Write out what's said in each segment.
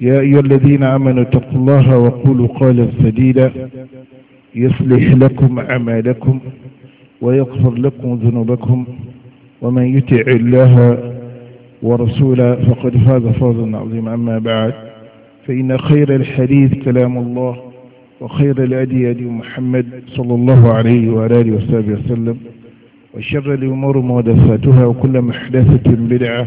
يا أيها الذين آمنوا اتقوا الله وقولوا قولا سديدا يصلح لكم أعمالكم ويغفر لكم ذنوبكم ومن يطع الله ورسوله فقد فاز فوزا عظيما أما بعد فإن خير الحديث كلام الله وخير الأدي أدي محمد صلى الله عليه وآله وصحبه وسلم وشر الأمور مودفاتها وكل محدثة بدعة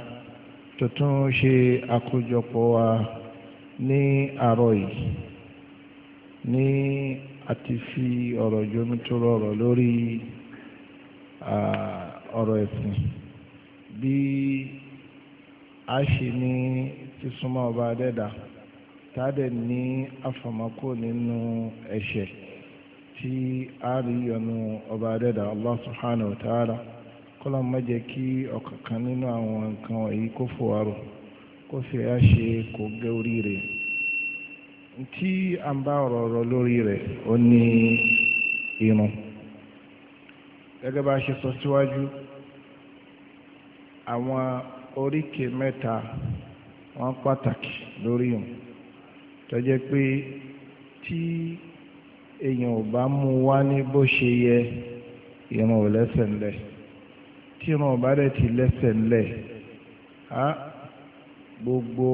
tó tún ṣe àkójọpọ̀ wa ní àárọ̀ yìí ní àti fi ọ̀rọ̀ jomi tó rọrọ̀ lórí ọ̀rọ̀ ẹ̀sìn bí a ṣe ní sísúnmọ́ ọba adẹ́dà tádẹ̀ ní àfàmọ́kò nínú ẹ̀ṣẹ̀ tí a rí yọnu ọba adẹ́dà Allah subhanahu wa ta'ala. kọ́lọ̀ má jẹ́ kí ọ̀kankan nínú àwọn nǹkan wọ̀nyí kó fò rò kó fi ṣe kó gẹ́ orí rẹ̀ tí a bá ọ̀rọ̀ ọ̀rọ̀ lórí rẹ̀ ó ní irun gẹ́gẹ́ bá a ṣe sọ síwájú àwọn oríkè mẹ́ta wọ́n pàtàkì lórí irun tó jẹ́ pé tí èèyàn ò bá mú wá ní bó ṣe tí wọn bá dẹ̀ ti lẹ́sẹ̀ ńlẹ̀ á gbogbo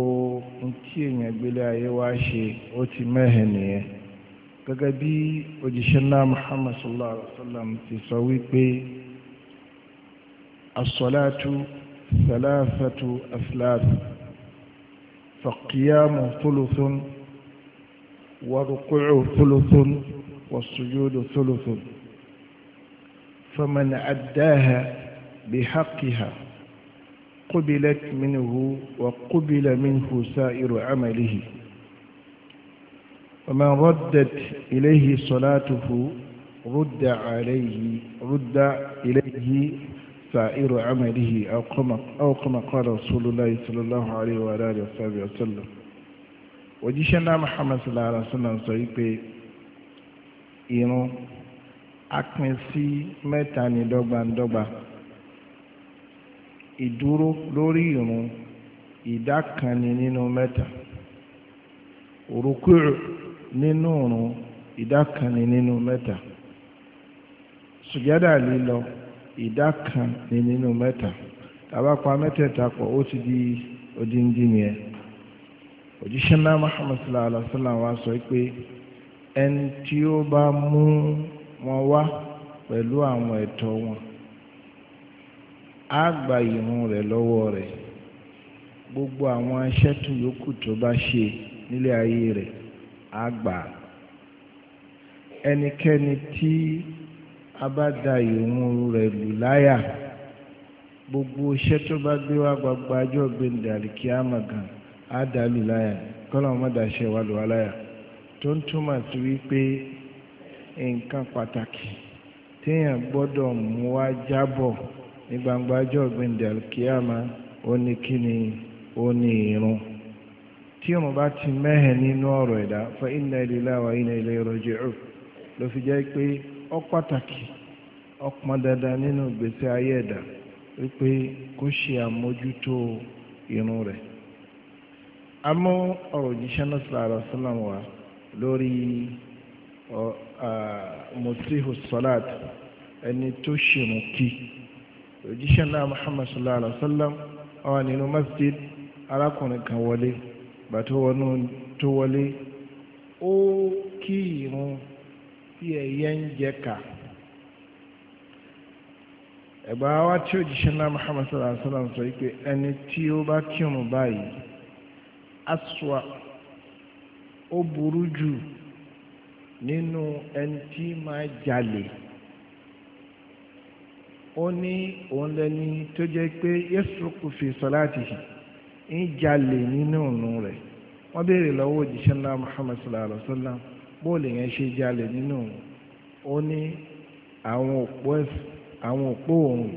ohun tí èèyàn gbélé ayé wá ṣe ó ti mẹ́hẹ̀ nìyẹn gẹ́gẹ́ bí òjíṣẹ́ ńlá muhammad sallallahu alaihi wa sallam ti sọ wípé asọ́láàtú sàlàfàtú asláàtú fàkíyàmù fúlùfún wàrùkúrù fúlùfún wàsùjúdù fúlùfún faman addaha. بحقها قبلت منه وقبل منه سائر عمله ومن ردت إليه صلاته رد عليه رد إليه سائر عمله أو كما أو كما قال رسول الله صلى الله عليه وآله وصحبه وسلم وجيشنا محمد صلى الله عليه وسلم سيبي إنه أكمل سي متى دغبا دغبا ìdúró lórí ìrun ìdá kan ni nínú mẹ́ta òrùkú nínú ìrun ìdá kan ni nínú mẹ́ta sùjádà lílọ ìdá kan ni nínú mẹ́ta tàbápa mẹ́tẹ̀ẹ̀ta pọ̀ ó ti di odindi nìyẹn òjíṣẹ́ náà Muhammad sallallahu alaihi wa sallam wa sọ pé ẹni tí ó bá mú wọn wá pẹ̀lú àwọn ẹ̀tọ́ wọn á gba ìrun rẹ̀ lọ́wọ́ rẹ̀ gbogbo àwọn iṣẹ́ tó yòókù tó bá ṣe nílé ayé rẹ á gbà ẹnikẹ́ni tí a bá da ìrun rẹ lù láyà gbogbo iṣẹ́ tó bá gbé wá gbagba ajọ́ gbẹ̀ndẹ̀ àlìkí àmàgàn á dà lù láyà kọ́lọ́ mọ́dà ṣe wà lù wá láyà tó ń túmọ̀ sí wípé nǹkan pàtàkì téèyàn gbọ́dọ̀ mú wá jábọ̀. ní gbangba ọjọ́ ọ̀gbìndẹ̀ kíámà ó ní kí ni ó irun tí irun bá ti mẹ́hẹ̀ nínú ọ̀rọ̀ ẹ̀dá fa inna lillahi wa inna ilayhi raji'un ló fi jẹ́ pé ó pàtàkì ó pọn dandan nínú ìgbésí ayé ẹ̀dá wípé kó ṣe àmójútó irun rẹ̀ a mú ọ̀rọ̀ òjíṣẹ́ náà sallallahu alaihi wasallam wá lórí mùsíhù sọ́láàtì ẹni tó ṣèrùn kí òjíṣẹ́ náà muhammad sallallahu alaihi wa sallam àwọn nínú masjid arákùnrin kan wọlé gbà tó wọnú tó wọlé ó kí irun bí ẹyẹ ń jẹ ká ẹ̀gbà wa tí òjíṣẹ́ náà muhammad sallallahu alaihi wa sallam sọ pé ẹni tí ó bá kírun báyìí aswa ó burú jù nínú ẹni tí máa jalè ó ní òun lẹni tó jẹ́ pé yẹ́sù kò fi salatihi ń jalè nínú òun rẹ̀ wọ́n béèrè lọ́wọ́ òjíṣẹ́ ńlá muhammad sallallahu alayhi wa sallam bóòlù yẹn ṣe jalè nínú òun ó ní àwọn òpó àwọn òpó òun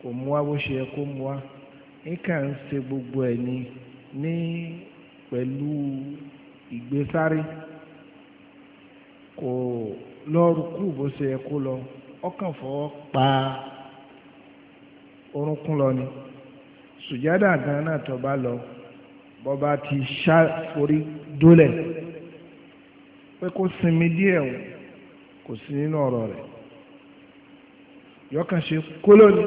kò mú wá bó ṣe yẹ kó mú wá ń ń ṣe gbogbo ẹ̀ ní ní pẹ̀lú ìgbésárì kò lọ́ọ́ rúkú bó ṣe yẹ kó lọ ọkàn fọwọ́ pa orúnkún lọ ni sùjádà gan náà tó bá lọ bó bá ti ṣá orí dólẹ̀ pé kó sinmi díẹ̀ o kò sí nínú ọ̀rọ̀ rẹ̀ yọkàn ṣe kólóni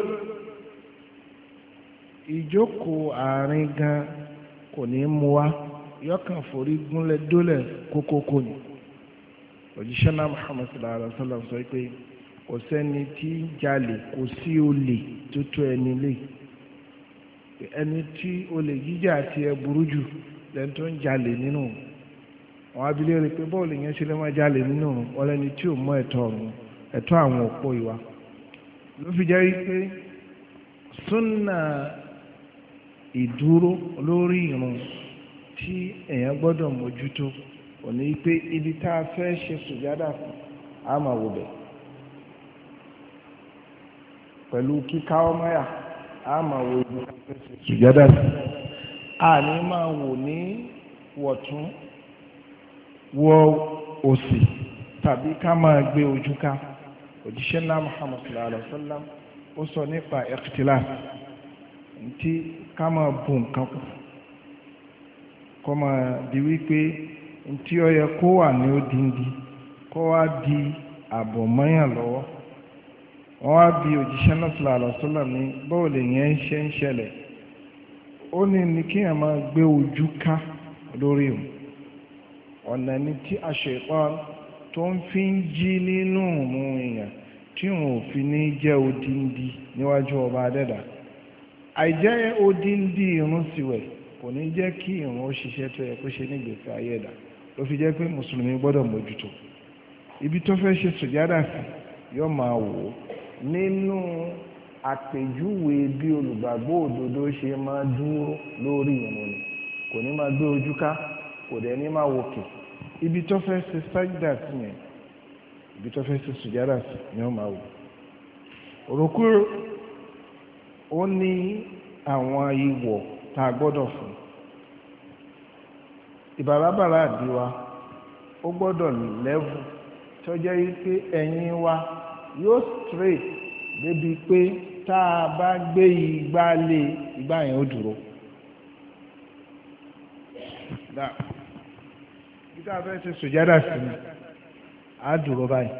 ìjókòó àárín gan kò ní mú wá yọkàn forí gúnlẹ̀ dólẹ̀ kókókó ni òjíṣẹ́ náà Muhammad sallallahu alaihi wa sallam sọ pé kò sẹ́ni tí jalè kò sí olè tó tó ẹni lé ẹni tí olè jíjà àti ẹ burú jù lẹ́ni tó ń jalè nínú àwọn abilé rẹ pé bọ́ọ̀lù yẹn ṣe lè máa jalè nínú ọlẹ́ni tí ò mọ ẹ̀tọ́ ọ̀run ẹ̀tọ́ àwọn òpó ìwà ló fi jẹ́ pé súnà ìdúró lórí ìrun tí èèyàn gbọ́dọ̀ mójútó òní pé ibi tá a fẹ́ ṣe sùjádà fún bẹ́ẹ̀ pẹ̀lú kíká ọmọyà a máa wo ibi káfíńsì sùjádà sí a ní máa wò ní wọ̀tún wọ òsì tàbí ká máa gbé ojú ká òjíṣẹ́ ńlá Muhammad sallallahu alayhi wa sallam ó sọ nípa ikhtilaf ntí ká máa bu nǹkan kù kọ́ máa di wípé ntí ó yẹ kó wà ní odindi kó wá di àbọ̀ mọ́yàn lọ́wọ́ wọ́n wá bí òjíṣẹ́ náà sọ̀rọ̀ àlọ́sọ́là ní báwo lè yẹn ń ṣe ń ṣẹlẹ̀ ó ní ní kí èèyàn máa gbé ojú ká lórí òun ọ̀nà ni tí àṣepọ̀ tó ń fi ń jí nínú òun èèyàn tí òun ò fi ní jẹ́ odindi níwájú ọba adẹ́dà àìjẹ́ odindi irun kò ní jẹ́ kí irun ṣiṣẹ́ tó yẹ kó ṣe ní ayé ẹ̀dá ló fi jẹ́ pé mùsùlùmí gbọ́dọ̀ mójútó ibi tó fẹ́ ṣe sùjádà sí yóò máa wò ó nínú àpèjúwe bí olùgbàgbọ́ òdodo ṣe máa dúró lórí ìrun ni kò ní máa gbé ojú ká kò dẹ̀ ní máa wòkè ibi tó fẹ́ ṣe sájúdà sí yẹn ibi tó fẹ́ ṣe sùjádà sí ni ó máa wò òrùkú ó ní àwọn ìwọ̀ tá a gbọ́dọ̀ fún ìbàràbàrà àdìwa ó gbọ́dọ̀ lẹ́vù tó jẹ́ wípé ẹ̀yìn wa yóò straight débi pé tá a bá gbé igbá lé igbá yẹn ó dúró. Gíga fẹ́ ṣe sùjádà sí mi, á dúró báyìí.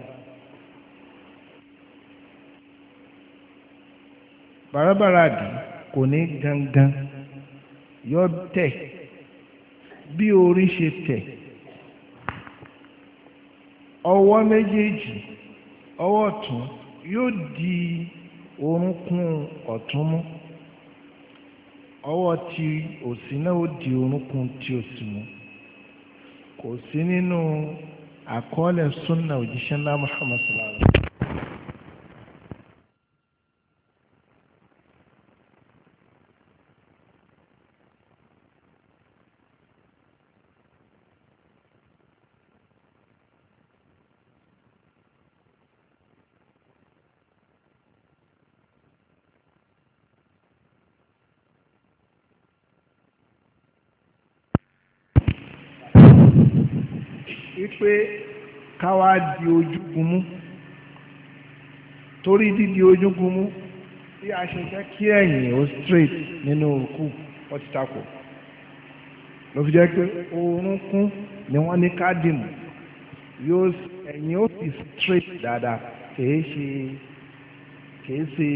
Bàràbàrà dì kò ní gangan yọ tẹ̀ bí orí ṣe tẹ̀ ọwọ́ méjèèjì ọwọ́ ọ̀tún yóò di orúnkún ọ̀tún mú ọwọ́ ti òsì náà ó di orúnkún ti òsì mú kò sí nínú àkọọ́lẹ̀ sunna òjíṣẹ́ ńlá Muhammad sallallahu alayhi wa sallam. pé káwá di ojúgun mú torí dídi ojúgun mú bí a ṣe kí ẹ̀yìn ó straight nínú òkú ó takò ló fi jẹ́ pé orúnkún ni wọ́n ní kádìmù ẹ̀yìn ó fi straight dáadáa kìí ṣe kìí ṣe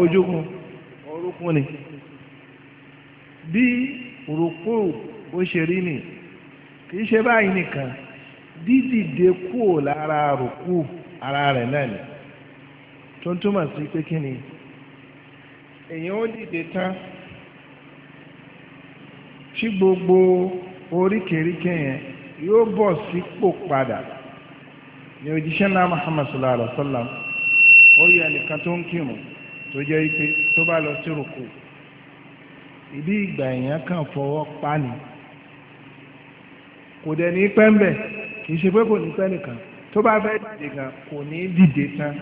ojúgun ni bí òrùkú bó ṣe rí kìí ṣe báyìí nìkan dídìde kúò lára rùkú ara rẹ̀ náà ni tó ń túmọ̀ sí pé kí ni èèyàn ó dìde tán tí gbogbo oríkèéríkèé yẹn yóò bọ̀ sípò padà ní òjíṣẹ́ náà Muhammad sallallahu alaihi wa sallam ó yẹ ẹnìkan tó ń kírun tó jẹ́ pé tó bá lọ sí rùkú ìdí ìgbà èèyàn kàn fọwọ́ pa ni. kò dẹ̀ ní pẹ́ ń bẹ̀ kì í ṣe pé kò ní pẹ́ nìkan tó bá fẹ́ dìde gan kò ní dìde tán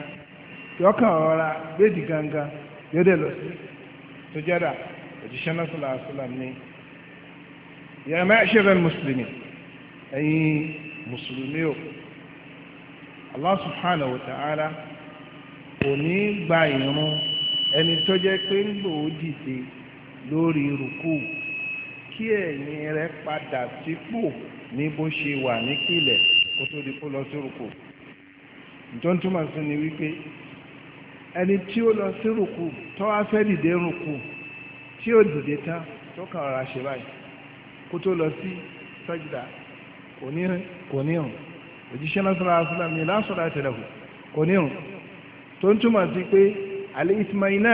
yọkàn ọ̀rá gbèdì gangan yóò dẹ̀ lọ sí sojada òjíṣẹ́ náà sọ̀rọ̀ àṣọlá ní yàrá ṣẹlẹ̀ mùsùlùmí ẹ̀yin mùsùlùmí o Allah subhanahu wa ta'ala kò ní gba ẹni tó jẹ́ pé ń dìde lórí kí rẹ̀ padà ní bó ṣe wà nípìlẹ̀ kó tó di kó lọ sí rùkù tó ń túmọ̀ sí ni wípé ẹni tí ó lọ sí rùkù tó wá fẹ́ dìde rùkù tí ó dìde tán tó kàn ra ṣe báyìí kó tó lọ sí sájìdá kò ní rùn òjíṣẹ́ náà sọ́ra mi lásọ̀rọ̀ àtẹ̀lẹ̀kù kò ní rùn tó ń túmọ̀ sí pé alẹ́ ìtìmọ̀ iná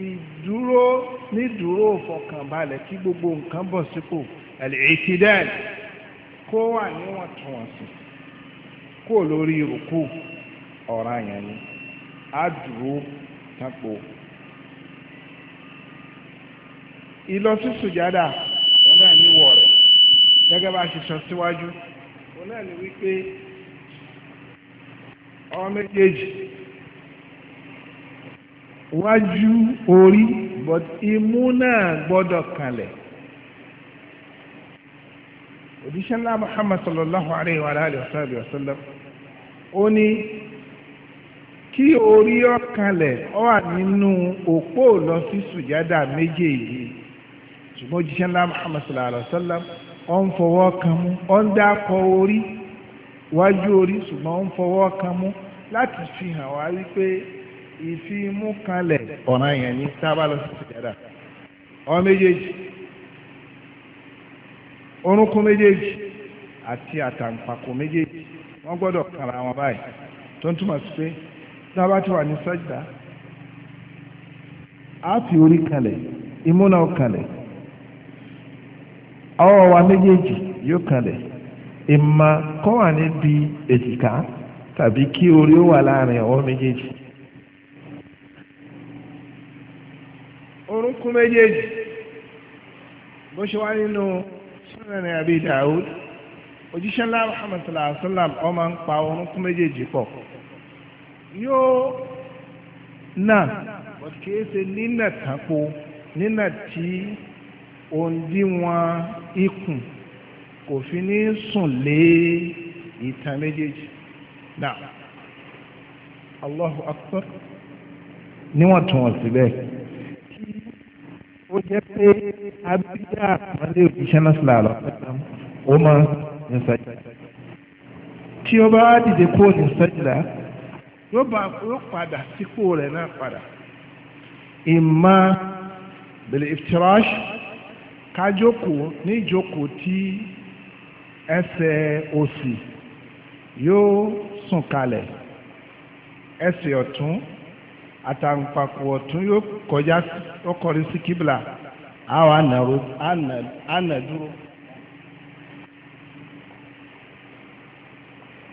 ìdúró ní dúró fọkànbalẹ̀ kí gbogbo nǹkan bọ̀ sípò al-i'tidal kó wà níwọ̀ntúnwọ̀nsì kó lórí rùkú ọ̀ràn yẹn ni á dúró tápò ìlọ sí sùjádà wọn náà ní wọ̀ rẹ̀ gẹ́gẹ́ bá a ṣe sọ síwájú wọn náà ní wípé ọmọ méjèèjì wájú orí but imú náà gbọ́dọ̀ kalẹ̀ òjíṣẹ́ ńlá Muhammad sallallahu alayhi wa alayhi wa sallam ó ní kí orí ọ̀kalẹ̀ ó wà nínú òpó lọ sí sùjádà méjèèjì ṣùgbọ́n òjíṣẹ́ ńlá Muhammad sallallahu alayhi wa sallam ó ń fọwọ́ kan mú ó ń dákọ orí wájú orí ṣùgbọ́n ó ń fọwọ́ kan mú láti fi hàn wá wípé isi kalẹ̀ ọ̀ràn yẹn ní sábà lọ sí sùjádà ọmọ méjèèjì orúnkún méjèèjì àti àtàǹpàkò méjèèjì wọ́n gbọ́dọ̀ kàrà wọn báyìí tó ń túmọ̀ sí pé sábà tí wà ní á fi orí kalẹ̀ imú kalẹ̀ ọwọ́ wa méjèèjì yóò kalẹ̀ ìmọ̀ kọ́ wà níbi èjìká tàbí kí orí ó orúnkún méjèèjì bó ṣe wá nínú sunan Abi Dawud òjíṣẹ́ ńlá Muhammad sallallahu alaihi wa sallam ó máa ń pa orúnkún méjèèjì pọ̀ yóò nà kìí ṣe nínà tàpó nínà tí òǹdíwọ̀n ikùn kò fi ní sùn lé ìtàn méjèèjì náà Allahu akbar níwọ̀n tún wọ̀n sí bẹ́ẹ̀ ó jẹ́ pé abíyá àpọ́nlé òjíṣẹ́ náà sílẹ̀ àlọ́ ó máa ń sàjìdá tí ó bá dìde kó ní sàjìdá yóò bá yóò padà sípò rẹ̀ náà padà ìmá bẹ̀rẹ̀ ìfitiraṣ kájókòó ní ìjókòó tí ẹsẹ̀ òsì yóò sùn kalẹ̀ ẹsẹ̀ ọ̀tún àtàǹpàkò ọ̀tún yóò kọjá ọkọ̀rin sí kíbla àwọn ànàdúró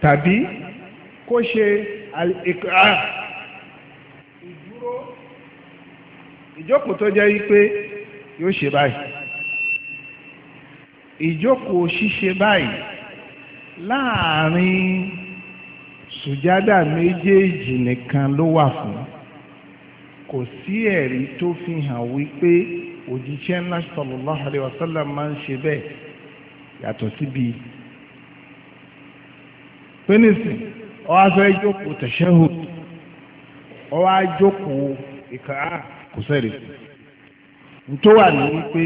tàbí kó ṣe ìkà ìdúró ìjókòó tó jẹ́ wípé yóò ṣe báyìí ìjókòó ṣíṣe báyìí láàrin sùjádà méjèèjì nìkan ló wà fún un. kò sí ẹ̀rí tó fi hàn wípé òjíṣẹ́ ńlá sallallahu máa ń ṣe bẹ́ẹ̀ yàtọ̀ síbi pínísì ọwọ́ aṣọ ìjókòó tashahhud ọwọ́ jókòó ìkàá kò sẹ́rí sí tó wà ní wípé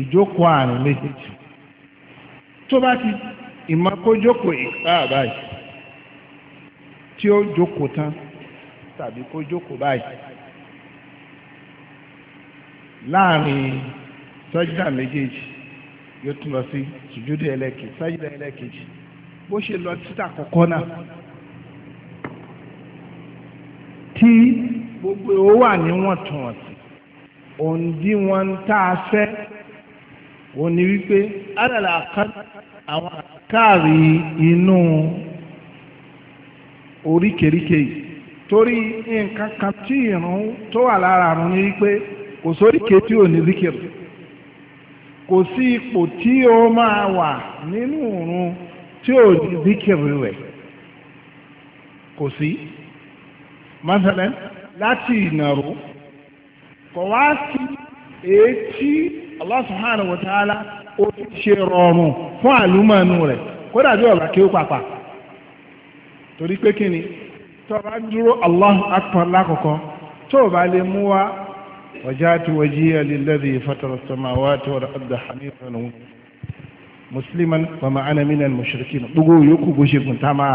ìjókòó àrùn méjèèjì tó bá ti ìmọ̀kójókòó tàbí kó jókòó láàrin sọ́jídà méjèèjì yóò tún lọ sí sùjúdù ẹlẹ́kejì sọ́jídà ẹlẹ́kejì bó ṣe lọ títà kọ̀kọ́ náà tí gbogbo ó wà níwọ̀ntúnwọ̀nsì òǹdíwọ̀n tá a fẹ́ òun ni wípé alàlà àwọn àkáàrí inú oríkèéríkèé torí nǹkan kan tí ìrún tó wà lára àrùn ni wípé. kò sóríkèé tí ò ní zikir kò sí ipò tí ó máa wà nínú òrun tí ó ní zikir rẹ̀ kò sí masalan láti ìnàró kò wá sí èyí tí Allah ó ti ṣe rọrùn fún àlùmọ́nù rẹ̀ kó bí ọ̀rọ̀ kí ó pàpà torí pé kí وجعت وجهي للذي فطر السماوات والأرض حنيفا مسلما وما أنا من المشركين دغو يوكو بوشي كنتما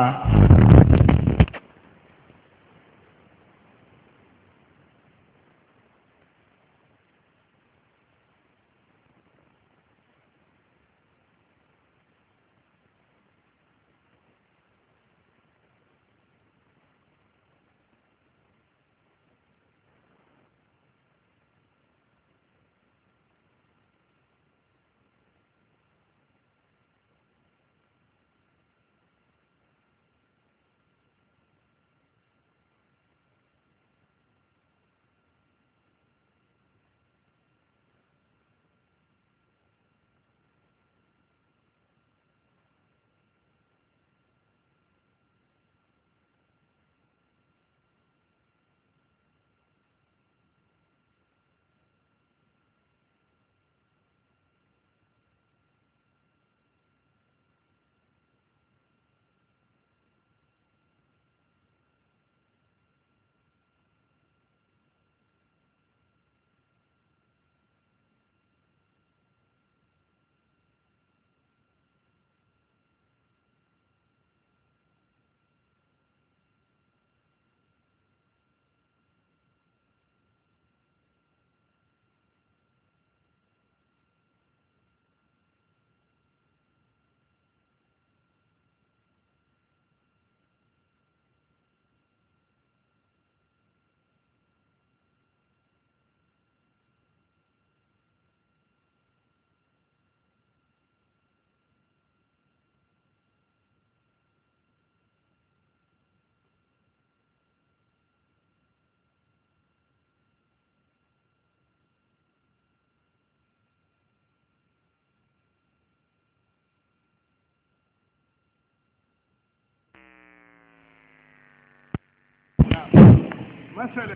mẹsẹlẹ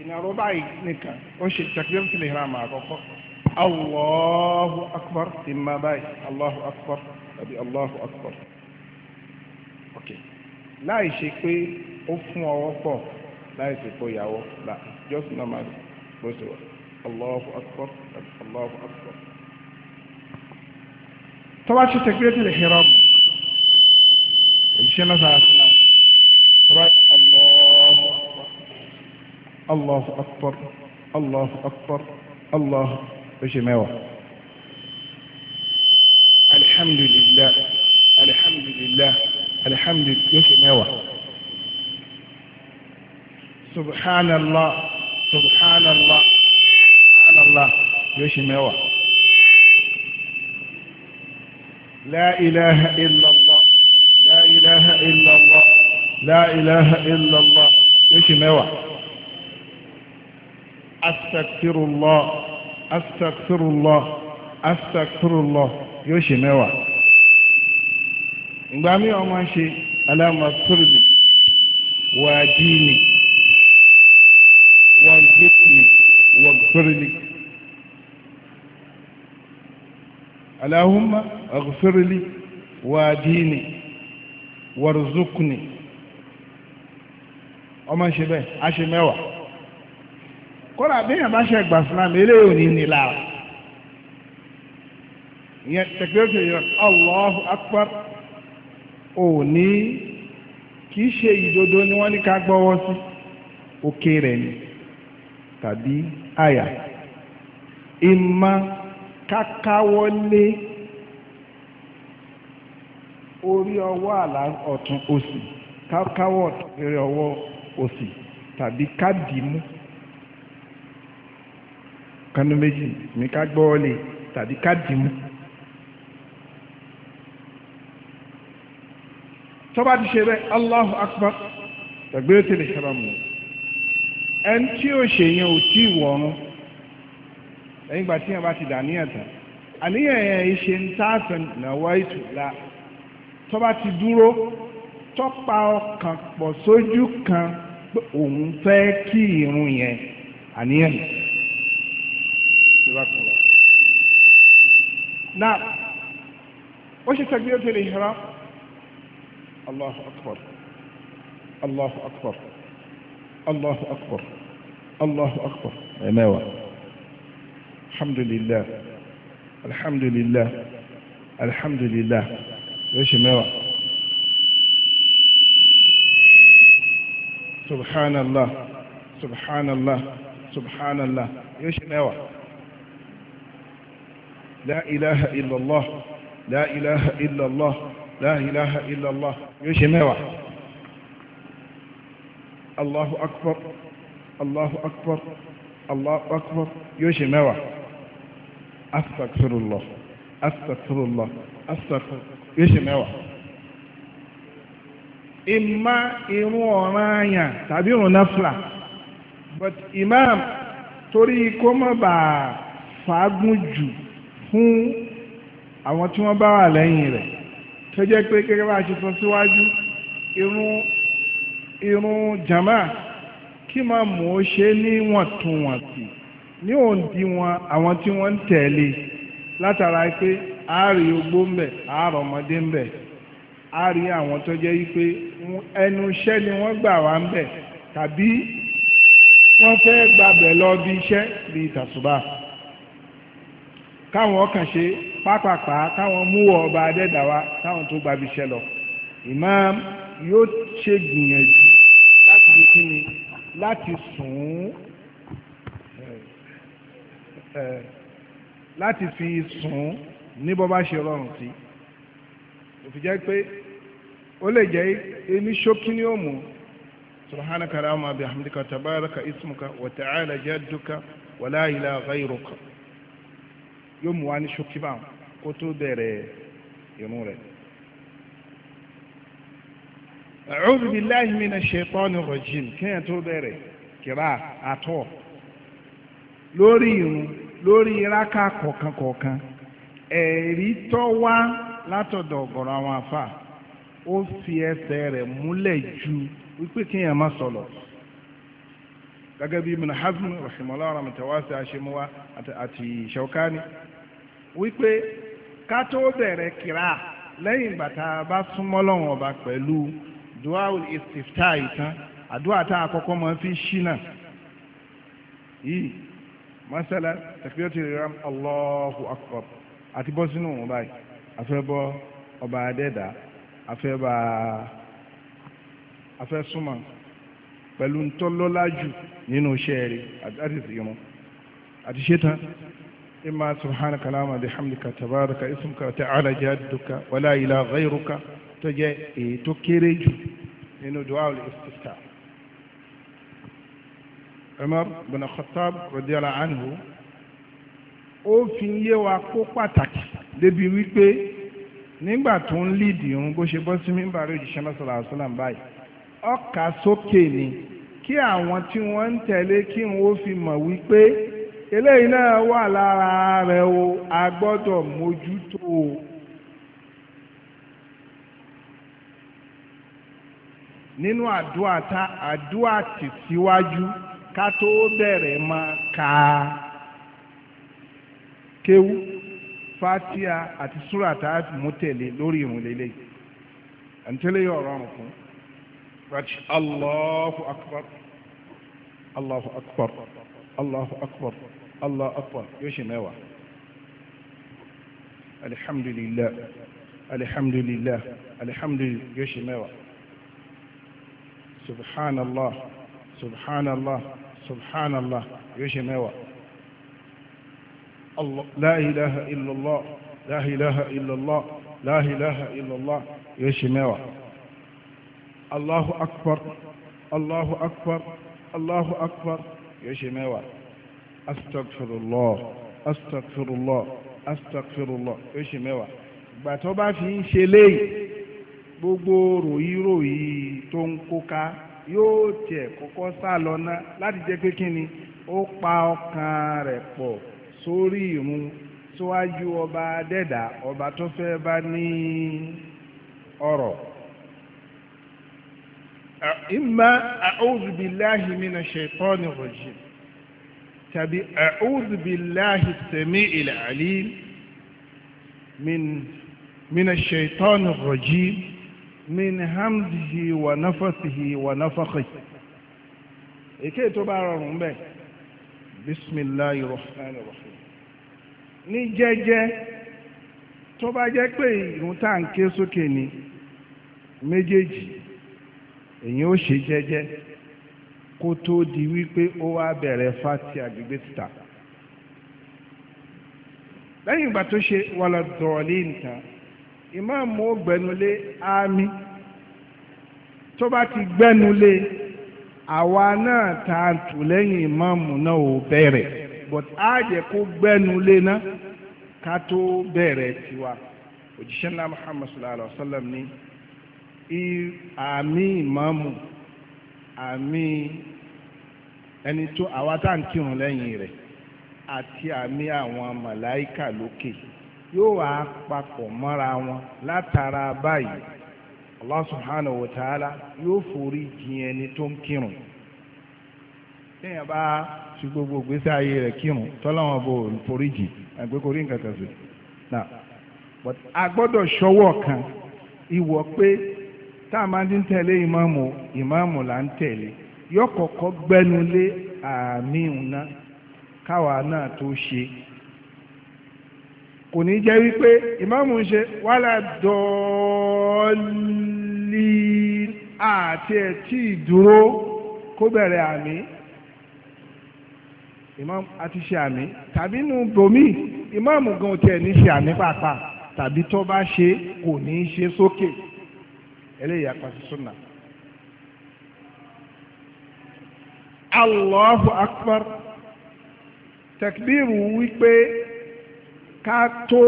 ìnàró báyìí nìkan ó ṣe takbiratul ihram àkọ́kọ́ allahu akbar ìmà báyìí allahu akbar tàbí allahu akbar ok láì ṣe pé ó fún ọwọ́ pọ̀ láì ṣe pé ìyàwó là just normal bó ṣe wà allahu akbar tàbí allahu akbar tọ́wá ṣe takbiratul ihram òṣìṣẹ́ náà sáà. الله أكبر الله أكبر الله بجماعة الحمد لله الحمد لله الحمد لله سبحان الله سبحان الله سبحان الله يشمع لا إله إلا الله لا إله إلا الله لا إله إلا الله يشمع الله astagfirullah astagfirullah astagfirullah yóò ṣe mẹ́wàá ìgbà mi ọmọ ṣe alámọ̀tòrìlì wàdíìnì wàgbẹ́kùnì wàgbẹ́rìlì. اللهم اغفر لي واديني وارزقني ọmọ ṣe bẹ́ẹ̀ a ṣe mẹ́wàá kọ́lá àbẹ́yàn bá ṣe ẹgbà fúnàmì eléyìí ní lára kìí ṣe ìdodo ni wọ́n ní ká gbọ́wọ́ sí òkè rẹ̀ ni tàbí àyà kákáwọlé orí ọwọ́ àlá ọ̀tún òsì orí tàbí kánú méjì ní ká gbọ́ ọ lè tàbí ká dìímú. tọ́ba ti ṣe bẹ́ẹ̀ Allahu Akbar tàgbé tẹ̀lé ṣàbàmù ẹni tí ó ṣe yẹn ò tí ì wọ̀ọ́rùn lẹ́yìn ìgbà tí yẹn bá ti dà níyàn tán àníyàn yẹn ṣe ń tààtàn náwó ìtura tọ́ba ti dúró tọ́pa ọkàn pọ̀ sójú kan pé òun fẹ́ kí irun yẹn àníyàn yẹn. الله نعم وش تكبيرة الإحرام الله أكبر الله أكبر الله أكبر الله أكبر عماوة الحمد لله الحمد لله الحمد لله ايش عماوة سبحان الله سبحان الله سبحان الله ايش عماوة لا إله إلا الله لا إله إلا الله لا إله إلا الله يشمعوا الله أكبر الله أكبر الله أكبر يشمعوا أستغفر الله أستغفر الله أستغفر يوشي ìmá إما ọ̀ràn àyàn tàbí irun náfìlà but imam torí kó má bàa jù fún àwọn tí wọ́n bá wà lẹ́yìn rẹ̀ tó jẹ́ pé gẹ́gẹ́ bá a ṣe sọ síwájú irun irun jama kí máa mú ó ṣe níwọ̀ntúnwọ̀nsì ní òǹdíwọ̀n àwọn tí wọ́n ń tẹ̀lé látara pé àárí ogbó ń bẹ àárọ̀ ọmọdé ń bẹ àárí àwọn tó jẹ́ wípé ẹnu iṣẹ́ ni wọ́n gbà wá ń bẹ tàbí wọ́n fẹ́ gbàbẹ̀ lọ bí iṣẹ́ bíi tàṣùbà káwọn ọkàn ṣe pápápá káwọn múwọ ọba adẹ́dàwá káwọn tó gbabi iṣẹ́ lọ imam yóò ṣe gbìyànjú láti fi kíni láti sùn eh, eh, láti fi sùn ní bọ́ bá ṣe rọrùn sí òfin jẹ́ pé ó lè jẹ́ ẹni ṣókí ní òmù subhanaka rahma bihamdika tabaraka wa ta'ala jadduka wa la ilaha ghayruka yóò mú wa ní ṣókíbà kó tó bẹ̀rẹ̀ irun rẹ̀. a'udhu billahi minash shaitani rajim kéèyàn tó bẹ̀rẹ̀ kíra àtọ̀ lórí irun lórí iraka kọ̀ọ̀kan kọ̀ọ̀kan ẹ̀rí tó wá látọ̀dọ̀ ọ̀gọ̀rọ̀ àwọn àfà ó fi ẹsẹ̀ rẹ̀ múlẹ̀ ju wípé kéèyàn má sọ̀lọ̀ gẹ́gẹ́ bí Ibn Hazm rahimahullah mọ̀tẹ́wáṣẹ́ àṣemọ́wá àti Shawkani wípé ká tó bẹ̀rẹ̀ kìrà lẹ́yìn ìgbà tá a bá súnmọ́ Ọlọ́hun ọba pẹ̀lú dua istifta ìtàn àdúrà tá a kọ́kọ́ máa fi ṣínà yìí masala takbirati ram Allahu akbar àti bọ́ sínú òun báyìí afẹ́bọ́ ọba adẹ́dà afẹ́bà afẹ́súnmọ́ pẹ̀lú ntọ́lọ́lá jù nínú iṣẹ́ rẹ̀ àti ìrun àti ṣetán imma subhanaka allahumma bihamdika tabaraka ismuka ta'ala jadduka wala ilaha ghayruka tó jẹ́ èyí tó kéré jù nínú du'a al-istisqa Umar bin Khattab radiyallahu anhu ó fi yé wa kó pàtàkì débi wípé nígbà tó ń lídìí irun bó ṣe bọ́ sí mímbàrí òjíṣẹ́ mọ́sálásí náà báyìí ọkà sókè ni kí àwọn tí wọ́n ń tẹ̀lé kí wọ́n fi mọ̀ wípé eléyìí náà wà lára rẹ̀ o a gbọ́dọ̀ mójútó o. nínú àdúrà tá àdúrà tì ká tó bẹ̀rẹ̀ máa ka kéwú fatia àti súrà tá a mú tẹ̀lé lórí ìrùn lélẹ́yìí àǹtẹ̀lẹ́yìn ọ̀rọ̀ ọ̀rùn fún un. أكبر الله أكبر الله أكبر الله أكبر الله أكبر يوشي ميوا الحمد لله الحمد لله الحمد لله يوشي ميوا سبحان الله سبحان الله سبحان الله يوشي ميوا الله لا إله إلا الله لا إله إلا الله لا إله إلا الله يوشي ميوا Allahu akbar Allahu akbar Allahu akbar yóò ṣe mẹ́wàá astagfirullah astagfirullah astagfirullah yóò ṣe mẹ́wàá ìgbà tó bá fi ń ṣe léyìí gbogbo ròyìnròyìn tó ń kóka yóò tiẹ̀ kọ́kọ́ sá lọ ná láti jẹ́ pé kí ni ó pa ọkàn rẹ̀ pọ̀ sórí ìrun síwájú ọba adẹ́dà ọba tó fẹ́ bá ní ọ̀rọ̀. إما أعوذ بالله من الشيطان الرجيم تبي أعوذ بالله السميع العليم من من الشيطان الرجيم من همزه ونفثه ونفخه èké tó bá rọrùn bẹ́ẹ̀ bisimilahi rahman rahim ní jẹ́jẹ́ tó bá jẹ́ pé ìrun tá à ń ké sókè ní méjèèjì èyí ó ṣe jẹ́jẹ́ kó tó di wípé ó wá bẹ̀rẹ̀ fati agbègbè títà lẹ́yìn ìgbà tó ṣe wàlá dọ̀ọ̀lì nìta ìmáàmù ó gbẹnulé ámì tó bá ti gbẹnulé àwa náà ta tù lẹ́yìn ìmáàmù náà ò bẹ̀rẹ̀ but á jẹ́ kó gbẹnulé náà ká tó bẹ̀rẹ̀ tiwa òjíṣẹ́ náà Muhammad sallallahu alaihi wa sallam ní. àmì ìmáàmù àmì ẹni tó àwa tá à ń kírun lẹ́yìn rẹ̀ àti àmì àwọn màláìkà lókè yóò wá papọ̀ mọ́ra wọn látara báyìí Allah subhanahu wa ta'ala yóò forí jìn ẹni tó ń kírun téèyàn bá gbogbo gbèsè ayé rẹ̀ kírun tọ́láwọn bò forí jì àgbékorí nǹkan kan sí. a gbọ́dọ̀ ṣọwọ́ kan ìwọ pé. tá a máa ń tẹ̀lé ìmáàmù ìmáàmù là ń tẹ̀lé yọ kọ̀kọ́ gbẹnulé àmì ìhùnà káwa náà tó ṣe kò ní jẹ́ wípé ìmáàmù ń ṣe wàhálà dọ́ọ̀lì àti ẹ̀tí ìdúró kó bẹ̀rẹ̀ àmì ìmáàmù àti ṣe àmì tàbí nù bòmí ìmáàmù gan tiẹ̀ ní ṣe àmì pàápàá tàbí tó bá ṣe kò ní ṣe sókè. So eléyìí apàṣẹ súnà. Allahu akbar takbiru wípé ká tó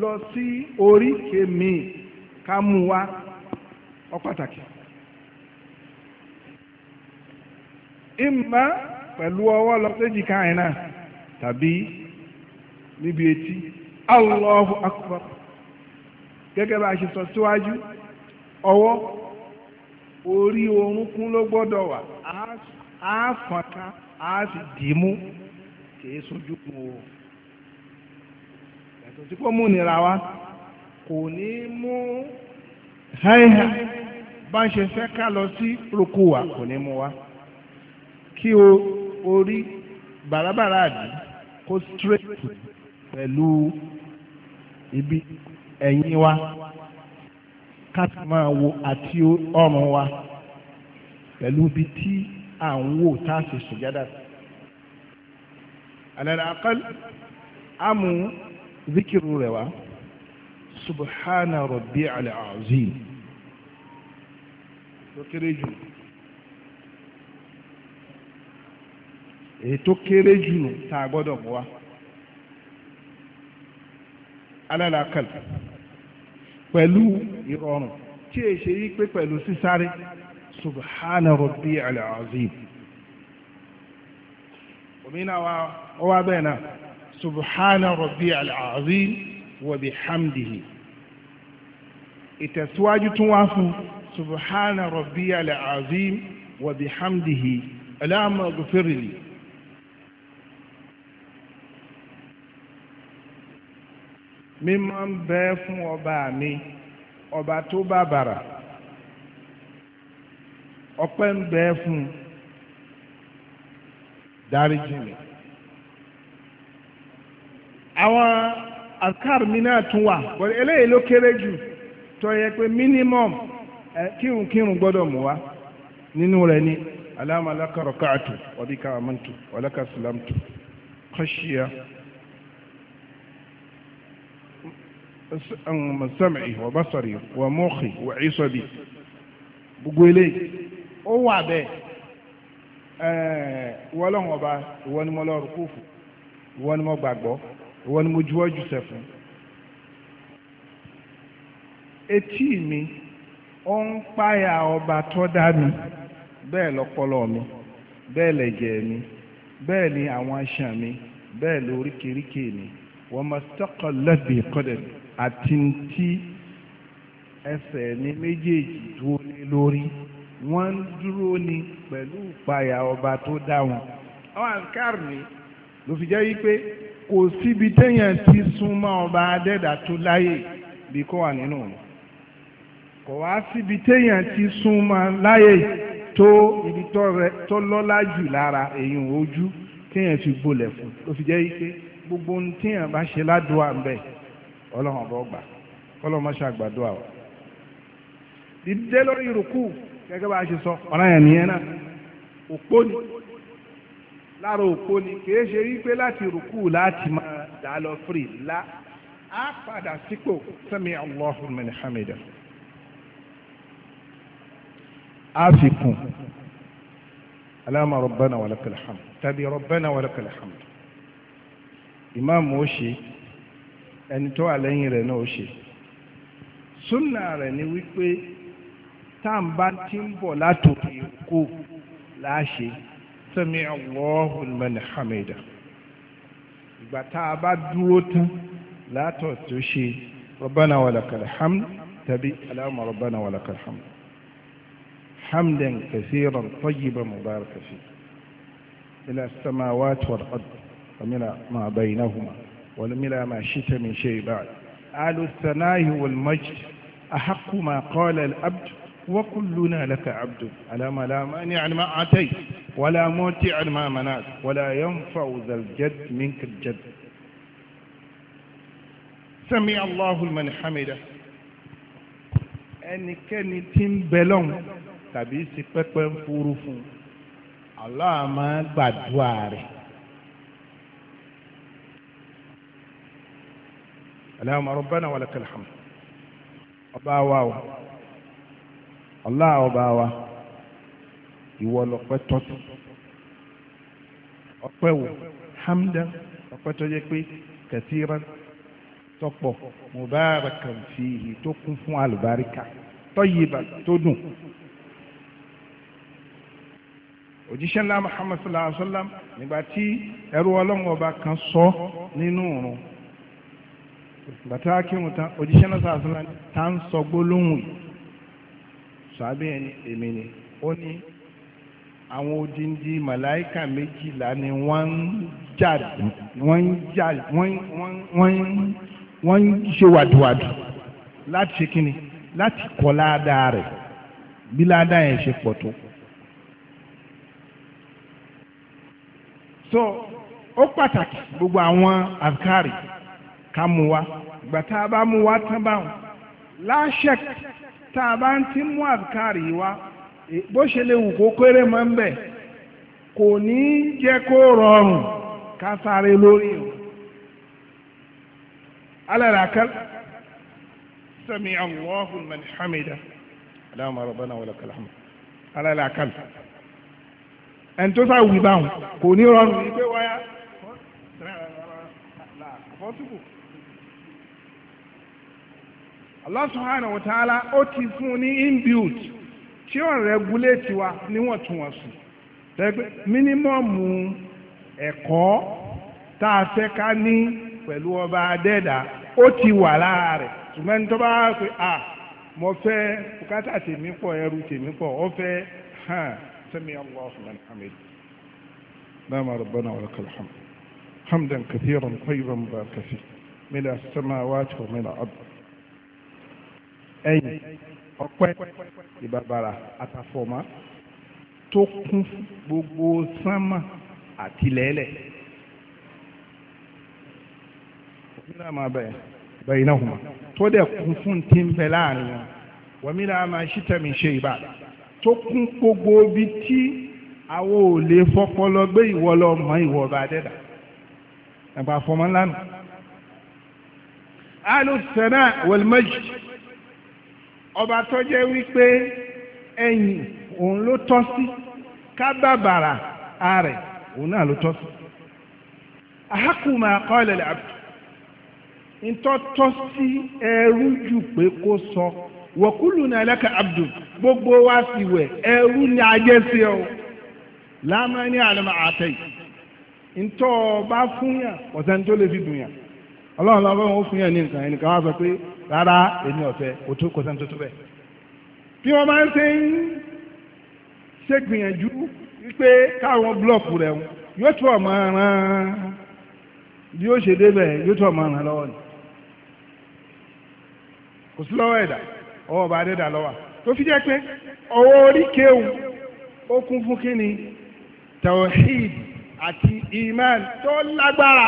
lọ sí oríkèé mi ká mú wa ọ pàtàkì. ìmọ̀ pẹ̀lú ọwọ́ lọ séjì káyìn náà tàbí níbi etí Allahu akbar gẹ́gẹ́ bá a ṣe sọ síwájú. So ọwọ́ orí orúnkún ló gbọ́dọ̀ wà á fọ̀nká á sì dì í mú kìí sojú kun o ẹ̀sùn tí kò mú nira wa kò ní mú háìhá bá ń ṣe fẹ́ ká lọ sí rúkú wa kò ní mú wa kí o orí bàràbàrà àdì kó straight pẹ̀lú ibi ẹ̀yìn wa ká máa wo àti ọrùn wa pẹ̀lú ibi tí à ń wò tá a sì sùjádà sí. àlàlà àkàl àmú zikiru rẹ̀ wá subhana rabbi al-azim tó kéré jù èyí tó kéré jù tá a gbọ́dọ̀ mú wa àlàlà àkàl pẹ̀lú ìrọ̀rùn tí è ṣe yí pé pẹ̀lú sísáré subhana rabbi al-azim òmìnira wa ó wá bẹ́ẹ̀ náà subhana rabbi al-azim wa bihamdihi ìtẹ̀síwájú tún wá fún subhana al-azim wa bihamdihi aláàmọ̀ gòfèrèlì mímọ́ ń bẹ fún ọba mi ọba tó bá bàrà ọpẹ́ ń bẹ fún dáríjì mi àwọn àkàr mi náà tún wà bọ̀dé eléyìí ló kéré jù tó yẹ pé minimum kírunkírun gbọ́dọ̀ mú wa nínú rẹ̀ ni alámàlákà rọ̀kàtù ọ̀bíkà àmọ́ntù ọ̀làkà sùlámtù sẹ́mìí wà básàrì wà mọ́ọ̀kì wà ìsọ̀bì gbogbo eléyìí ó wà bẹ́ẹ̀ ìwọ lọ́wọ́n ọba ìwọ ni mo lọ rú kófù ìwọ ni mo gbàgbọ́ ìwọ ni mo juwọ́ jù sẹ́ fún. etí mi ó ń páyà ọba tó dá mi bẹ́ẹ̀ lọ́pọlọ mi bẹ́ẹ̀ lẹ̀jẹ̀ mi bẹ́ẹ̀ ni àwọn aṣàn mi bẹ́ẹ̀ lóríkèéríkèé mi wọ́n mọ̀ sọ́kọ̀ lẹ́bìí kọ́dẹ̀ mi àti tí ẹsẹ̀ ní méjèèjì dúró lé lórí wọ́n ń dúró ni pẹ̀lú ìpayà ọba tó dá wọn. àwọn àǹkàr ni ló fi jẹ́ wípé kò síbi téèyàn ti súnmọ́ ọba adẹ́dà tó láyè bí kò wà nínú wọn kò wá síbi téèyàn ti súnmọ́ láyè tó ibi tó lọ́lá jù lára èèyàn ojú téèyàn fi gbolẹ̀ fún ló fi jẹ́ wípé gbogbo ohun téèyàn bá ṣe ládùúgbò àbẹ̀ ọlọ́run ọba ọgbà ọlọ́run máa ṣàgbàdo àwọn. dídé lórí ìrùkù gẹ́gẹ́ bá a ṣe sọ ọ̀ràn yẹn nìyẹn náà òpó ni lára òpó ni kìí ṣe rí pé láti ìrùkù láti máa dà á lọ firi la á padà sípò sami Allahu liman hamida á fi kún alama rabbana walakal hamd tàbí rabbana walakal hamd ìmáàmù ó ṣe ẹni tó wà lẹ́yìn rẹ̀ náà ó ṣe súnà rẹ̀ ni wípé táǹbá ti ń bọ̀ látòkè kó láṣẹ sami Allahu liman hamida ìgbà tá a bá dúró tán látọ̀ tó ṣe rabbana walakal hamd tàbí allahumma rabbana walakal hamd hamdan kathiran tayyiban mubarakan fihi ila as-samawati wal-ard wa min ma baynahuma. والملا ما شئت من شيء بعد آل الثناء والمجد أحق ما قال الأبد وكلنا لك عبد على ما لا مانع ما أعطيت ولا موتع ما منعت ولا ينفع ذا الجد منك الجد سمع الله لمن حمده ẹnikẹ́ni tí ń bẹ lọ́hùn tàbí sí pẹ́pẹ́ ń furu fún un Allah gbàdúrà rẹ̀. اللهم ربنا ولك الحمد ọba wa o Allah ọba wa ìwọ lọ́pẹ́ tọ́tù ọpẹ́ wò hamdan ọpẹ́ tó yẹ pé kathiran tọ́pọ̀ mubarakan fihi tó kún fún àlùbáríkà tayyiban tó dùn òjíṣẹ́ ńlá Muhammad sallallahu alaihi wa sallam nígbà tí ẹrú ọlọ́run ọba kan sọ nínú òrùn bàtà kírun tán òjíṣẹ́ náà sàásùlá tá ń sọ gbólóhùn yìí sàbẹ̀ ẹni èmi ni ó ní àwọn odindi màláìkà méjìlá ni wọ́n ń jà wọ́n ń jà wọ́n ń wọ́n ń ṣe wàdùwàdù láti ṣe kíni láti kọ́ ládàá rẹ̀ bí ládàá yẹn ṣe pọ̀ tó. so ó pàtàkì gbogbo àwọn àkárì ká mú wa ìgbà tá a bá mú wa tán báwọn láṣẹk tá a bá ń ti mú àbíkárì wa e, bó ṣe lè wù kó kéré mọ́ ń bẹ̀ kò ní jẹ́ kó rọrùn ká sáré lórí o. على الأقل سمع الله من حمده اللهم ربنا ولك الحمد على الأقل ẹn tó sáà wí báwọn kò ní rọrùn ìgbé Allah subhanahu wa ta'ala ó ti fún ní inbuilt tí ó regulate wa níwọ̀ntúnwọ̀nsì tẹ́gbẹ́ mínímọ̀mù ẹ̀kọ́ tá a fẹ́ ká ní pẹ̀lú ọba adẹ́dà ó ti wà lára rẹ̀ ṣùgbọ́n ní tó bá pé à mo fẹ́ bùkátà tèmi pọ̀ ẹrù tèmi pọ̀ ó fẹ́ hàn sami Allahu liman hamid dama rabbana wa lakal hamdan kathiran tayyiban barakan fihi min as-samawati wa ẹ̀yìn ọ̀pẹ ìbàbàrà àtàfọ̀mọ́ tó kún gbogbo sánmà àti lẹ́lẹ̀. wàmílà máa bẹ̀ bẹ̀yìn náà hùmà tó dẹ̀ kún fún ti ń bẹ láàrin wọn wàmílà máa ṣítẹ̀mí ṣe ìbà tó kún gbogbo ibi tí àwọn ò lè fọpọlọ gbé ìwọ lọ mọ ìwọ ọba adẹ́dà ẹ̀bà fọmọ ńlá nù. alùsẹ̀nà wal majd. ọba tó jẹ́ wípé ẹ̀yìn òun ló tọ́ sí kábàbàrà ààrẹ òun náà ló tọ́ sí. àhákùmá kọ́lẹ̀ àbù ntọ́ tọ́ sí ẹrú jù pé kó sọ wọ̀kúlù náà lẹ́ka abdul gbogbo wa sì wẹ̀ ẹrú ni ajẹ́ sí ọ láàmú ní àlùmọ́ àtẹ̀yì ntọ́ bá fún ọ̀sẹ̀ rárá èmi ọ̀fẹ́ òtún kò sẹ́ni tuntun bẹ́ẹ̀. bí wọ́n máa ń ṣe ń ṣe gbìyànjú wípé káwọn búlọ̀kù rẹ̀ yóò tún ọmọ ràn bí ó ṣe débẹ̀ yóò tún ọmọ ràn lọ́wọ́ ni kò sí lọ́wọ́ ẹ̀dá ọwọ́ ọba adẹ́dà lọ́wọ́ tó fi jẹ́ pé ọwọ́ orí kéwù ó kún fún kíni tawhid àti iman tó lágbára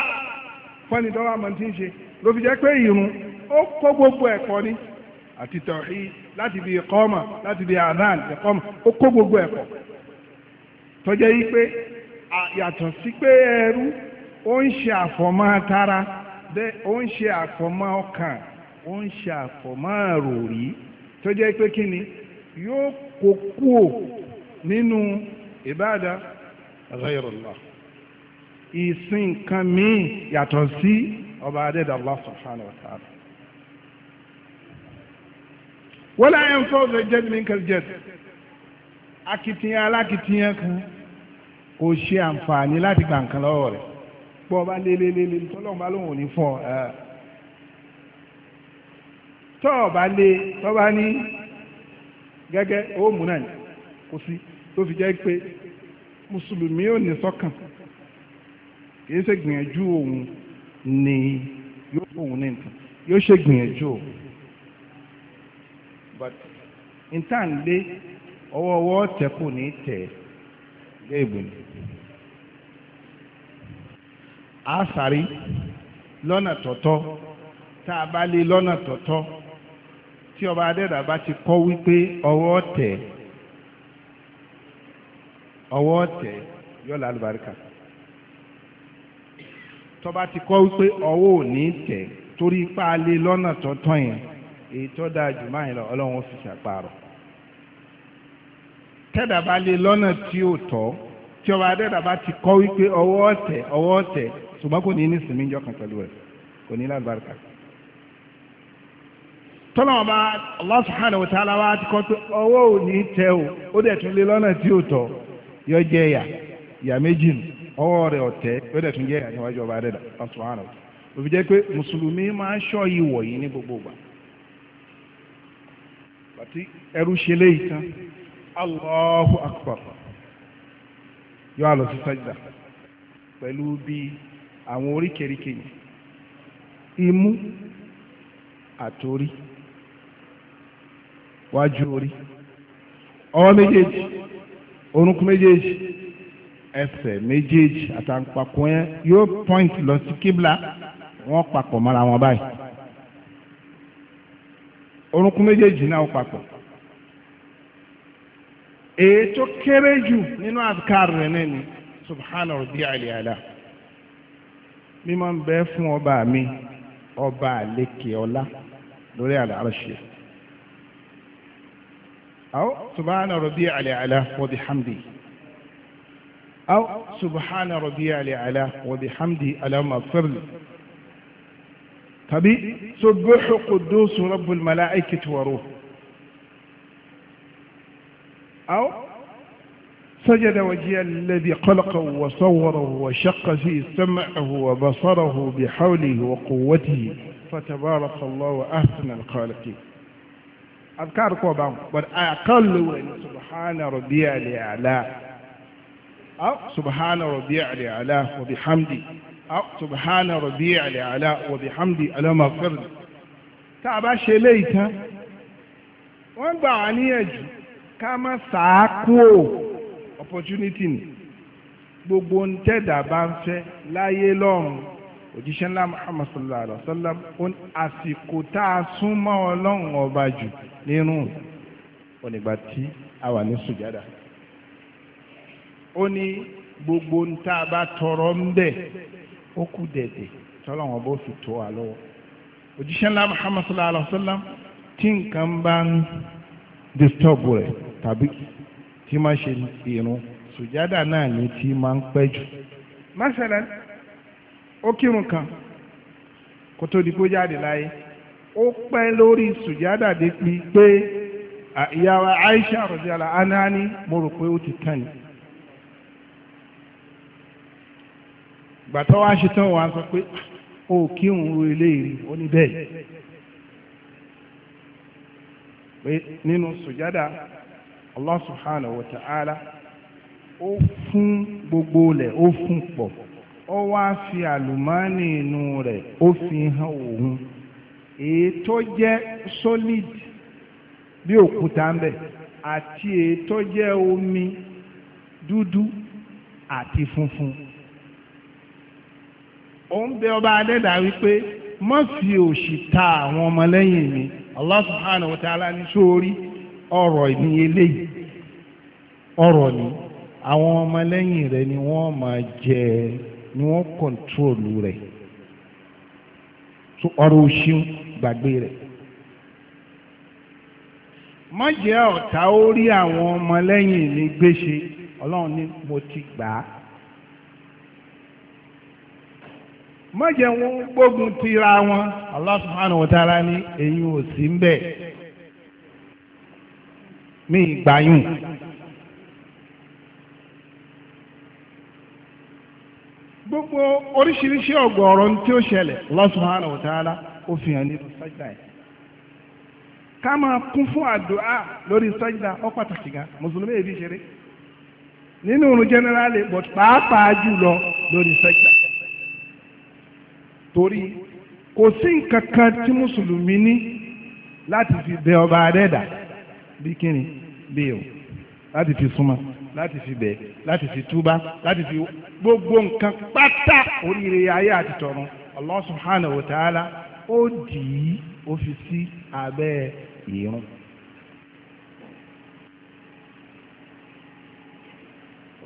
fọ́ni tó wà mọ́ tí ń ṣe ló fi jẹ́ pé ìrun ó kó gbogbo ẹ̀kọ́ ni àti tawhid láti bí ìkọ́mà láti bí adhan ìkọ́mà ó gbogbo ẹ̀kọ́ tọ́jẹ́ yí pé yàtọ̀ sí pé ẹrú ó ń ṣe àfọ̀mọ́ tara bẹ́ẹ̀ ó ń ṣe àfọ̀mọ́ ọkàn ó ń ṣe àfọ̀mọ́ àròrí tọ́jẹ́ pé kí ni yóò kó kúò nínú ìbáda ghayrullah ìsìn kan wọ́n láyé ń fọ́ ọ̀sẹ̀ jẹ́d minkal jẹ́d akitiyan alákitiyan kan kò ṣe àǹfààní láti gbà nǹkan lọ́wọ́ rẹ̀ pọ̀ ọba lélelele tọ́lọ́run bá lóun ò ní fọ́ ọ tọ́ ọba lé tọ́ba ní gẹ́gẹ́ ó mú náà kò sí tó fi jẹ́ pé mùsùlùmí ò ní sọ́kàn kì í ṣe gbìyànjú òun ni yóò fóun ní nǹkan yóò ṣe gbìyànjú òun but nta ń lé ọwọ́ ọwọ́ tẹ kù ní tẹ ilé ìbò ni a sáré lọ́nà tọ̀tọ̀ tá a bá lé lọ́nà tọ̀tọ̀ tí ọba adẹ́dà bá ti kọ́ wípé ọwọ́ tẹ ọwọ́ tẹ yọ̀lá alùbáríkà tọba ti kọ́ wípé ọwọ́ ò ní tẹ torí ipá lé lọ́nà tọ̀tọ̀ yẹn. èyí tó dáa jù máa yìí lọ ọlọ́run fi ṣàpàrọ̀ lọ́nà tí ó tọ́ tí ọba adẹ́dà bá ti kọ́ wípé ọwọ́ ọ̀tẹ̀ ọwọ́ ọ̀tẹ̀ ṣùgbọ́n kò ní ní sinmi jọ kan pẹ̀lú kò ní tọ́lọ́wọ́n wa wá ti kọ́ pé ọwọ́ ò ní tẹ o ó dẹ̀ tún lọ́nà tí ó tọ́ yọ jẹ́ méjì nù ọwọ́ rẹ̀ ọ̀tẹ́ ó ọba òfin jẹ́ pé mùsùlùmí máa ń ṣọ́ ìwọ̀ yìí ní gbogbo bàtí ẹrú ṣe léyìí tán Allahu Akbar yóò àlọ́ sí sájìdá pẹ̀lú bí àwọn oríkèéríkè yìí imú àtòrí wájú orí ọwọ́ méjèèjì orúnkún méjèèjì ẹsẹ̀ méjèèjì àtàǹpàkò yẹn yóò pọ́ìntì lọ sí kíbla wọ́n papọ̀ mọ́ra wọn báyìí orúnkún méjèèjì náà papọ̀ èyí tó kéré jù nínú àkàr rẹ̀ náà ni subhana rabbi aliyala mímọ́ ń bẹ fún ọba mi ọba àlékè ọlá lórí àlàáṣẹ aw subhana rabbi aliyala wa bihamdi aw subhana rabbi aliyala wa bihamdi alamafirli. طبي إيه؟ سبح قدوس رب الملائكة وروح أو سجد وجه الذي خلقه وصوره وشق في سمعه وبصره بحوله وقوته فتبارك الله أحسن الخالقين أذكارك وبام أقل وإن سبحان ربيع الأعلى أو سبحان ربيع الأعلى وبحمدي subhana rabbi ala wa bihamdi alama fẹ́rẹ̀ tá a bá ṣe eléyìí tán wọ́n gbà wá níyànjú ká má sàákúò opportunity ni gbogbo ń tẹ̀dá bá ń fẹ́ láyé lọ́run òjíṣẹ́ ńlá muhammad sallallahu alayhi wa sallam ó ní àsìkò tá a súnmọ́ ọlọ́run ọba jù nínú onígbà tí a wà ní sùjádà ó ní gbogbo ń tá a bá tọrọ ń bẹ̀ ó kú dẹ̀dẹ̀ tọ́lọ́wọ́n bó fi tó wa lọ́wọ́ òjíṣẹ́ ńlá Muhammad sallallahu alayhi wa sallam tí nǹkan bá ń disturb rẹ̀ tàbí tí máa ṣe irun sùjádà náà ni tí máa ń pẹ́ jù. masalan ó kírun kan kó tó di pé ó jáde láyé ó pẹ́ lórí sùjádà dé pé ìyàwó Aisha radiyallahu anha ni mo rò pé ó ti tán ni. gbàtọ́ wá ṣe tán wàá sọ pé o ah, kí òun ro eléyìí ó ní bẹ́ẹ̀ pé nínú sùjádà Allah subhanahu wa ta'ala ó fún gbogbo rẹ̀ ó fún pọ̀ ó wá fi àlùmọ́ọ́nì inú rẹ̀ ó fi hàn òun èyí tó jẹ́ solid bí òkúta ń bẹ àti èyí tó jẹ́ omi dúdú àti funfun ó ń bẹ ọba adẹ́dà wípé má fi òṣì ta àwọn ọmọlẹ́yìn mi Allah subhanahu wa ta'ala ní sórí ọ̀rọ̀ ní eléyìí ọ̀rọ̀ ní àwọn ọmọlẹ́yìn rẹ̀ ni wọ́n máa jẹ ni wọ́n kọ̀ǹtrólù rẹ̀ ọ̀rọ̀ òṣì gbàgbé rẹ̀ má jẹ́ ọ̀tá ó rí àwọn ọmọlẹ́yìn mi gbéṣe ọlọ́run ní mo ti gbà á má jẹ́ wọn gbógun wọn Allah subhanahu ní ò sí ń bẹ̀ mí gbàyùn. gbogbo oríṣiríṣi ọ̀gọ̀ọ̀rọ̀ tí ó ṣẹlẹ̀ Allah subhanahu ó fi hàn nínú sájà ká máa kún fún àdúrà lórí pàtàkì gan mùsùlùmí èyí ṣeré nínú jẹ́nẹ́rálì pàápàá lórí torí kò sí nǹkan kan tí mùsùlùmí ní láti fi bẹ ọba adẹ́dà bí kíni bí o láti fi súnmọ́ láti fi bẹ̀ láti fi túbá láti fi gbogbo nǹkan pátá oríire ayé àti tọ̀run Allah subhanahu wa ta'ala ó dì í ó fi sí abẹ́ ìrun.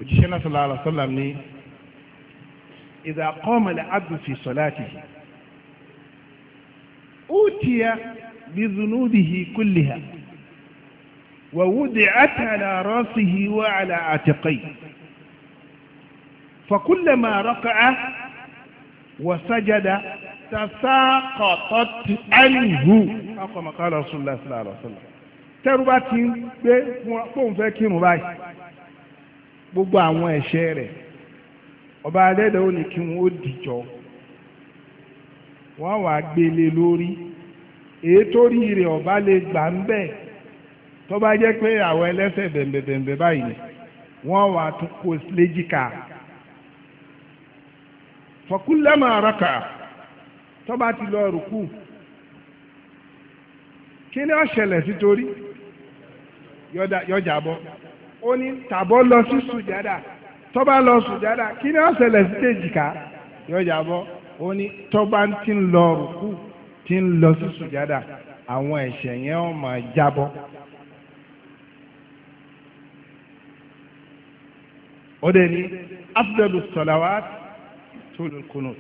òjíṣẹ́ náà sallallahu alaihi wasallam ní. إذا قام العبد في صلاته أوتي بذنوبه كلها ووضعت على راسه وعلى عاتقيه فكلما ركع وسجد تساقطت عنه كما قال رسول الله صلى الله عليه وسلم تربتي bá ti ń gbé fún òun gbogbo àwọn ẹ̀ṣẹ̀ rẹ̀ ọba adẹ́dẹ́ ó ní kí wọ́n ó dìjọ wọ́n wà gbélé lórí èyí tó rí rẹ̀ ọba lè gbà ń bẹ̀ tó bá jẹ́ pé àwọn ẹlẹ́sẹ̀ bẹ̀m̀bẹ̀bẹ̀m̀bẹ̀ báyìí wọ́n wà tún kó léjìká fọkúnlẹ́mọ̀ àràkà tó bá ti lọ rùkú kí ni ó sí torí yọjà bọ́ ó ní tàbọ́ lọ sí sùjádà tó bá lọ sùjádà kí ni ó ṣẹlẹ̀ sí èjìká yóò jábọ́ ó ní tó bá ti ń lọ rùkú ti ń lọ sí sùjádà àwọn ẹ̀ṣẹ̀ yẹn ó máa jábọ́. ó dẹ̀ ní afdalu salawat tul kunut.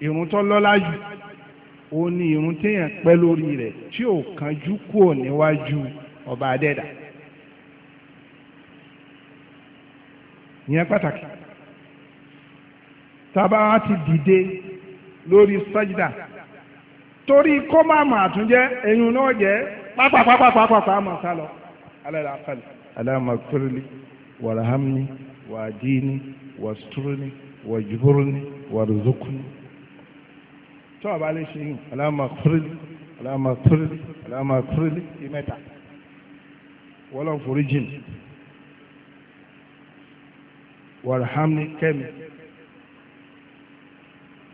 ìrùn tó jù ó ní irun téèyàn pẹ́ lórí rẹ̀ tí ò kánjú kúò níwájú ọba adẹ́dà ìyẹn pàtàkì tábà wá ti dìde lórí sájídà torí kó má mà àtúnjẹ ẹ̀yìn náà jẹ́ pápápápápápá mà sá lọ alẹ́ àkàlù aláàmàkúrẹ́lì wàràhámni wàdíní wàstúrúni wàjúbúrúni wàrúzúkúni tó o bá lè ṣe yìí alama kurili alama kurili alama kurili yìí mẹ́ta wọ́lọ́n forí jìn wàrhamni kẹ́mi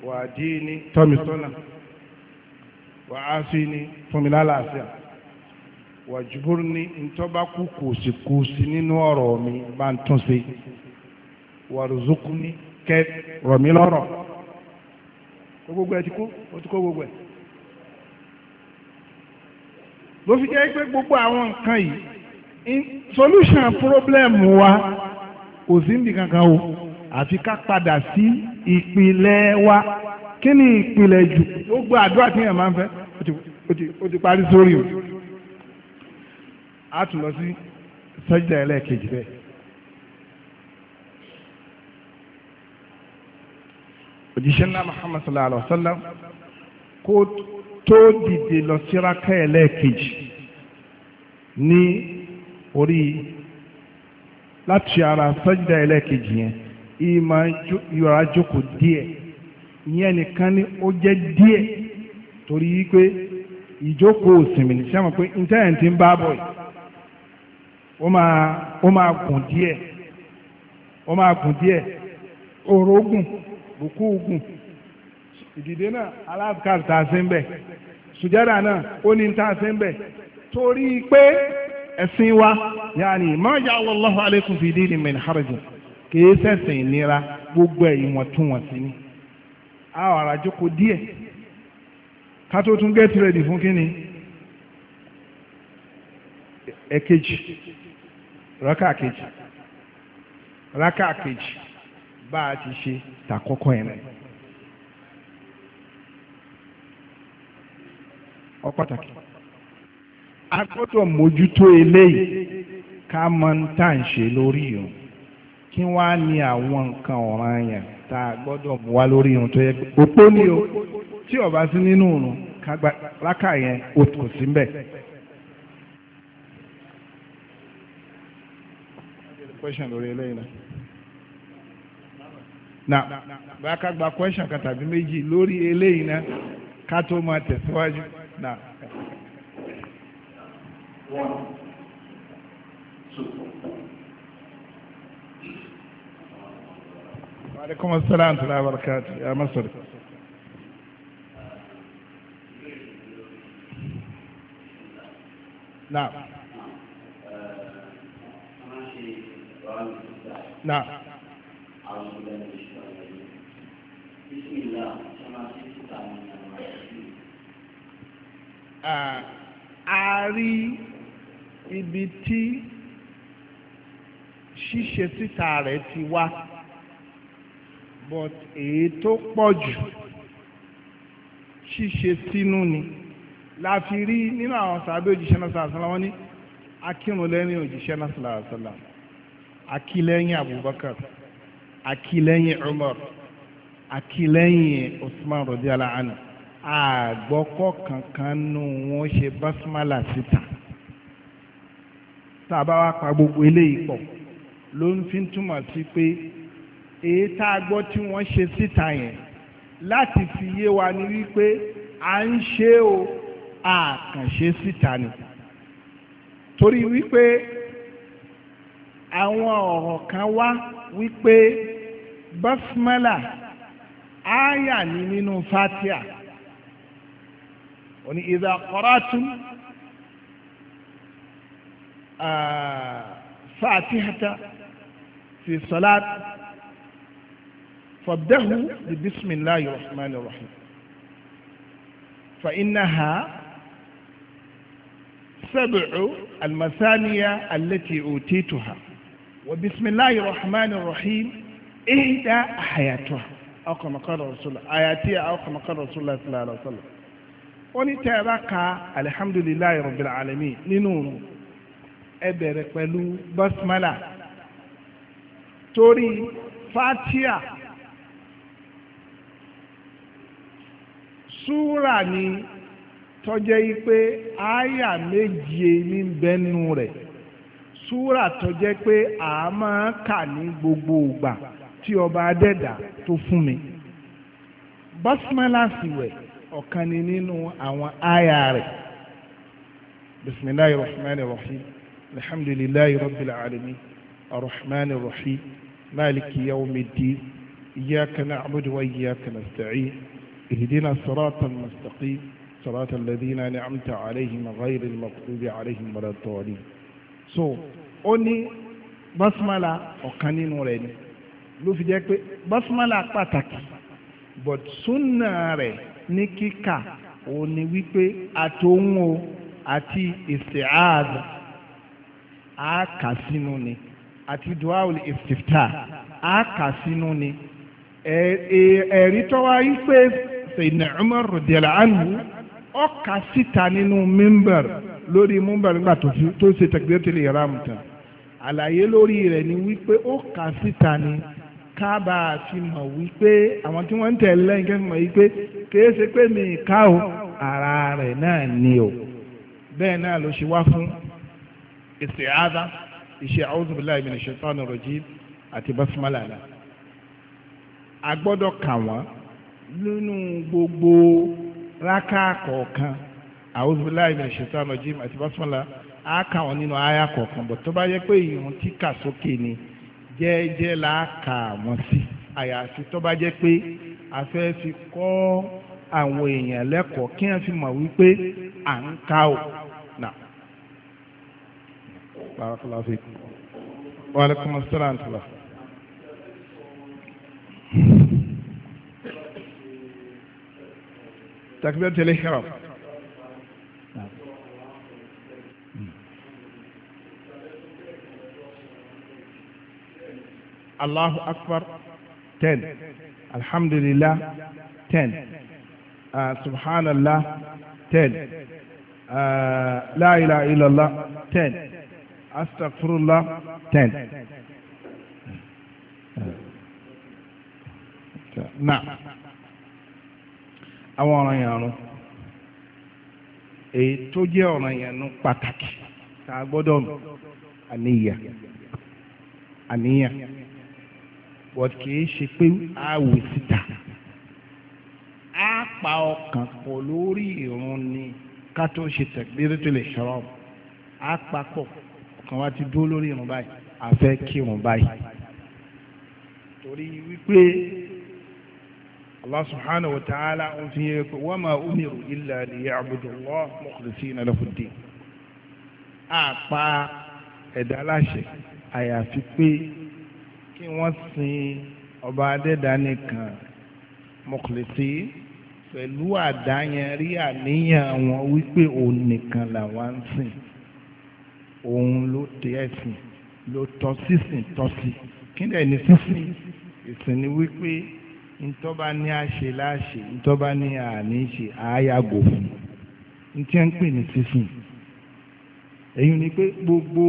wàdíni tọ́mítọ́nà wàásìní fúnmilálàáfíà wàjúbúrúni ntọ́bákú kùsìkùsì nínú ọ̀rọ̀ mi bá ń tún sí wàrúzúkúni kẹ́ rọ̀mí gbogbo ẹ̀ ti kó ó ti kó gbogbo ẹ̀ ló fi jẹ́ pé gbogbo àwọn nǹkan yìí solution problem wa kò sí níbi kankan o àfi ká padà sí ìpìlẹ̀ wa kí ni ìpìlẹ̀ jù gbogbo àdúrà tí èèyàn máa ń fẹ́ ó ti parí sórí o a tún lọ sí sọ́jà ẹlẹ́ẹ̀kejì bẹ́ẹ̀. òjíṣẹ́ ńlá Muhammad sallallahu alayhi wa sallam kó didi lọ síraka ẹlẹ́ẹ̀kejì ni ori lati ara sọ́jìdá ẹlẹ́ẹ̀kejì yẹn ìmọ̀ yọra jókòó díẹ̀ ìyẹn ni ó jẹ́ díẹ̀ torí wípé ìjókòó òsìnmì ní sẹ́wọ̀n pé íńtánẹ̀tì ń bá bọ̀ yìí ó máa o ma gùn die ó rùkú ugwu ìdìde náà a ń bẹ̀ sùjádà náà ó ní tá a ń bẹ̀ torí pé ẹ̀sìn wa yaani ma ja'alallahu alaykum fi dini min harajin kìí gbogbo ẹ̀ ìwọ̀ntúnwọ̀nsì ni àwọn àràjókòó díẹ̀ ká tó tún get ready fún kínni ẹ̀kejì rákà kejì bá a ti ṣe tàkọ́kọ́ yẹn náà. ọ pàtàkì a gbọ́dọ̀ mójútó eléyìí ká mọ tá à ń ṣe lórí yìí kí wọ́n á ní àwọn nǹkan ọ̀ràn yẹn tá a gbọ́dọ̀ mú wá lórí yìí tó yẹ pé òpó ni o tí ó sí nínú òrùn kágbá lákà yẹn o kò sí mbẹ. question lórí eléyìí náà na bá ká gba question kan tàbí méjì lórí eléyìí náà ká tó máa tẹ̀síwájú na. one two. وعليكم السلام ورحمة الله وبركاته يا مصري نعم نعم a rí ibi tí ṣíṣe síta rẹ̀ ti wá but èyí tó pọ̀ jù ṣíṣe sínú ni la fi rí nínú àwọn sàbẹ̀ òjíṣẹ́ náà sàlàsàlà wọn ní akírun lẹ́yìn òjíṣẹ́ náà sàlàsàlà akí Abubakar akí Umar àkìlẹ́yìn Usman radiyallahu anhu àgbọ́kọ́ kankan nù wọ́n ṣe basmala síta tá a bá wá pa gbogbo eléyìí pọ̀ ló ń fi túmọ̀ sí pé èyí tá a gbọ́ tí wọ́n ṣe síta yẹn láti fi yé wa ni wípé à ń ṣe o àkànṣe síta ni torí wípé àwọn ọ̀rọ̀ kan wá wípé basmala. ááyà ní nínú fatia òní ìdá qara'tum fatihata fi salat fabdahu bi bisimilahi rahman rahim fa innaha سبع المثانية التي أوتيتها وبسم الله الرحمن الرحيم إهدى أحياتها aw kama qala rasul ayati aw kama qala rasulullah sallallahu alaihi wasallam wọ́n ní tẹ́ ẹ bá ka alihamudulilayi rabbil alamin nínú ẹ bẹ̀rẹ̀ pẹ̀lú basmala torí fatia súra ni tọ́jẹ́ yí pé àyà méje ní bẹ́nu rẹ̀ súra tọ́jẹ́ pé a kà ní gbogbo ìgbà tí ọba adẹ́dà tó fún mi basmala sì wẹ̀ ọ̀kan ni nínú àwọn àyà rẹ̀ bisimilahi rahman rahim alhamdulilayi rabbil alamin arrahman rahim maliki yawmiddin iyyaka na'budu wa iyyaka nasta'in ihdina siratan mustaqim صراط الذين أنعمت عليهم غير المغضوب عليهم ولا الضالين so ó ní basmala ọ̀kan nínú rẹ̀ ni ló fi jẹ́ pé basmala pàtàkì but sunna rẹ̀ ní kíkà òun ni wípé àtòun o àti isti'adha á kà sínú ni àti duawul istiftah á kà sínú ni ẹ̀rí tó wá yí pé Sayyidina Umar radiyallahu anhu ó kà síta nínú mímbẹ̀rù lórí múmbàrí gbà tó ṣe tẹ̀gbẹ́tẹ̀lẹ̀ ìhram tán àlàyé lórí rẹ̀ ni wípé ó kà síta ni kábà fi mọ̀ wípé àwọn tí wọ́n ń tẹ̀lé lẹ́yìn kẹ́kọ̀ọ́ wípé kìí ṣe pé mi ká o ara rẹ̀ náà ni o bẹ́ẹ̀ náà ló ṣe wá fún isti'adha iṣẹ́ a'udhu billahi minash shaitanir rajim àti basmalala a gbọ́dọ̀ kà wọ́n nínú gbogbo rákà kọ̀ọ̀kan a'udhu billahi minash shaitanir rajim àti basmalala a kà wọ́n nínú àyà kọ̀ọ̀kan bọ̀ tó bá yẹ pé ìrun tí kà sókè ni jẹ́ẹ́jẹ́ la kà wọ́n sí àyàfi tó bá jẹ́ pé a fẹ́ fi kọ́ àwọn èèyàn lẹ́kọ̀ọ́ kí wọ́n fi mọ̀ wípé à ń ka o. Barakallahu fiik. Wa alaykum assalam tula. Allahu Akbar ten alhamdulillah ten uh, subhanallah ten uh, la ilaha illallah ten astaghfirullah ten. Now, àwọn ọ̀ràn yẹn ọ̀run èyí tó jẹ́ ọ̀ràn yẹn nu pàtàkì tá a gbọ́dọ̀ mọ̀ àníyàn àníyàn. but kì í ṣe pé àwẹ̀ síta á pa ọkàn pọ̀ lórí ìrun ni ká tó ṣe takbiratul ihram á papọ̀ ọkàn wa ti dúró lórí ìrun báyìí a fẹ́ kírun báyìí torí wípé Allah subhanahu wa ta'ala ń fi yẹ pé wa ma umiru illa liya'budu Allah mukhlisina lahu ddin á pa ẹ̀dá láṣẹ àyàfi pé kí wọ́n sin ọba adẹ́dá nìkan mọ̀kìlìsí pẹ̀lú àdáyẹnrí àníyàn wọn wípé òun nìkan làwọn ń sìn òun ló tẹ ẹ̀sìn ló tọ́ sísìn tọ́ sí kí lẹ̀ ní sísìn ìsìn ni wípé ntọ́ba ní àṣe láṣe ntọ́ba ní àní ṣe àáyàgò fún ntí ń pè ní sísìn èyí ni pé gbogbo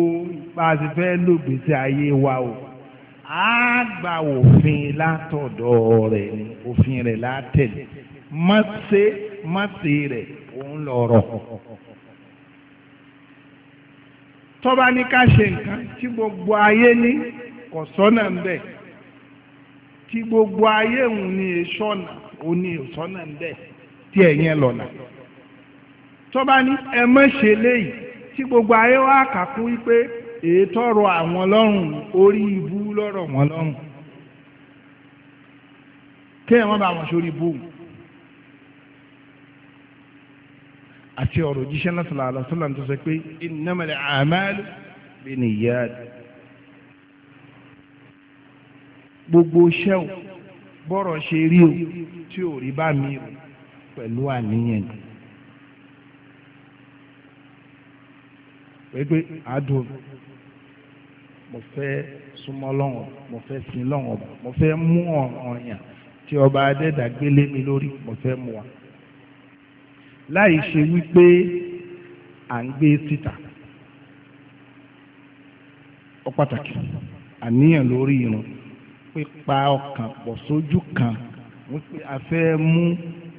bá a ti fẹ́ lògbèsè ayé wa o a gba òfin látọ̀dọ̀ rẹ̀ ni òfin rẹ̀ látẹ̀lé mọ́tẹ́ mọ́tẹ́ rẹ̀ òun lọ̀rọ̀. tọ́ba ní ká ṣe nǹkan tí gbogbo ayé ní kò sọ́nà ń bẹ̀ tí gbogbo ayé òun ní sọ́nà òun ní sọ́nà ń tí ẹ̀yẹn lọ́nà. tọ́ba ní ẹ mọ̀ ṣe léyìí tí gbogbo ayé wá kàkú wípé èyí tọrọ àwọn lọ́rùn orí ibú lọ́rọ̀ wọn lọ́rùn kéèyàn wọn bá wọn sórí ibú àti ọ̀rọ̀ jíṣẹ́ náà sọ̀rọ̀ àlọ́sọ́lá tó sọ pé innamal a'malu binniyat gbogbo ṣẹ́wọ̀ bọ́rọ̀ ṣe rí o tí ò rí bá mi rò pẹ̀lú àníyàn pẹ̀lú àdùn mo fẹ́ súnmọ́ lọ́wọ́ mo fẹ́ sin lọ́wọ́ mo fẹ́ mú ọ̀ranyàn tí ọba adẹ́dà gbélé mi lórí mo fẹ́ mú wa láì ṣe wípé à ń gbé síta ó pàtàkì àníyàn lórí irun pípa ọkàn pọ̀ sójú kan wípé a fẹ́ mú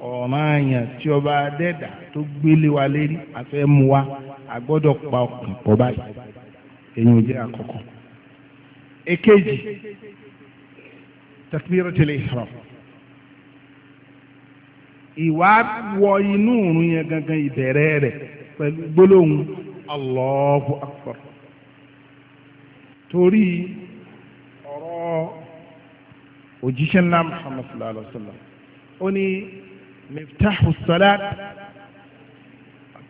ọ̀ranyàn tí ọba adẹ́dà tó gbélé wa lérí a fẹ́ mú wa a gbọ́dọ̀ pa ọkàn pọ̀ báyìí èyí ò jẹ́ àkọ́kọ́ èkejì takbiratul ihram ìwà wọ inú òrùn yẹn gangan ìbẹ̀rẹ̀ rẹ̀ pẹ̀lú gbólóhùn Allahu Akbar torí ọ̀rọ̀ òjíṣẹ́ ńlá Muhammad sallallahu alaihi wa sallam ó ní miftahu salat at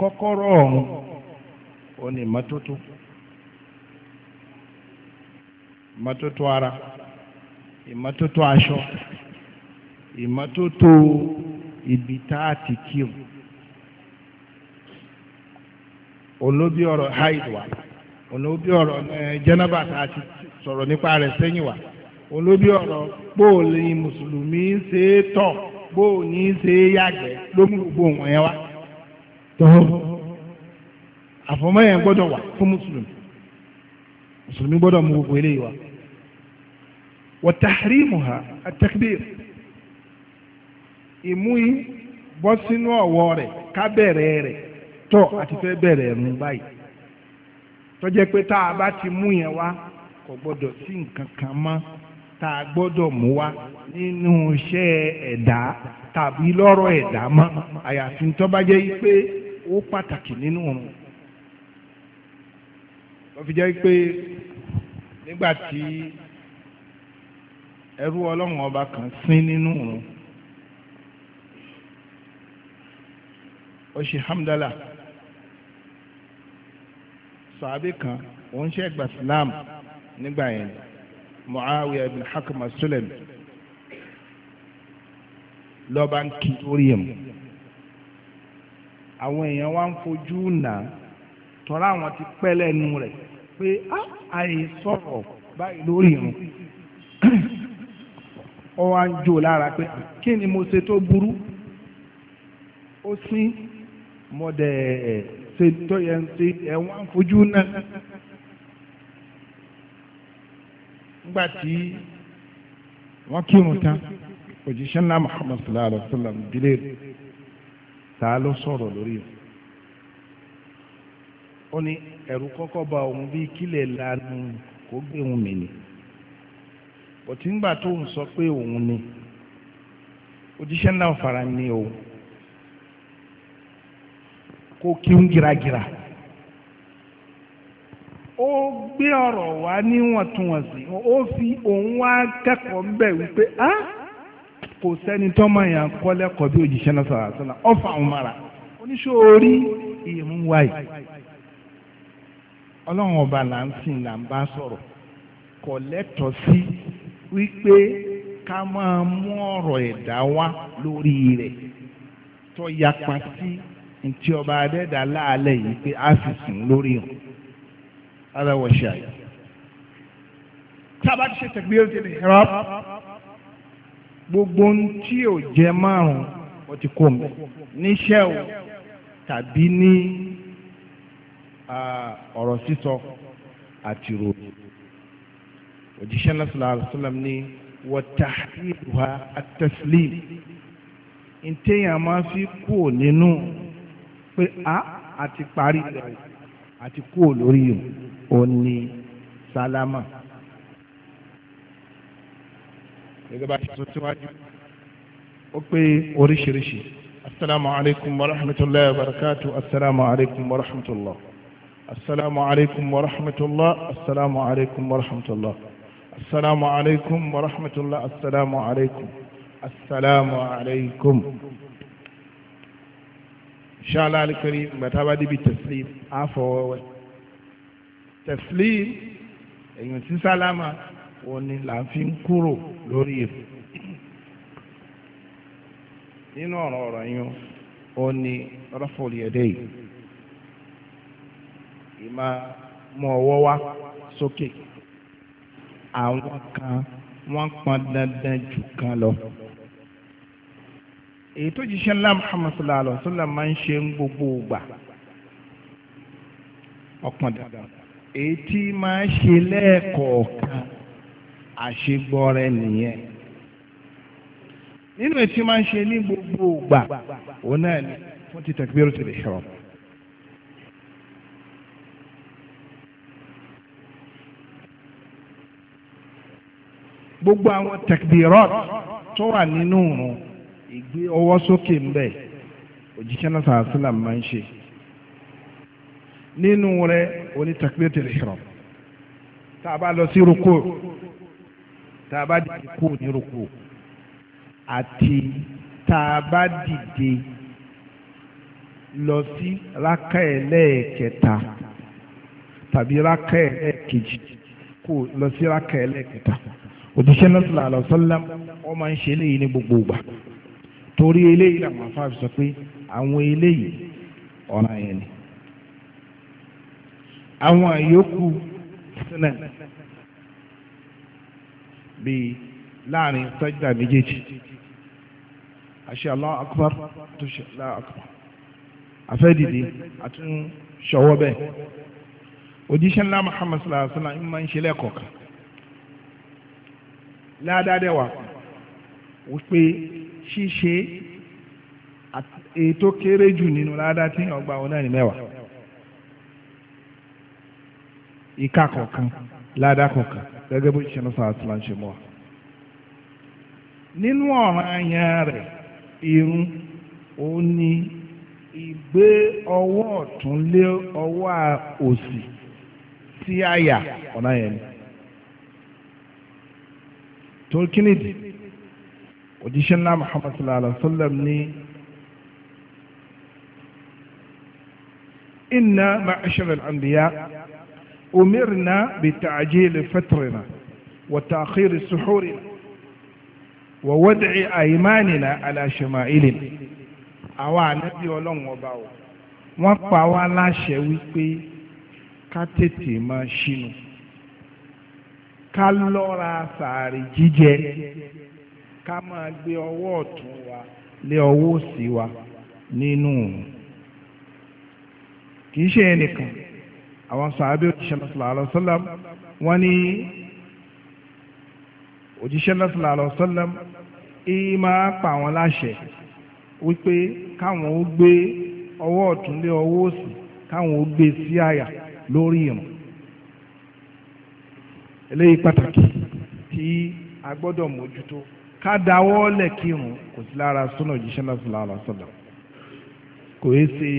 kọ́kọ́rọ́ ọ̀hún ó ní mọ́tótó. i ma ara i ma toto asho i ma toto ibi taa tikiu olubi ọrọ haịd wa olubi ọrọ ọnụnụ jenabat asi sọrọ nnipa ara senyị wa olubi ọrọ boole musulumin setọ boole setọ gboo nye ya agbẹ gboo nkwekwa ọhụrụ nye ya afọmụrịnwụ gbọdọ wa musulmi musulmi gbọdọ mụrụ nkele wọ̀tàhírímùhà àtẹ̀kbìr ìmú yìí bọ́ sínú ọ̀wọ́ rẹ̀ ká bẹ̀rẹ̀ rẹ̀ tọ́ àti fẹ́ bẹ̀rẹ̀ ẹ̀rùn báyìí tọ́jẹ́ pé tá a bá ti tàbí lọ́rọ̀ ẹ̀dá mọ́ àyàfi jẹ́ pé ó pàtàkì ẹrú ọlọ́run ọba kan sín nínú òun ó ṣe hamdala sàbí kan òun ṣe gba Islam nígbà yẹn Muawiya ibn Hakam as-Sulami lọ́ba ń kí orí mu àwọn èèyàn wá ń fojú nà tọ́lá àwọn ti pẹ́ lẹ́nu rẹ̀ pé ah, àìsọ̀rọ̀ báyìí lórí irun ó wá ń jò lára pé kí ni mo ṣe tó burú ó sí mọ́dẹ̀ ẹ̀ ṣe tó yẹ ṣe ẹ̀wọ̀n fojú náà nígbà tí wọ́n kírun tán òjíṣẹ́ ńlá Muhammad sallallahu alaihi wa sallam dílé ta ló sọ̀rọ̀ lórí rẹ̀ ó ní ẹ̀rù kọ́kọ́ ba òun bí kílẹ̀ lanu kó gbé òun mìíràn. bọ̀tí ńgbà tó ń sọ pé òun ni òjíṣẹ́ náà ni ní kó kí ń giragira ó gbé ọ̀rọ̀ wá níwọ̀ntúnwọ̀nsì ó fi òun wá kẹ́kọ̀ọ́ ń wípé á kò sẹ́ni tọ́mọ yẹn kọ́ bí òjíṣẹ́ ọ̀fà oníṣòorí ọlọ́run ọba là ń sìn là ń bá sọ̀rọ̀ wípé ká máa mú ọ̀rọ̀ ẹ̀dá wá lórí rẹ̀ tó yapa sí ntí ọba adẹ́dà láàlẹ́ yìí pé a fi sùn lórí hàn aláwọ̀ṣẹ́ àyè. tábà ti ṣe tẹ̀gbéyàwó tẹ̀lé ẹ̀rọ gbogbo ntí ò jẹ́ márùn-ún wọ́n ti kó mi níṣẹ́ o tàbí ní ọ̀rọ̀ sísọ àti ròdù òjíṣẹ́ náà sallallahu alaihi wasallam ní wa tahqiquha at-taslim ntẹ́yìn máa fi kú nínú pé a àti parí rẹ̀ àti kú lórí òní sálámà. gẹ́gẹ́ bá a ṣe tó síwájú ó pé oríṣiríṣi asalaamu wa rahmatulahi barakatu asalaamu wa rahmatulah asalaamu wa rahmatulah asalaamu wa rahmatulah. السلام عليكم ورحمة الله السلام عليكم السلام عليكم إن شاء الله الكريم بتبادي بالتسليم عفو تسليم èyàn sí sálámà òun ni là ń fi ń kúrò lórí èrò nínú ọ̀rọ̀ ọ̀rọ̀ yẹn òun ni rọ́fọ̀lì ẹ̀dẹ́ yìí ìmá mú ọwọ́ wá sókè. Okay àwọn kan wọ́n pọn dandan jù kan lọ. èyí tó jíṣẹ́ ńlá muhammad sallallahu alayhi wa sallam máa ń ṣe ń gbogbo ìgbà ọ̀pọ̀n dandan èyí tí máa ṣe lẹ́ẹ̀kọ̀ọ̀kan àṣegbọ́rẹ́ nìyẹn nínú èyí tí máa ń ṣe ní gbogbo ìgbà òun náà ni fún ti takbiratul ihram. gbogbo àwọn takbirat tó wà nínú òun ìgbé ọwọ́ sókè ń bẹ̀ òjíṣẹ́ náà sàásìlà máa ń ṣe nínú rẹ̀ oní takbiratul ihram tá a bá lọ sí rúkú tá a bá dìde kú ní rúkú àti tá a bá dìde lọ sí rákà ẹlẹ́ẹ̀kẹta tàbí rákà ẹlẹ́ẹ̀kejì kú lọ sí òjíṣẹ́ náà sọ̀rọ̀ àlọ́sọ́lá wọ́n máa ń ṣe eléyìí ní gbogbo ìgbà torí eléyìí làwọn afáà fi sọ pé àwọn eléyìí ọ̀ràn yẹn ni àwọn àyókù sílẹ̀ bíi láàrin sájúdà méjèèjì àṣẹ Allahu akbar àtúnṣe Allahu akbar àfẹ́dìdì àtúnṣọwọ́ bẹ́ẹ̀ òjíṣẹ́ ńlá Muhammad sallallahu alaihi wasallam ń máa ń ṣe lẹ́ẹ̀kọ̀ọ̀kan ládádẹ́wà wípé ṣíṣe ètò kéré jù nínú ládá tí ọgbà wọn náà ní mẹ́wàá ìka kọ̀ọ̀kan ládá kọ̀ọ̀kan gẹ́gẹ́ bó ṣe ń sọ àti láǹṣẹ mọ́ wa. nínú ọ̀ràn ayan rẹ̀ irun ó ní ìgbé ọwọ́ ọ̀tún lé ọwọ́ òsì sí àyà ọ̀nà yẹn ni torí kí nìdí òjíṣẹ́ ńlá Muhammad sallallahu alaihi wa sallam ní inna ma'ashara al-anbiya umirna bi ta'jili fatrina wa ta'khiri suhurina wa wad'i aymanina ala shama'ilina àwa ànábì ọlọ́run ọba o pa wá láṣẹ wípé ká tètè máa ṣínú ká lọ́ra sàárì jíjẹ ká máa gbé ọwọ́ ọ̀tún wa lé ọwọ́ òsì wa nínú kì í ṣe ẹnìkan àwọn sàábé òjíṣẹ́ sallallahu alaihi wọ́n ní òjíṣẹ́ sallallahu alaihi wasallam máa pa àwọn láṣẹ wípé káwọn ó gbé ọwọ́ ọ̀tún lé ọwọ́ òsì káwọn ó gbé sí àyà lórí ìrun eléyìí pàtàkì tí a gbọ́dọ̀ mójútó ká dáwọ́ lẹ̀ kírun kò sí lára súnà òjíṣẹ́ náà sallallahu alaihi kò é ṣe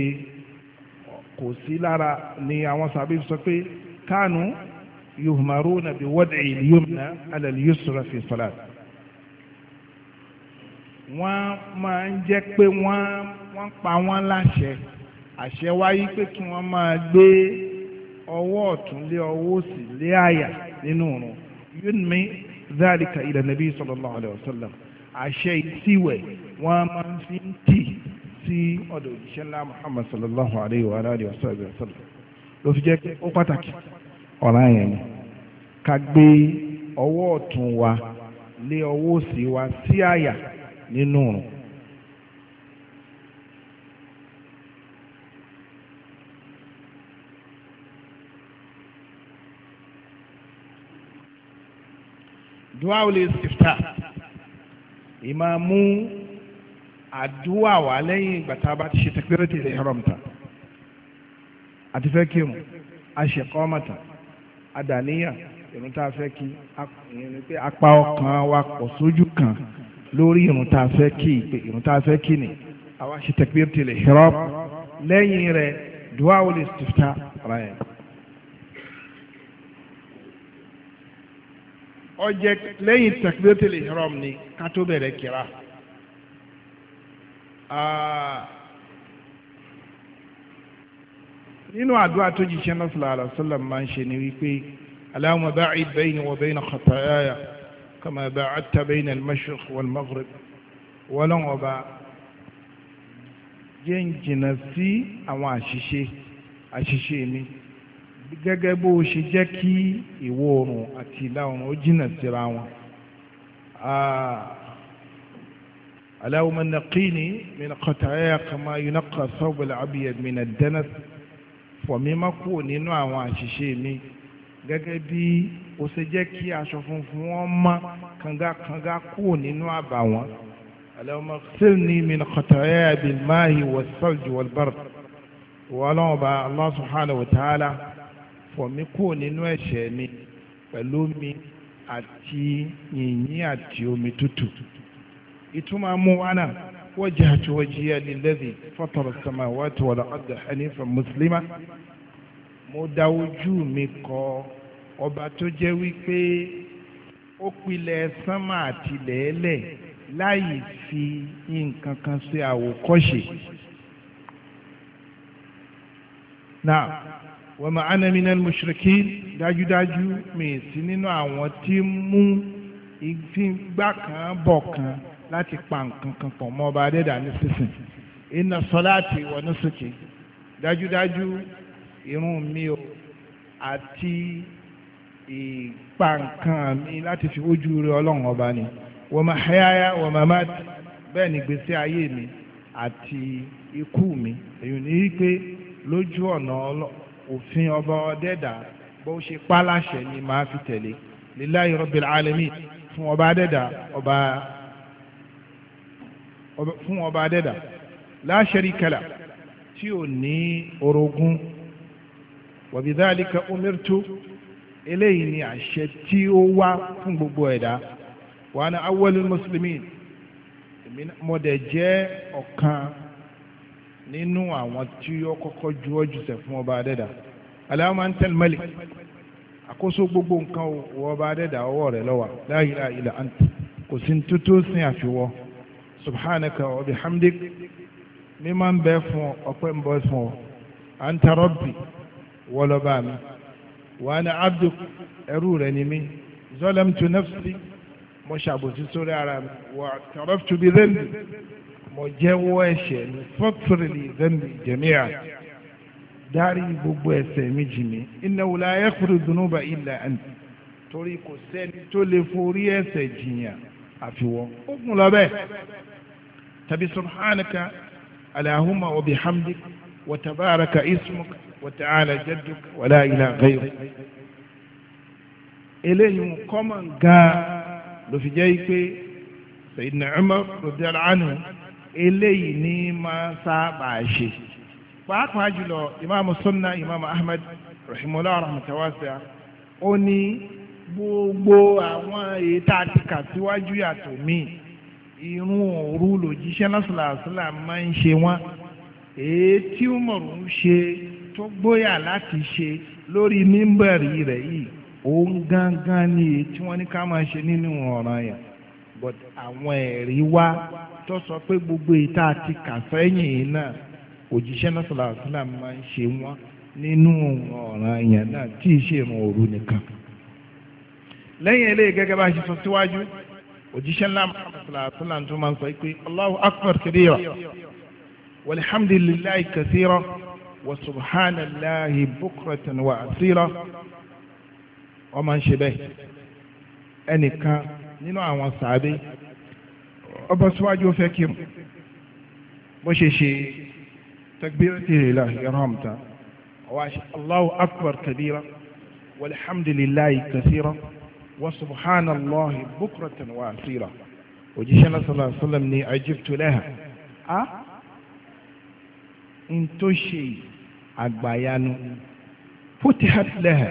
kò sí lára ni àwọn sàbí sọ pé kánú yuhmaruna bi wad'i al-yumna ala al-yusra fi salat wọ́n máa ń jẹ́ pé wọ́n wọ́n pa wọ́n láṣẹ àṣẹ wáyé pé kí wọ́n máa gbé ọwọ́ ọ̀tún lé ọwọ́ òsì lé àyà nínú òrùn yunmi zalika ila nabi sallallahu alayhi wa sallam àṣẹ ìsíwẹ̀ wọ́n máa ń fi ń tì sí ọ̀dọ̀ òjíṣẹ́ ńlá muhammad sallallahu alayhi wa alayhi wa sallam ló fi jẹ́ pé ó pàtàkì ọ̀ràn yẹn ni ká gbé ọwọ́ ọ̀tún wa lé ọwọ́ òsì wa sí àyà nínú òrùn. dua ò lè sèftà ìmáa mú àdúà wá lẹ́yìn ìgbà tá a bá ti ṣe tẹkpẹ́rẹ́tì rẹ̀ ẹ̀rọ mọ́ta àti fẹ́ kí mu àṣekọ́ mọ́ta àdàníyà ìrun tá a fẹ́ kí apá ọkàn wa pọ̀ sójú kan lórí ìrun tá a fẹ́ kí ìpè ìrun tá a fẹ́ kí ni àwa ṣe tẹkpẹ́rẹ́tì rẹ̀ ẹ̀rọ lẹ́yìn rẹ̀ dua ò lè sèftà rẹ̀. ọjẹ lẹ́yìn takbiratul ihram ni ká tó bẹ̀rẹ̀ kíra nínú àdúrà tó jíṣẹ́ náà sallallahu alaihi wasallam máa ń ṣe ni wípé allahumma ba'id bayni wa bayna khataaya kama ba'adta bayna al-mashriq wal-maghrib wọ́lọ́wọ́ ọba jẹ́ ń jìnnà sí àwọn àṣìṣe àṣìṣe mi gẹ́gẹ́ bó o ṣe jẹ́ kí ìwọ̀ oòrùn àti ìlà oòrùn ó jìnnà síra wọn. اللهم نقيني من خطايا كما ينقى الثوب الابيض من الدنس fọ̀mí má kúrò nínú àwọn àṣìṣe mi gẹ́gẹ́ bí o ṣe jẹ́ kí aṣọ funfun wọn mọ́ kangakanga kúrò nínú àbàwọ́n. اللهم اغسلني من خطاياي بالماء والثلج والبرد. wọ́n lọ́wọ́ bá Allah subhanahu wa ta'ala fọ̀ mí kúrò nínú ẹ̀ṣẹ̀ mi pẹ̀lú omi àti yìnyín àti omi tútù ìtumọ̀ mú wa náà wajjahtu wajhiya lilladhi fatara samawati wal arda hanifan muslima mo dá ojú mi kọ ọba tó jẹ́ wípé ó pilẹ̀ sánmà àti lẹ́ẹ̀lẹ̀ láì fi nǹkan kan ṣe àwòkọ́ṣe. Now, wa ma ana minal mushrikin dájúdájú mi sí nínú àwọn tí ń mú ìgbà kan bọ̀ kan láti pa nǹkan kan pọ̀ mọ́ ọba adẹ́dà nísinsìn inna salati wa nusuki dájúdájú irun mi o àti ìpa nǹkan mi láti fi ojú rẹ ọlọ́run ọba ni wa mahayaya wa mamati bẹ́ẹ̀ ni gbèsè ayé mi àti ikú mi èyí ni wípé lójú ọ̀nà ọlọ́run òfin ọba ọdẹ́dà bó ṣe páláṣẹ ni màá fi tẹ̀lé lillahi rabbil alamin fún ọba ọdẹ́dà ọba fún ọba ọdẹ́dà la sharika la tí ò ní orogún wa bidhalika eléyìí ni àṣẹ tí ó wá fún gbogbo ẹ̀dá wa ana awwalul muslimin jẹ́ ọ̀kan nínú àwọn tí ó kọ́kọ́ ju ọjùṣẹ́ fún ọba adẹ́dà aláwọ̀ antal malik àkóso gbogbo nǹkan oba adẹ́dà ọwọ́ rẹ̀ lọ́wọ́ la ilaha illa anta kò sí tuntun sin àfiwọ́ subhanaka wa bihamdik mi máa ń bẹ fún ọpẹ́ anta rabbi wọlọ́ba mi wa ana abduk ẹrú rẹ̀ ni mí zalamtu nafsi mo ṣàbòsí sórí ara mi wa taraftu bi dhanbi mo jẹ́wọ́ ẹ̀ṣẹ̀ mi fọ́tìrìlì ìdẹ́nu ìjẹ̀míà dárí gbogbo ẹ̀ṣẹ̀ mi jì mí innahu la yaghfiru dhunuba illa anta torí kò sẹ́ni tó lè forí ẹ̀ṣẹ̀ jìyàn àfiwọ́ ó kún lọ bẹ́ẹ̀ tàbí subhanaka allahumma wa bihamdik wa tabaraka ismuk wa ta'ala jadduk wa la eléyìí kọ́mọ̀ gan ló fi pé Sayyidina Umar radiyallahu anhu eléyìí ní máa sábà ṣe pàápàá jùlọ ìmáàmù sunna ìmáàmù ahmed rahimahullah rahmatawasa ó ní gbogbo àwọn èyí tá a ti kà síwájú yàtọ̀ míì irun òru lòjíṣẹ́ lásìlàsílà máa ń ṣe wọ́n èyí tí umaru ń ṣe tó gbóyà láti ṣe lórí mímbẹ̀rì rẹ̀ yìí òun gangan ni èyí wọ́n ní ká máa ṣe nínú ọ̀ràn yẹn but àwọn ẹ̀rí wá tó sọ pé gbogbo ìta àti kàfẹ́yìn yìí náà òjíṣẹ́ náà sọ̀rọ̀ àtúnlá máa ń ṣe wọ́n nínú ọ̀ràn èèyàn náà tí ì ṣe ìrun òru nìkan. lẹ́yìn eléyìí gẹ́gẹ́ bá a ṣe sọ síwájú òjíṣẹ́ ńlá sọ̀rọ̀ àtúnlá tó máa ń sọ pé Allahu akbar kabira walhamdulillahi kathira wa subhanallahi bukratan wa asira wọ́n máa ń ṣe bẹ́ẹ̀ ẹnìkan nínú àwọn sàábé ọbọ̀ síwájú ó fẹ́ kírun bó ṣe ṣe takbirati lillahi ìrọ̀mùtà ọwọ́ àṣẹ Allahu akbar kabira walhamdulillahi kasira wa subhanallahi bukratan wa asira òjíṣẹ́ náà sallallahu alaihi wasallam ní ajibtu laha a ń tó ṣe àgbàyanu futihat laha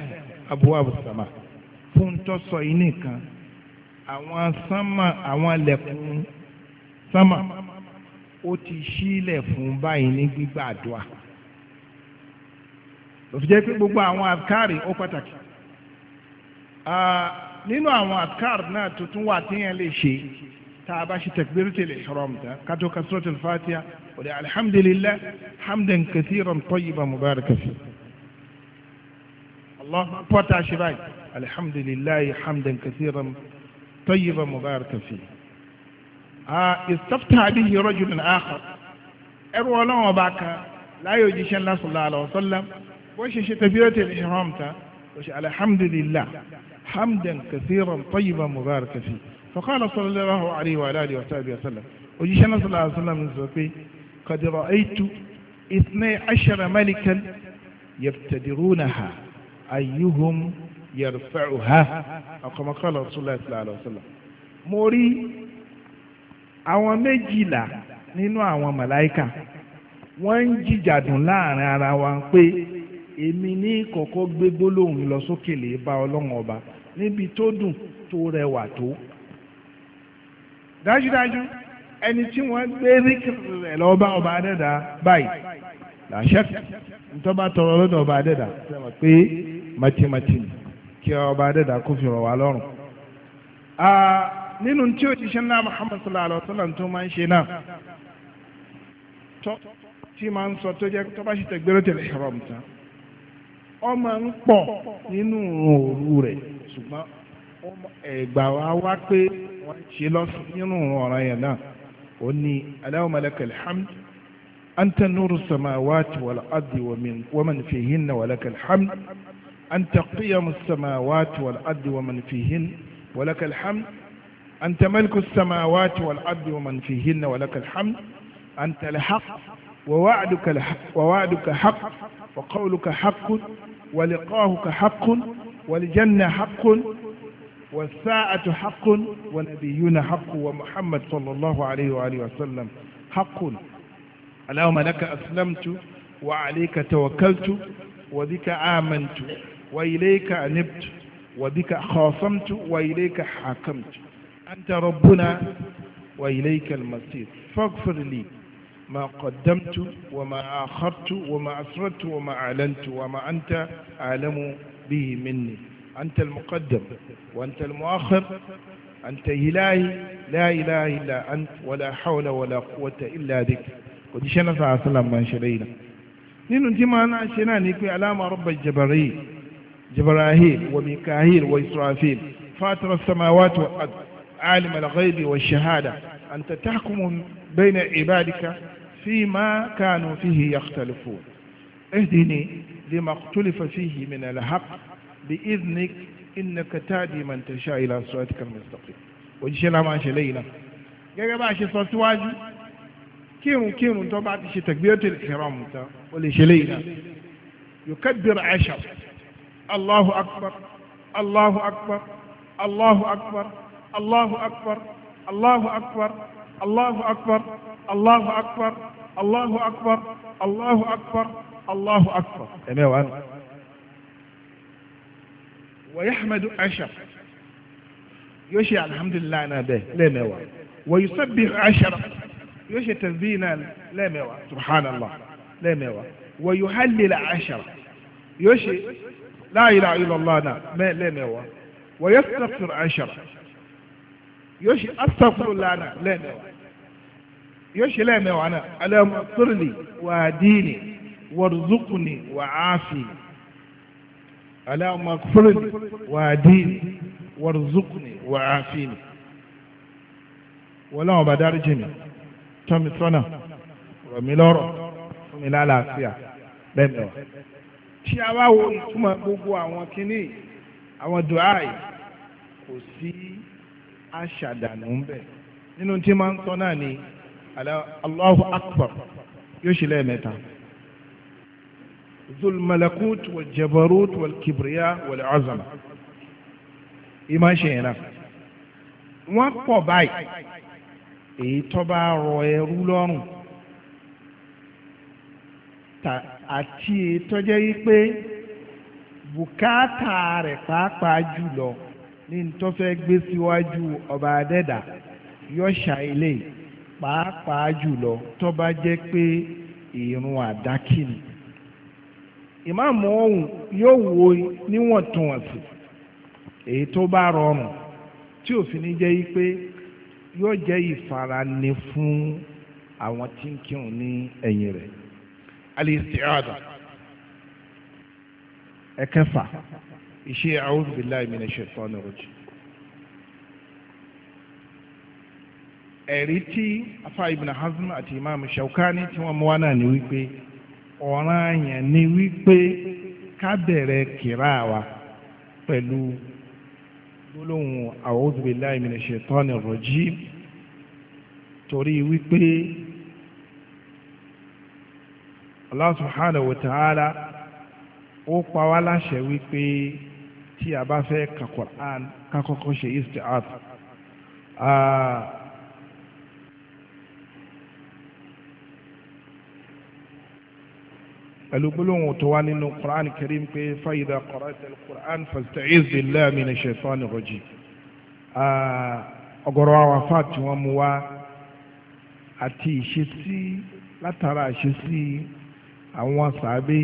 abwabu fún tó sọ yìí nìkan àwọn sánmà àwọn lẹ́kùn sánmà ó ti ṣílẹ̀ fún báyìí ní gbígbà àdúrà òfin jẹ́ pé gbogbo àwọn àkárì ó pàtàkì nínú àwọn àkárì náà tuntun wà téèyàn lè ṣe tá a bá ṣe takbiratul ihram tán kátó kasratul fatiha òde alhamdulillah hamdan kathiran tayyiban mubarakan fi. الله بوتا شباي الحمد لله حمدا كثيرا طيبا مباركا فيه آه، استفتى به رجل آخر أروى لهم باكا لا يوجد شيء الله صلى الله عليه وسلم وش شيء تفيرت الإحرام تا وش الحمد لله حمدا كثيرا طيبا مباركا فيه فقال صلى الله عليه وآله وصحبه وسلم وجيش الله صلى الله عليه وسلم قد رأيت اثني عشر ملكا يبتدرونها أيهم يرفعها أو كما قال رسول الله صلى الله عليه وسلم موري àwọn méjìlá nínú àwọn màláìkà wọ́n ń jìjàdùn láàrin ara wa pé èmi ní kọ̀kọ́ gbé gbólóhùn lọ sókè lè ọlọ́run ọba níbi tó dùn tó rẹwà tó dájúdájú ẹni tí wọ́n gbé rí rẹ̀ lọ ọba adẹ́dà báyìí làṣẹ tọrọ lọ́dọ̀ ọba adẹ́dà pé kí ọba adẹ́dà rọ̀ nínú tí ó ti ṣe ńlá Muhammad sallallahu alaihi wa sallam tó máa ń ṣe náà tí máa ń sọ tó jẹ́ tó bá ṣe tẹ̀gbẹ́rẹ́ tẹ̀lé haram tán ó máa ń pọ̀ nínú òru rẹ̀ ṣùgbọ́n ẹ̀gbà wa wá pé wọ́n ṣe lọ́sùn nínú ọ̀ràn yẹn náà ó ní Allahumma lakal hamd أنت نور السماوات والأرض ومن, ومن فيهن ولك الحمد أنت قيم السماوات والأرض ومن فيهن ولك الحمد أنت ملك السماوات والأرض ومن فيهن ولك الحمد أنت الحق ووعدك الحق ووعدك حق وقولك حق ولقاؤك حق والجنة حق والساعة حق ونبينا حق ومحمد صلى الله عليه وآله وسلم حق اللهم لك أسلمت وعليك توكلت وبك آمنت وإليك أنبت وبك خاصمت وإليك حاكمت أنت ربنا وإليك المصير فاغفر لي ما قدمت وما آخرت وما أسررت وما أعلنت وما أنت أعلم به مني أنت المقدم وأنت المؤخر أنت إلهي لا إله إلا أنت ولا حول ولا قوة إلا بك قد شنا صلى الله عليه وسلم من شرينا نينو جمع أنا شنا نكوي علامة رب الجبريل جبراهيل وميكاهيل وإسرافيل فاتر السماوات والأرض عالم الغيب والشهادة أنت تحكم بين عبادك فيما كانوا فيه يختلفون اهدني لما اختلف فيه من الحق بإذنك إنك تهدي من تشاء إلى صراطك المستقيم وجشنا ما شلينا gẹ́gẹ́ bá a ṣe sọ síwájú kírun kírun tó bá ti ṣe takbiratul ihram tán ó lè ṣe léyìn náà الله أكبر allahu akbar allahu akbar الله أكبر الله أكبر الله أكبر الله أكبر الله أكبر الله أكبر الله أكبر ويحمد عشر يوشي الحمد لله أنا به لا ميوا ويسبح عشر يوشي تذبينا لا ميوا سبحان الله لا ميوا ويهلل عشر يوشي لا إله إلا الله لا ميوا ويستغفر عشر yóò ṣe astaghfirullah náà lẹ́ẹ̀mẹ́wàá yóò ṣe lẹ́ẹ̀mẹ́wàá náà alẹ́mọ̀ sírìlì wà dìínì wàrúzùkùnì wà áfì alẹ́mọ̀ sírìlì wà dìínì wàrúzùkùnì wà áfì ni wọ́n láwọn bá dárí jì mí tọ́mi sọ́nà rọ̀ mí lálàáfíà lẹ́ẹ̀mẹ́wàá tí a bá wo ìtumọ̀ gbogbo àwọn kìnnì àwọn dùáì kò sí aṣàdànù ń bẹ̀ nínú tí máa ń sọ náà ni Allahu akbar yóò ṣe lẹ́ẹ̀mẹ́ta zul malakut wal jabarut wal kibriya wal azam ìmọ̀ ṣe yẹn náà wọ́n pọ̀ báyìí èyí tó bá rọ ẹrú lọ́rùn àti èyí tó jẹ́ wípé bùkátà rẹ̀ pàápàá jùlọ ní ntọ́fẹ́ gbé síwájú ọba adẹ́dà yọ̀ṣà ilé pàápàá jùlọ tọ́ba jẹ́ pé ìrun àdákìní ìmáàmù ọ̀hún yóò wo níwọ̀ntúnwọ̀nsì èyí tó bá rọrùn tí òfin ní jẹ́ pé yóò jẹ́ ìfarani fún àwọn tí ń kírun ní ẹ̀yìn rẹ̀ alistiada ẹ̀kẹfà ìṣe a'udhu billahi minash shaitanir rajim. ẹ̀rí tí afa ibn hazm àti imam shaukani tí wọ́n mú wá náà ni wípé ọ̀ràn àyàn ni wípé ká bẹ̀rẹ̀ kìrá wa pẹ̀lú gbólóhùn a'udhu billahi minash shaitanir rajim torí wípé Allah subhanahu wa ta'ala ó pa wá láṣẹ wípé tí a bá fẹ́ ka Qur'an ká kọ́kọ́ ṣe isti'aza pẹ̀lú gbólóhùn tó wá nínú Qur'an Karim pé fa idha qara'ta al-Qur'an fasta'iz billahi minash shaitani rajim ọ̀gọ̀rọ̀ àwọn afá tí wọ́n mú wá àti ìṣesí látara ìṣesí àwọn sàábé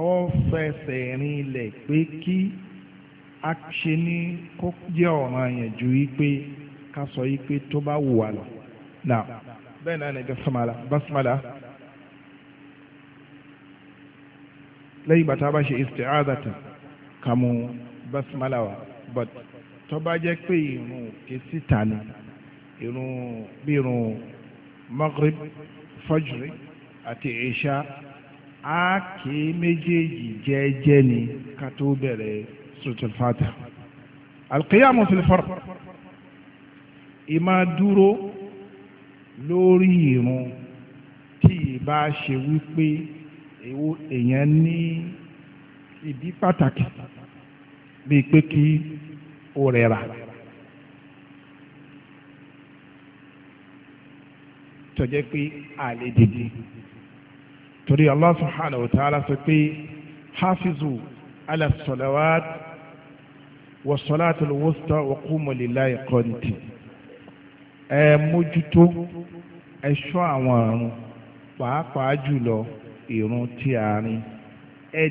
ó fẹsẹ̀ rinlẹ̀ pé kí a ṣe ní kó jẹ́ ọ̀ràn yẹn ju wípé ká sọ wípé tó bá wù wá lọ. Now, bẹ́ẹ̀ náà ni basmala basmala lẹ́yìn bàtà bá ṣe isti'adatan ká mú basmala wa but tó bá jẹ́ pé irun kì í síta ni irun bí irun maghrib fajri àti isha a ké méjèèjì jẹ́ẹ́jẹ́ ni ká tó bẹ̀rẹ̀ suratul Fatiha alqiyamu fil fard ìmá dúró lórí irun tí ìbá ṣe wípé èèyàn ní ìdí pàtàkì bíi pé kí ó rẹra. tọ́jẹ́ pé àlè dìde torí Allah subhanahu wa ta'ala sọ pé hafizu ala salawat wa salatu al-wusta wa qumu lillahi qanitin ẹ mójútó ẹ ṣọ́ àwọn ọ̀run pàápàá jùlọ ìrun tí a rìn ẹ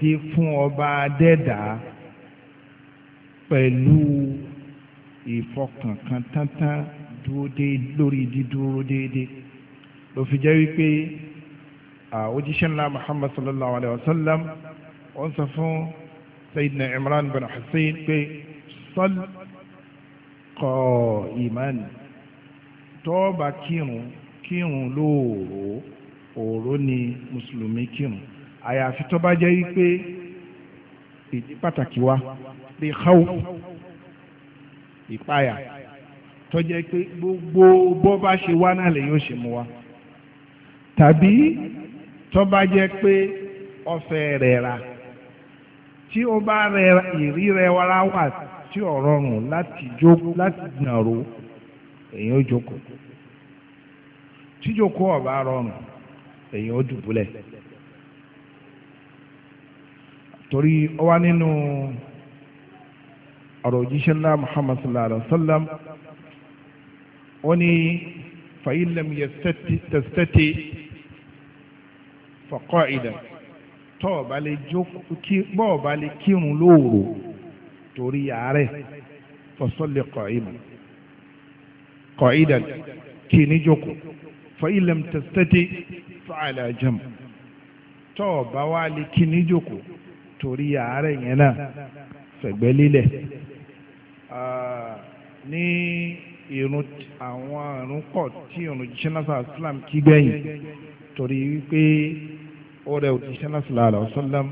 dìde fún ọba adẹ́dà pẹ̀lú ìfọkànkan tántán dúró dé lórí dídúró déédéé ló wípé òjíṣẹ́ ńlá muhammad sallallahu alayhi wa sallam ó ń sọ fún sayyidina imran bin hussein pé sọ́l kọ́ iman tó bá kírun kírun lóòrò òòrò ni mùsùlùmí kírun àyàfi tó bá jẹ́ wípé ìdí pàtàkì wa lè xawù ìpayà tó pé gbogbo bó bá ṣe wá náà lè yóò ṣe mú wa tàbí tó bá jẹ́ pé ọ̀fẹ́ rẹ̀ ra tí ó bá rẹ ìrí rẹ wàrà wà tí ò rọrùn láti jókòó láti nàró èyàn ó jókòó tíjókòó ọ̀bá rọrùn èyàn ó dùbúlẹ̀ torí ó wá nínú ọ̀rọ̀ òjíṣẹ́ ńlá Muhammad sallallahu alaihi wa sallam ó ní fa illam yastati fọ̀kọ́ ìdà tọ́ ọ̀bá lè jókòó kí bọ́ ọ̀bá lè kírun lóòrò torí àárẹ̀ fọ́sọ́lẹ̀ kọ̀ ìmọ̀ kọ̀ ìdà kí ní jókòó fọ́ ilẹ̀ tẹ̀sítẹ́tì fàlà jẹm tọ́ ọ̀bá wa lè kí ní jókòó torí àárẹ̀ yẹn náà fẹ̀gbẹ́ lílẹ̀ ní irun àwọn àrùn kọ̀ tí irun jíṣẹ́ náà sàlám kí torí wípé ọ̀rẹ́ òjíṣẹ́ náà sọ̀lá àlọ́ sọ́lám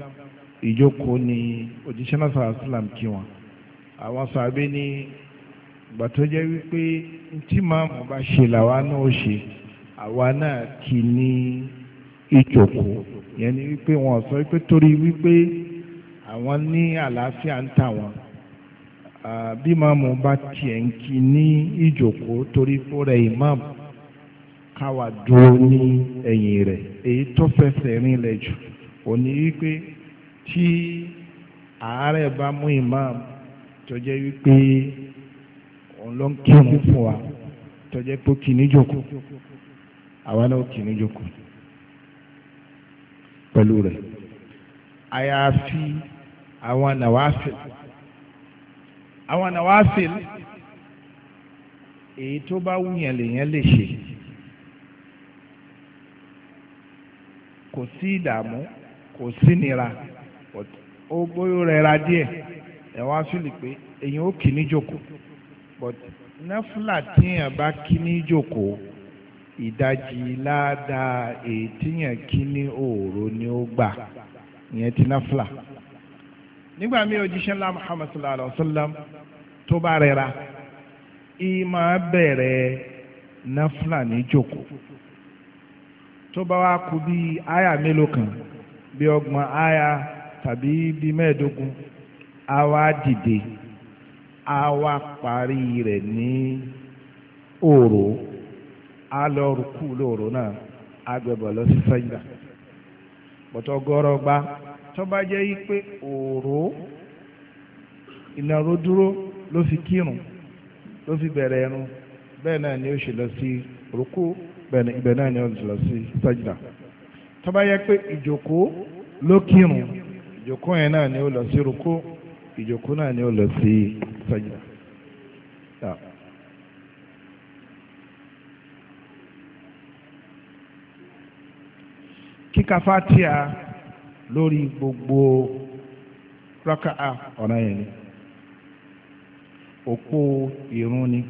ìjókòó ni òjíṣẹ́ náà sọ̀lá sọ́lám kí wọn àwọn sàbẹ̀ ní ìgbà tó jẹ́ wípé tí màmú bá ṣe làwa náà ṣe àwa náà kì í ní ìjókòó yẹn ni wípé wọn sọ wípé torí wípé àwọn ní àlàáfíà ń tà wọn bí màmú bá tiẹ̀ ń kí ní ìjókòó torí fúnra ìmáàmù káwa dúró ní ẹ̀yìn rẹ̀ èyí tó fẹsẹ̀ rinlẹ̀ jù òní wípé tí àárẹ̀ bá mú imam tó jẹ́ wípé òun ló ń kírun fún wa tó jẹ́ pé kìíní jókòó àwa náà kìíní jókòó pẹ̀lú rẹ̀ àyàfi àwọn nàwáfẹ́ àwọn nàwáfẹ́ èyí tó bá wúyàn lèyàn lè ṣe. kò sí ìdààmú kò sí nira ó bóyó rẹra díẹ̀ ẹ wá fílì pé èyàn ó kì í ní jòkó but náfúlà tíyàn bá kí ní jòkó ìdajì ládàá èyí tíyàn ni ó gbà ìyẹn ti náfúlà nígbà míì òjíṣẹ́ ńlá sallallahu alayhi wa sallam tó bá tó bá wá kú bí àyà mélòó kan bí ọgbọ̀n àyà tàbí bí mẹ́ẹ̀ẹ́dógún a wá dìde a wá parí rẹ̀ ní òòró a lọ náà a gbẹ̀bọ̀ lọ sí sẹ́yìnà bọ̀tọ̀ gọ́rọ́gba tó bá jẹ́ yí pé dúró ló fi kírun ló bẹ́ẹ̀ni ibẹ̀ náà ni ọ̀dùn lọ sí sájìdá tó bá yẹ pé ìjókòó ló kírun ìjókòó yẹn náà ni ó lọ sí rúkú ìjókòó náà ni ó lọ sí sájìdá. kíka fatia lórí gbogbo rákàá ọ̀nà yẹn ni òpó ìrun ni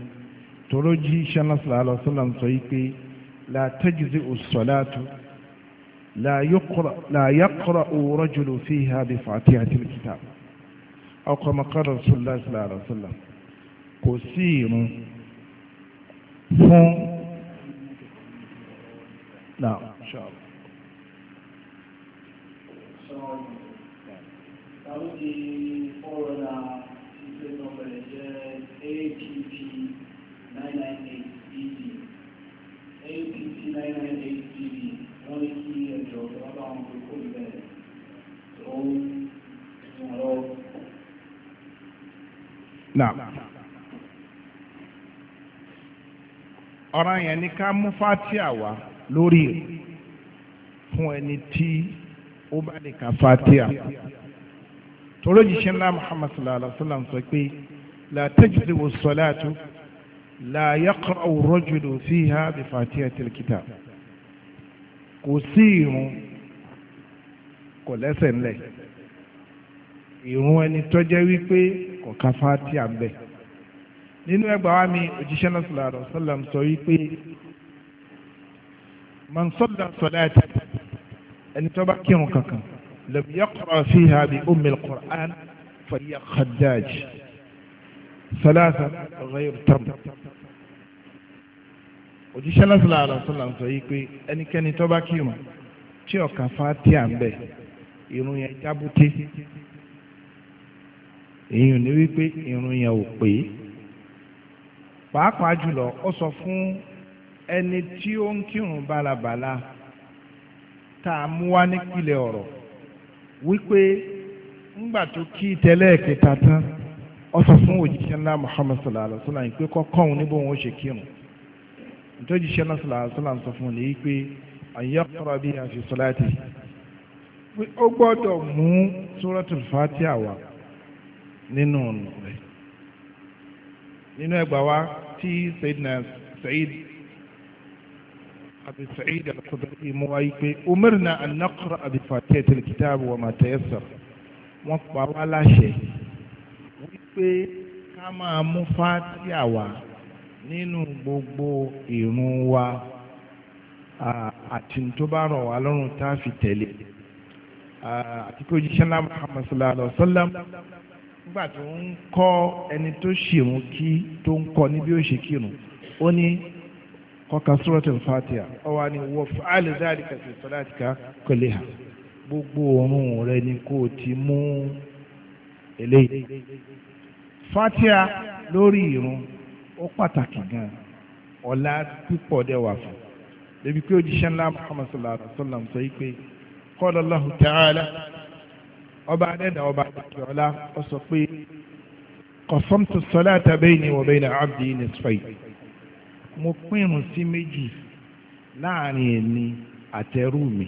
tòró jí sọ yí pé. لا تجزئ الصلاة لا يقرأ, لا يقرأ رجل فيها بفاتحة الكتاب أو كما قال رسول الله صلى الله عليه وسلم كسير فن نعم إن شاء الله Thank you. náà ọ̀ràn yẹn ni ká mú fatia wá lórí rẹ̀ fún ẹni tí ó bá lè ka fatia torí jíṣẹ́ ńlá muhammad sallallahu alaihi wa sallam sọ pé la tajzibu salatu la yaqra'u rajulu fiha bi fatihatil kitab kò sí irun kò lẹ́sẹ̀ ńlẹ̀ irun ẹni tó wípé ọ̀ka fáti àbẹ̀. nínú ẹgbàá wa mi òjíṣẹ́ náà sallallahu alaihi wasallam sọ wípé man salla salatan ẹni tó bá kírun kankan lam yaqra fiha bi ummil Qur'an fa hiya khaddaj salasa ghayr tam òjíṣẹ́ náà sallallahu alaihi wasallam sọ wípé ẹnikẹ́ni tó bá kírun tí ọ̀ka fáti àbẹ̀ irun yẹn jábúté. èyàn ni wípé irun yẹn ò pé pàápàá jùlọ ó sọ fún ẹni tí ó ń kírun bálabàla tá a mú wá nípìnlẹ̀ ọ̀rọ̀ wípé ńgbà tó kí tán sọ fún òjíṣẹ́ ńlá Muhammad sallallahu alaihi wa sallam pé kọ́kọ́ òun níbo òun ó ṣe kírun sallallahu wa sallam sọ fún un pé àfi ó gbọ́dọ̀ mú nínú rẹ̀ nínú ẹgbàá wa tí Sayyidina Sa'id abi Sa'id al-Khudri mú wáyé pé umirna an naqra bi fatihati al-kitab wa ma tayassar wọ́n pa wá láṣẹ wípé ká máa mú fatiha wá nínú gbogbo ìrun wa àti tó bá rọ̀ wá lọ́rùn tá a fi tẹ̀lé àti kó jíṣẹ́ ńlá Muhammad sallallahu alaihi nígbà tó ń kọ́ ẹni tó ṣèrun kí tó ń kọ́ ní bí ó ṣe kírun ó ní kọ́ka suratul fatiha ọwọ́ ni wọ́n fún alẹ́dáàdì kẹfì sọ́dáàtìká kọ́lé ha gbogbo òórùn rẹ ni kò ti mú eléyìí fatiha lórí irun ó pàtàkì gan ọ̀la pípọ̀ dẹ̀ wà fún débi pé òjíṣẹ́ ńlá muhammadu sallallahu alaihi wa sallam sọ yìí pé qala Allahu ta'ala ọba adẹ́dà ọba àdìkì ọ̀la ó sọ pé qasamtu salata bayni wa bayna abdi nisfayn mo pín irun sí méjì láàrin èmi àtẹrú mi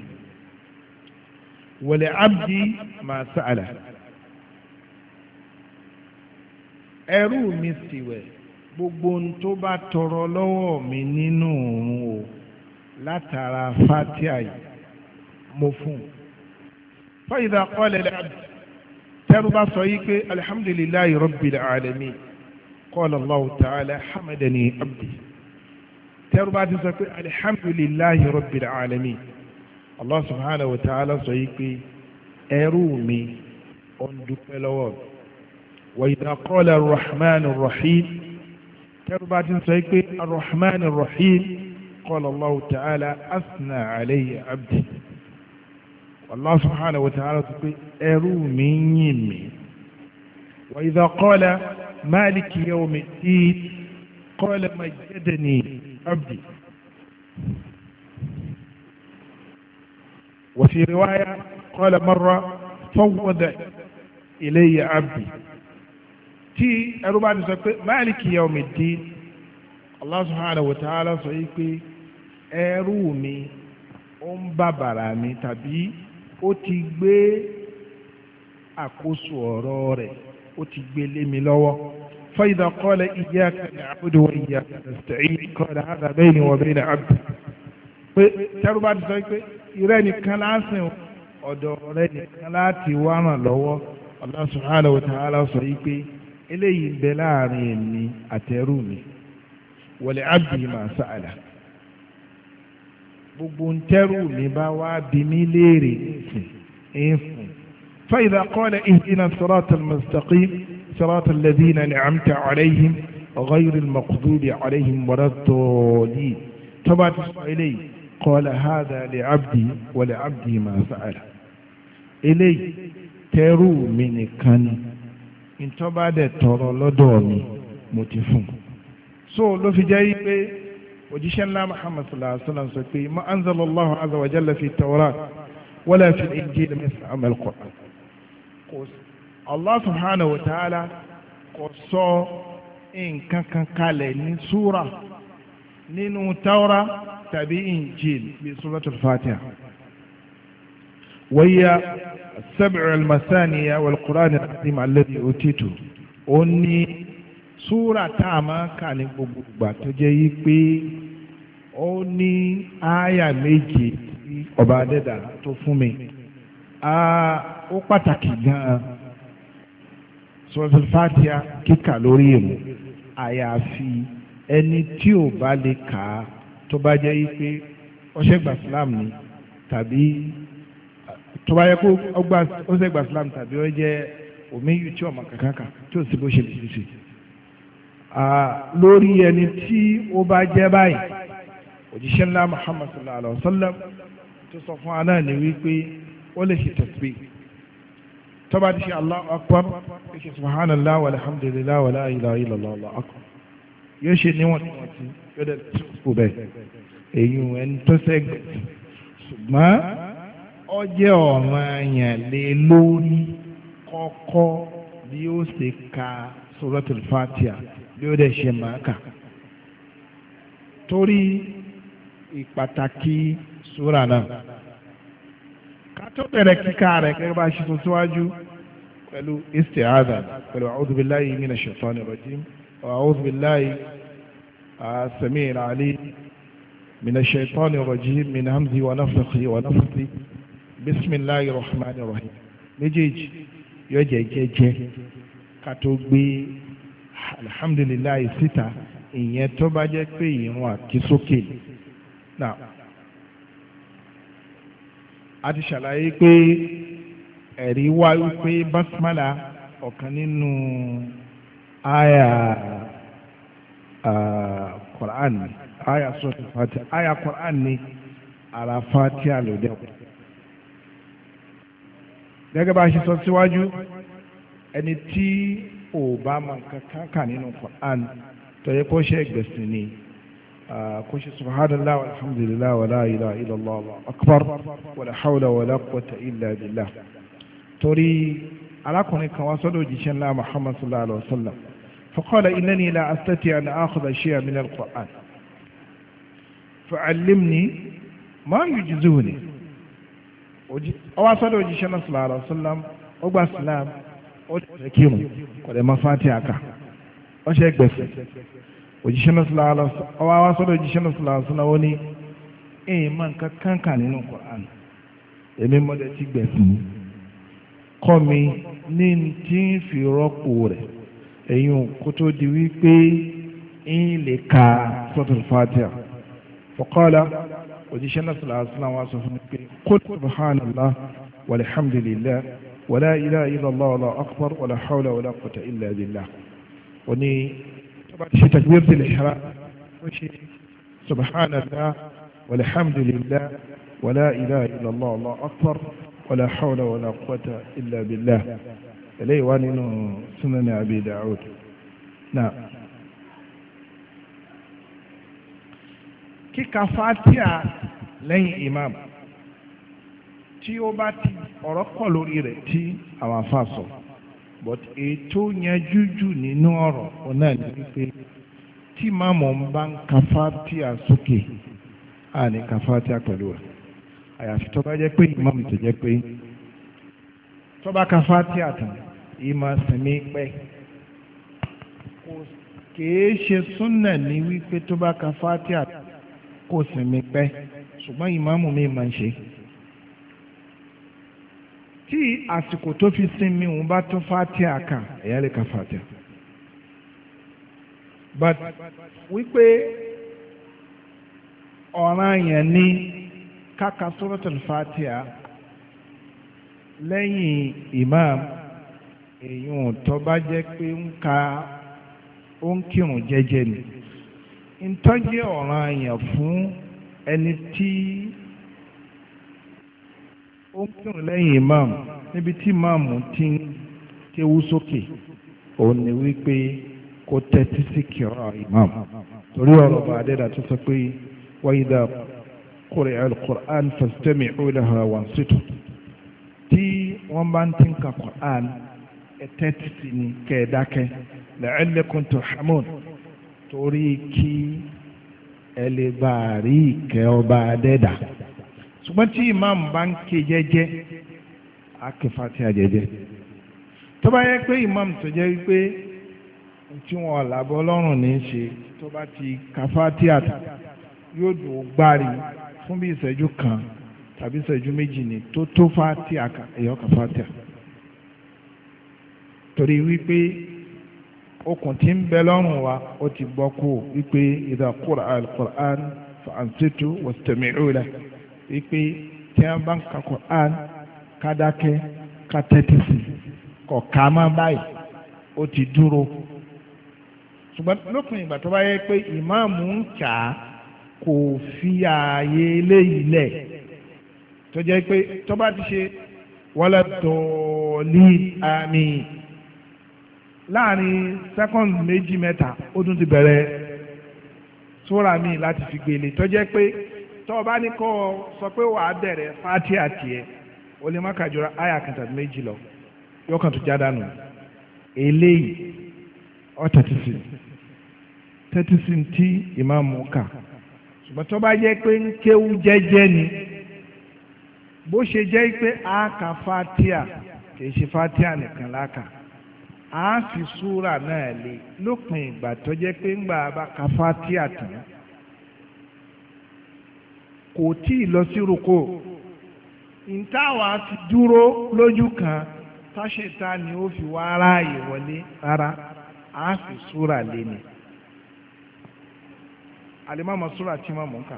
wọlé abdi ma sa'ala ẹrú mi sì wẹ̀ gbogbo ohun tó bá tọrọ lọ́wọ́ mi nínú òun o látara fatia yìí mo fún un fàyídà kọ́lẹ̀ lẹ́àbù tẹ́rù bá sọ yìí pé alihamudulilayi rabbil alamin qala Allahu ta'ala hamadani abdi tẹ́rù bá ti sọ pé alihamudulilayi rabbil alamin allah subhanahu wa ta'ala sọ yìí pé ẹrú mi ọ̀n dúpẹ́ lọ́wọ́ mi kọ́lẹ̀ rahman rahim tẹ́rù bá ti sọ yìí pé rahman rahim qala Allahu ta'ala asna alayya abdi. Allah subhanahu wa ta'ala sọ pé ẹrú mi ń yìn mí wa idha qala maliki yawmi ddin qala majjadani abdi wa fi riwaya qala marra fawwada ilayya abdi tí ẹrú bá ti sọ pé maliki yawmi ddin Allah subhanahu wa sọ yìí pé ẹrú mi ó ń bàbàrà mi tàbí ó ti gbé àkóso ọ̀rọ̀ rẹ̀ ó ti gbé lé mi lọ́wọ́. فإذا قال إياك نعبد وإياك نستعين قال هذا بيني وبين عبدي pé tẹ́rù bá ti sọ pé ìrẹ́ nìkan lásìn ọ̀dọ̀ rẹ nìkan láti wá ràn lọ́wọ́ Allah subhanahu wa yìí pé eléyìí ń bẹ láàrin èmi àtẹrù mi wa li abdi ma gbogbo ń tẹ́rù mi bá wá bí mi léèrè nìsín ń fún. فإذا قال اهدنا الصراط المستقيم صراط الذين أنعمت عليهم غير المغضوب عليهم ولا الضالين تبعت إليه قال هذا لعبدي ولعبدي ما فعل إليه tẹrú mi nìkan ni ntọ́ba dẹ̀ tọrọ lọ́dọ̀ mi mo ti fún un. so ló fi jẹ́ yí pé وجشن لا محمد صلى الله عليه وسلم سكي ما أنزل الله عز وجل في التوراة ولا في الإنجيل مثل أم القرآن قوس الله سبحانه وتعالى قوس إن كان كان قال من سورة من التوراة تبي إنجيل بسورة الفاتحة وهي السبع المثانية والقرآن الكريم الذي أتيته أني súrà tá a máa kà ní gbogbo ìgbà tó jẹ́ yí pé ó ní àyà méje ọba adẹ́dà tó fún mi ó pàtàkì gan-an suratul Fatiha kíkà lórí èmù àyàfi ẹni tí ò bá lè kà á tó bá jẹ́ yí pé ọṣẹ́ gbà Islam ni tàbí tó bá yẹ kó ọṣẹ́ gbà Islam tàbí ó jẹ́ omi tí ọmọ kankan kà tí ò sí bó ṣe lè ṣe lórí ẹni tí ó bá jẹ́ báyìí òjíṣẹ́ ńlá muhammad sallallahu alaihi wa sallam tó sọ fún aná ní wípé ó lè ṣe tasbih tó bá ti ṣe allahu akbar ó ṣe subhanallah walhamdulillah wala ilaha illallah allahu akbar yóò ṣe níwọ̀n tí wọ́n ti yóò dẹ̀ tó bẹ́ẹ̀ èyí ẹni tó sẹ́gbẹ̀ ṣùgbọ́n ó jẹ́ ọ̀ranyàn lé lórí kọ́kọ́ bí ó ṣe ka suratul fatiha bí ó dẹ̀ ṣe máa kà torí ìpàtàkì súra náà ká tó bẹ̀rẹ̀ kíkà rẹ̀ gẹ́gẹ́ bá ṣe tuntun wájú pẹ̀lú istiaza pẹ̀lú a'udhu billahi minash shaitani rajim a'udhu billahi as-sami'il alim minash shaitani rajim min hamzi wa nafthihi rahman rahim méjèèjì yóò jẹ́ jẹ́jẹ́ gbé alihamdulilayi síta ìyẹn tó bá jẹ́ pé ìrun àkísókè náà a ti ṣàlàyé pé ẹ̀rí wá wípé basmala ọ̀kan nínú àyà Quran àyà sọ́tù fati àyà Quran ni ara fati àlòdẹ́kùn gẹ́gẹ́ bá a ṣe sọ síwájú ẹni tí ò bá mọ nǹkan kan kà nínú Quran tọ́jú kó ṣe gbèsè ni kó ṣe subhanallah alhamdulillah wa la ilaha illallah wallahu akbar wa la hawla wa la quwwata illa billah torí arákùnrin kan wá sọ́dọ̀ òjíṣẹ́ ńlá muhammad sallallahu alayhi wa sallam فقال إنني لا أستطيع أن آخذ شيئا من القرآن فعلمني ما يجزوني ó wá sọ́dọ̀ òjíṣẹ́ náà sallallahu alayhi wa sallam ó gba ó tẹ̀lé kírun kò lè má fàtí àkà ó ṣe gbẹ̀sẹ̀ òjíṣẹ́ náà sọ̀rọ̀ àlọ́ ọwọ́ àwọn sọ́dọ̀ òjíṣẹ́ náà sọ̀rọ̀ àlọ́ sọ́dọ̀ ó ní ẹ̀yìn máa ń kankan kà nínú Kùránì èmi mọ́lẹ̀ ti gbẹ̀sẹ̀ kọ́ mi ní tí ń fi rọ́pò rẹ̀ ẹ̀yìn kó tó di wípé ń lè ka sọ́dọ̀ fàtí àkà fọ́kọ́lá òjíṣẹ́ náà sọ̀rọ̀ àlọ́ sọ́dọ̀ àwọn sọ fún mi pé kó subhanallah walhamdulillah wala ilaha illallah wala akbar wala hawla wala quwwata illa billah ó ní ṣe takbiratul ihram ó ṣe subhanallah walhamdulillah wala ilaha illallah wala akbar wala hawla wala quwwata illa billah eléyìí wá nínú sunan abi da'ud náà. kíka fatia lẹ́yìn imam tí ó bá ti ọ̀rọ̀ kọ̀ lórí rẹ̀ tí àwọn afa sọ but ètò yẹn jújù nínú ọ̀rọ̀ ọ̀nà ní wípé tí màmú bá ń ka fátíà sókè á ní ka fátíà pẹ̀lú rẹ̀ àyàfi tó bá jẹ́ pé ìmáàmù tó jẹ́ pé tó bá ka fátíà tán ìmọ̀ sinmi pẹ́ kò kìí ṣe súnà ní wípé tó bá ka fátíà kò sinmi pẹ́ ṣùgbọ́n ìmáàmù mi máa ń ṣe tí àsìkò tó fi sinmi òun bá tún fatia kan ẹ̀yà lè ka fatia but wípé ọ̀ràn yẹn ní káka suratul fatia lẹ́yìn imam èyàn tó bá jẹ́ pé ń ka ó ń kírun jẹ́jẹ́ ni ntọ́jú ọ̀ràn yẹn fún ẹni tí. ó ń kírun lẹ́yìn imam níbi tí imam ti ń kéwú sókè òun ni wípé kó tẹ́tí sí kíra imam torí ọ̀rọ̀ bá adẹ́dà tó sọ pé wáyé dá kórè alukur'an fastami ọ̀làhà wà sítò tí wọ́n bá ń ti ń ka kur'an ẹ tẹ́tí sí ni kẹ́ẹ̀dákẹ́ la'allakum turhamun torí kí ẹ lè bá rí ìkẹ́ ọba adẹ́dà ṣùgbọ́n tí ìmáàmù bá ń ké jẹ́jẹ́ á ké fatiha jẹ́jẹ́ tó bá yẹ pé ìmáàmù tó jẹ́ wípé tí wọn làbọ̀ ọlọ́run ní í ṣe tó bá ti ka fatiha yóò dùn ó gbárí fún bí ìṣẹ́jú kan tàbí ìṣẹ́jú méjì ni tó tó fatiha èèyàn ka fatiha torí wípé okùn tí ń bẹ lọ́rùn wa ó ti bọ́ kú wípé idha qura'a al-Qur'an fa ansitu wastami'u lahu wípé tí wọ́n bá ń ka Quran kádákẹ́ ká tẹ́tí sí kọ̀ ká má báyìí ó ti dúró ṣùgbọ́n lópin ìgbà tó bá yẹ pé ìmáàmù ń kà á kò fi ààyè eléyìí lẹ̀ tó jẹ́ pé tó bá ti ṣe wala tọ́ọ̀lì àmì láàrin sẹ́kọ̀ndì méjì mẹ́ta ó tún ti bẹ̀rẹ̀ sóra mi láti fi gbélé tó jẹ́ pé tó o bá ní kó o sọ pé wàá bẹ̀rẹ̀ fati àtiẹ̀ o lè má kàjọra àyà kan tàbí méjì lọ yóò kàn tó jáde nù eléyìí ọ tẹ̀tí sí tẹ̀tí sí ti ìmáàmù kà ṣùgbọ́n tó bá pé ń kéwú jẹ́jẹ́ ni bó ṣe jẹ́ pé a kà fatia kì í ṣe fatia nìkan láka a fi súra náà lé lópin ìgbà tó jẹ́ pé ń gbà bá ka fatia tán kò tí ì lọ sí ruko ìtawà ti dúró lójú kan táṣetá ni ó fi wá ráàyè wọlé rárá a fi súra lé ni alimami súra tí wọn mú ká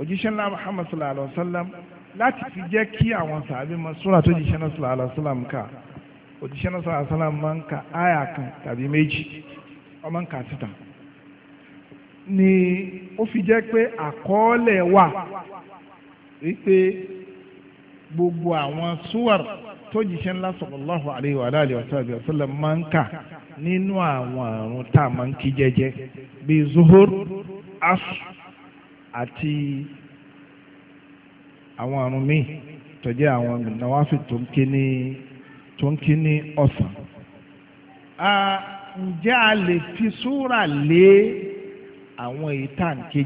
òjíṣẹ́ ńlá muhammad sallallahu alayhi wa sallam láti fi jẹ́ kí àwọn sàbí mọ súra tó jíṣẹ́ náà sallallahu alayhi wa sallam ká òjíṣẹ́ náà sallallahu alayhi wa sallam máa ń ka áyà kan tàbí méjì ọmọ ń kà ni ó fi jẹ́ pé àkọọ́lẹ̀ wà wípé gbogbo àwọn suwar tó jíṣẹ́ ńlá sallallahu alayhi wa alihi wa sallam máa ń kà nínú àwọn àrùn tá a máa ń kí jẹ́jẹ́ bíi zuhur asr àti àwọn àrùn míì tó jẹ́ àwọn nàwáfì tó ń kí ní tó ń kí ní ọ̀sán. ǹjẹ́ a lè fi súra lé àwọn èyí tá à ń ké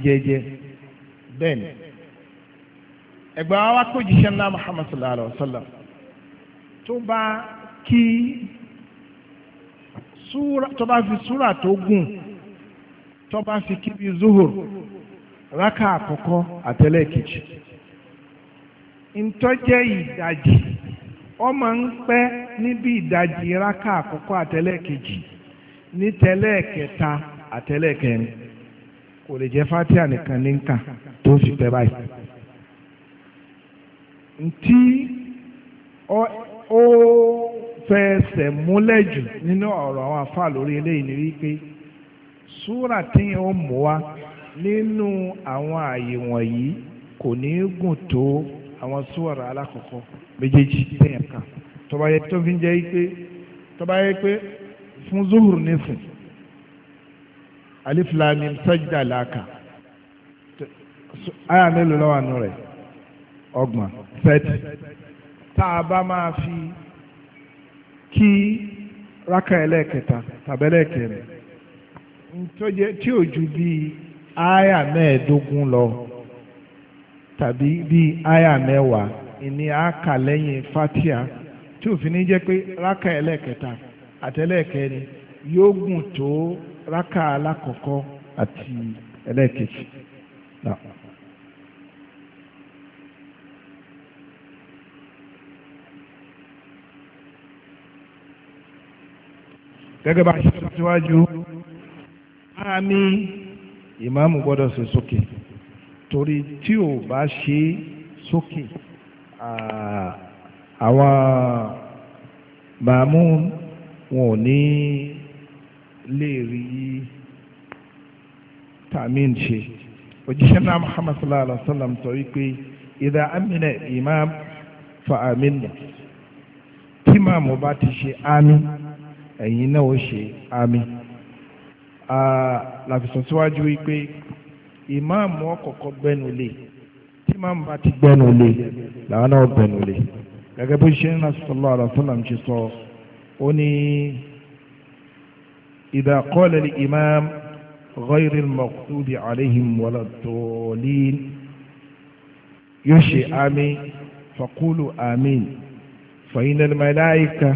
ni ńlá Muhammad sallallahu alayhi wa sallam tó bá kí tó bá fi súra tó gùn tó bá fi kí bí zuhur rákà àkọ́kọ́ àtẹlẹ́kejì ntọ́jẹ́ ìdajì wọ́n ń pẹ́ níbi ìdajì rákà ní kò lè jẹ́ fatia nìkan ní nkà tó fi pẹ́ báyìí. ntí ó fẹsẹ̀ múlẹ̀ jù nínú ọ̀rọ̀ àwọn afá lórí eléyìí ni wípé súrà tí ó mú wa nínú àwọn àyè wọ̀nyí kò ní gùn tó àwọn alif lam mim sajda laka aya mélòó lọ́wọ́ àánú rẹ̀ ọgbọ̀n thirty tá a bá máa fi kí rákà ẹlẹ́ẹ̀kẹta tàbí ẹlẹ́ẹ̀kẹrin tí ò ju bíi aya mẹ́ẹ̀ẹ́dógún lọ tàbí bíi aya mẹ́wàá ìní àkà lẹ́yìn fatia tí òfin ní jẹ́ pé rákà ẹlẹ́ẹ̀kẹta àtẹlẹ́ẹ̀kẹrin yóò gùn tó rákà alákọ̀ọ́kọ́ àti ẹlẹ́ẹ̀kejì. gẹ́gẹ́ bá a ṣe sọ síwájú máa ní ìmáàmù gbọ́dọ̀ ṣe sókè torí tí ò bá ṣe sókè àwọn màmú wọn ò ní lè rí tamin ṣe òjíṣẹ́ náà muhammad sallallahu alaihi wa sallam sọ wípé ìdá amina imam fa amina tí màmú bá ti ṣe àmín ẹ̀yin náà ó ṣe àmín làfisàn síwájú wípé ìmáàmù ọkọ̀ọ̀kọ̀ gbẹ́nu lé tí máa ń bá ti gbẹ́nu lé làwọn náà gbẹ́nu lé gẹ́gẹ́ bó ṣe ń rán sallallahu alaihi wasallam ṣe sọ ó ní. إذا قال الإمام غير المغضوب عليهم ولا الضالين يشي آمين فقولوا آمين فإن الملائكة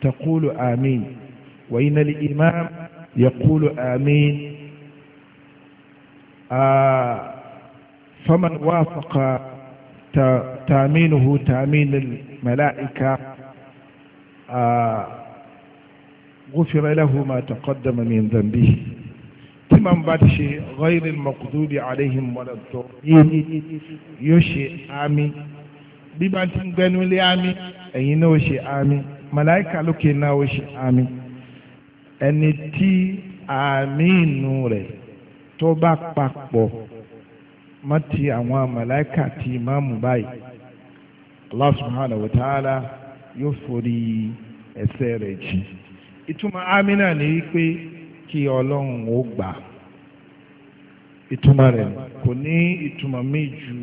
تقول آمين وإن الإمام يقول آمين آه فمن وافق تامينه تامين الملائكة آه غفر له ما تقدم من ذنبه تمام باتشي غير المقدود عليهم ولا الضالين يوشي آمين بيبان تنغنو لي آمين أين وشي آمين ملائكة لكي ناوشي آمين ẹni tí àmínú rẹ̀ tó bá papọ̀ mọ́ ti àwọn màláìkà ti ìmáàmù báyìí Allah subhanahu wa ta'ala yóò ìtumọ̀ amínà ni wípé kí ọlọ́run ó gbà ìtumọ̀ rẹ̀ kò ní ìtumọ̀ míì ju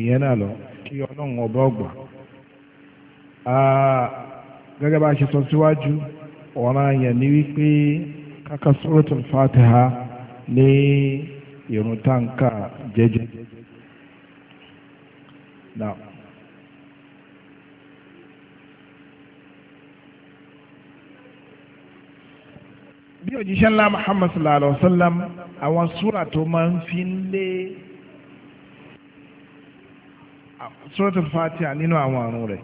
ìyẹn náà lọ kí ọlọ́run ọba ọgbà gẹ́gẹ́ bá a ṣe sọ síwájú ọ̀ràn yẹn ni wípé ní ìrùntàǹkà bí òjíṣẹ́ ńlá Muhammad sallallahu alayhi wa sallam àwọn súra tó máa ń fi ń lé Suratul Fatiha nínú àwọn àrùn rẹ̀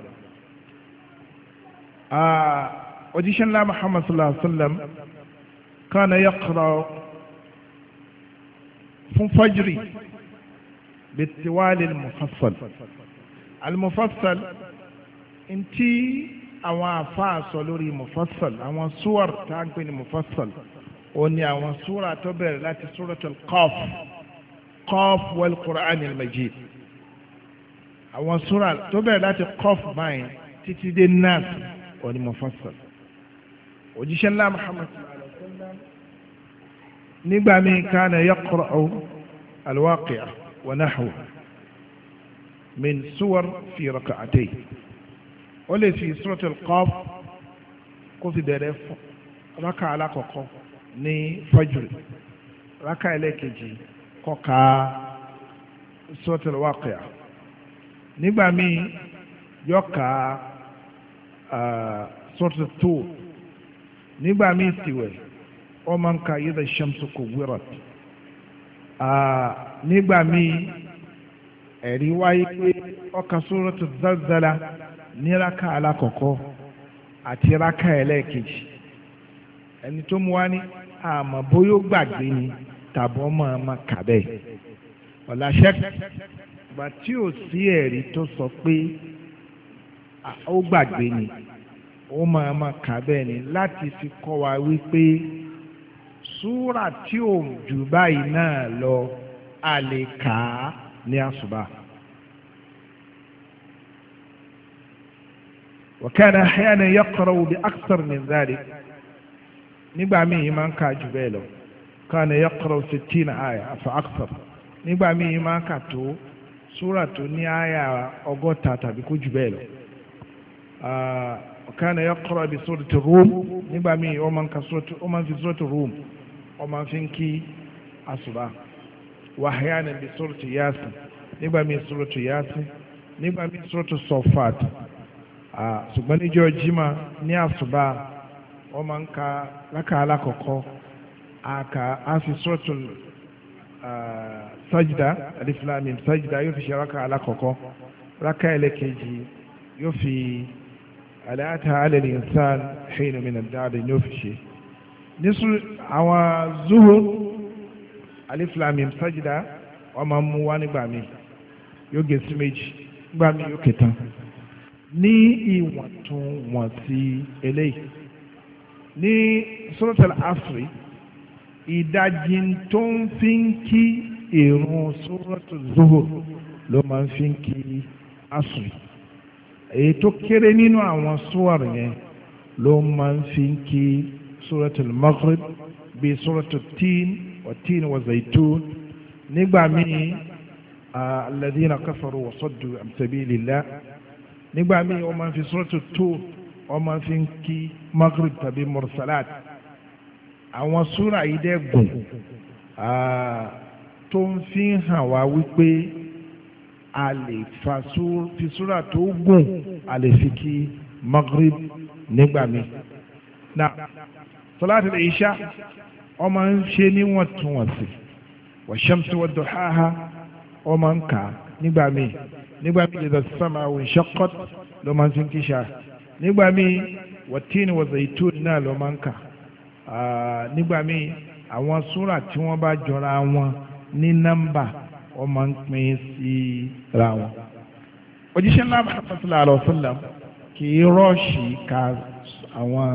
òjíṣẹ́ ńlá Muhammad sallallahu alayhi wa sallam kana yaqra fún fajiri bitiwali al-mufassal al-mufassal ntí àwọn àfáà sọ lórí mufassal àwọn suwar tá à ń pè ní mufassal ó ní àwọn súra tó bẹ̀rẹ̀ láti suratul Qaf Qaf wal Qur'an al-Majid àwọn súra tó bẹ̀rẹ̀ láti Qaf báyìí títí dé Nas ó ní mufassal òjíṣẹ́ ńlá Muhammad nígbà míì kana yaqra'u al-Waqi'a wa nahwa min suwar fi rak'atayn ó lè fi suratul Qaf kó fi bẹ̀rẹ̀ rákà alákọ̀ọ́kọ́ ní fajiri rákà ẹlẹ́kejì kó ka suratul Waqi'ah nígbà míì yó ka suratul Tur nígbà míì tiwẹ̀ ó máa ń ka idha shamsu kuwwirat nígbà míì ẹ̀rí wáyé pé ó ka suratul Zalzala ní raka alákọ̀ọ́kọ́ àti raka ẹlẹ́ẹ̀kejì ẹni tó mú wá ní àmọ́ bóyá ó gbàgbé ni tàbí ọmọ ọmọ kàbẹ́ ọ̀làṣẹ́ ìgbà tí ò sí ẹ̀rí tó sọ pé ó gbàgbé ni ó máa ma kà ni láti fi kọ́ wa wípé súrà tí ò jù báyìí náà lọ a lè ní àṣùbà. وكان أحيانا يقرأ بأكثر من ذلك نبع مي من كاجبيلو كان يقرأ ستين آية فأكثر نبع مي من كاتو سورة نهاية أغوتا تبكو جبيلو آه وكان يقرأ بسورة الروم نبع مي ومن, ومن في سورة الروم ومن فينكي أصبع وأحيانا بسورة ياسين نبع مي سورة ياسين نبع مي سورة الصفات ṣùgbọ́n níjọ́ jimá ní àṣùbà wọ́n máa ń ka rákà alákọ̀ọ́kọ́ àkà àfi sọ́tún sajida alifilami sajida yóò fi ṣe rákà alákọ̀ọ́kọ́ rákà ẹlẹ́kejì yóò fi aláàtà alẹ́lẹ́ nsán ṣẹ́yìn omi nàdáàdì yóò fi ṣe. nísú àwọn zuhur alifilami sajida wọ́n máa ń mú wá nígbà mi yóò gé sí méjì nígbà mi yóò kẹta ní ìwọ̀ntúnwọ̀nsí eléyìí ní suratul asri ìdajì tó ń fi ń kí ìrun suratul zuhur ló máa ń fi ń kí asri èyí tó kéré nínú àwọn suwar yẹn ló máa ń fi ń kí suratul maghrib bíi suratul tin wa tin wa zaitun nígbà míì alladhina kafaru wa saddu am sabilillah nígbà míì wọ́n máa fi sọ́tò tó wọ́n máa fi ń kí maghrib tàbí mursalat àwọn súrà yìí dẹ́ gùn tó ń fi hàn wá wípé a lè fi súrà tó gùn a lè fi kí maghrib nígbà míì na sọláàtì lè ṣá wọ́n máa ń ṣe níwọ̀ntúnwọ̀nsì wàṣẹ́mùsí wọ́n dọ̀ háhá wọ́n máa ń kà nígbà míì nígbà míì ìdá sàmà àwọn ìṣọ́kọ́t ló máa ń sin kíṣà nígbà míì wọ́tíìnì wa zaitun náà ló máa ń kà nígbà míì àwọn súrà tí wọ́n bá jọra wọn ní nọ́mbà wọ́n máa ń pín sí ra wọn. òjíṣẹ́ ńlá mahamasala alọ́sọ́lá kì í rọ́ọ̀ṣì ka àwọn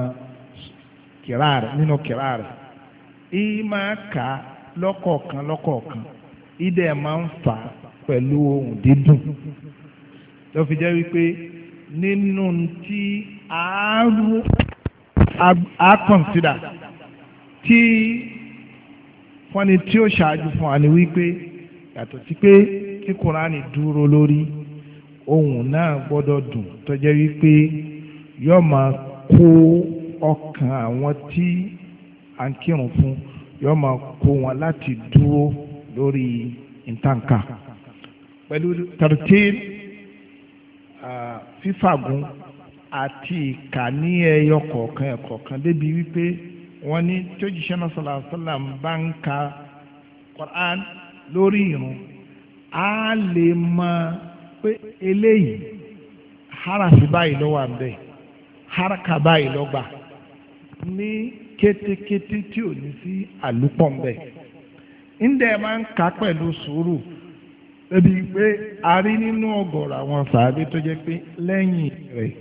kìrá nínú kìrá rẹ̀ máa kà lọ́kọ̀ọ̀kan lọ́kọ̀ọ̀kan ìdẹ̀ máa ń fà á pẹ̀lú ohun dídùn ló fi jẹ́ wípé nínú tí a consider tí fúnni tí ó ṣáájú fún wa ni wípé yàtọ̀ sí pé kí kùránì dúró lórí ohun náà gbọ́dọ̀ dùn tó jẹ́ wípé yóò máa kó ọkàn àwọn tí à ń kírun fún yóò máa kó wọn láti dúró lórí ìtànkà pẹ̀lú tartil fífàgùn àti ìkà ní ẹyọ kọ̀ọ̀kan ẹ̀kọ̀ọ̀kan débi wípé wọ́n ní tí òjíṣẹ́ náà sọ̀rọ̀ àṣọlá bá ń ka Quran lórí irun á lè mọ pé eléyìí harafi báyìí ló wà bẹ́ẹ̀ haraka báyìí ló gbà ní kétékété tí ò ní sí àlùpọ̀ ń bẹ̀. ń dẹ̀ máa ń kà pẹ̀lú sùúrù ẹbí pé a rí nínú ọ̀gọ̀rọ̀ àwọn sàábé tó jẹ́ pé lẹ́yìn rẹ̀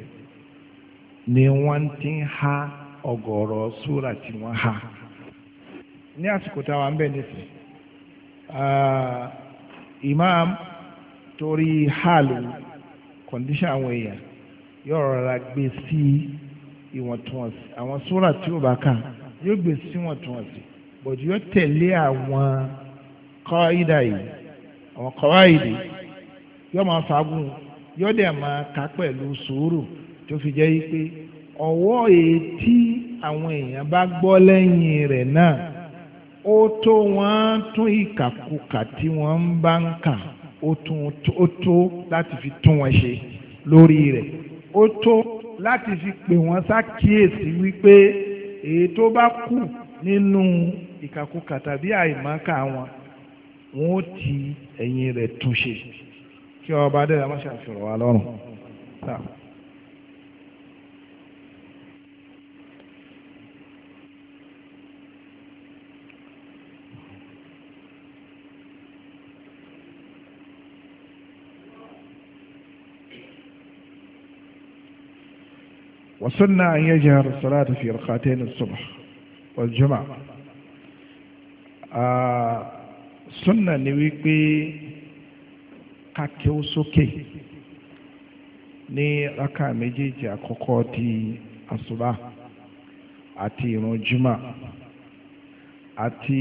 ni wọ́n ti ń ha ọ̀gọ̀rọ̀ súrà tí wọ́n ha ní àsìkò táwa ń bẹ̀ nísìn imam torí hàlù kọ̀ndíṣàn àwọn èèyàn yóò rọra gbé sí ìwọ̀ntúnwọ̀nsì àwọn súrà tí ó bá kà yóò gbé sí ìwọ̀ntúnwọ̀nsì bọ̀dù yóò tẹ̀lé àwọn kọ́ ìdá yìí àwọn kọ́wáìdì yóò máa fagún yóò dẹ̀ máa ka pẹ̀lú sùúrù tó fi jẹ́ pé ọwọ́ etí àwọn èèyàn bá gbọ́ lẹ́yìn rẹ̀ náà ó tó wọ́n tún ìkàkùkà tí wọ́n ń bá ń kà ó tó láti fi tún wọn ṣe lórí rẹ̀ ó tó láti fi pè wọ́n ṣàkíyèsí wípé èyí tó bá kù nínú ìkàkùkà tàbí àìmọ́kà wọn wọn ó ti ẹ̀yìn rẹ̀ túnṣe kí ọba adéla má ṣàfihàn wa lọ́rùn. وسنة أن يجهر الصلاة في ركعتين الصبح والجمعة آه súnà ni wípé kákẹ́ ó sókè ní rákà méjèèjì àkọ́kọ́ ti àsùbá àti ìrun àti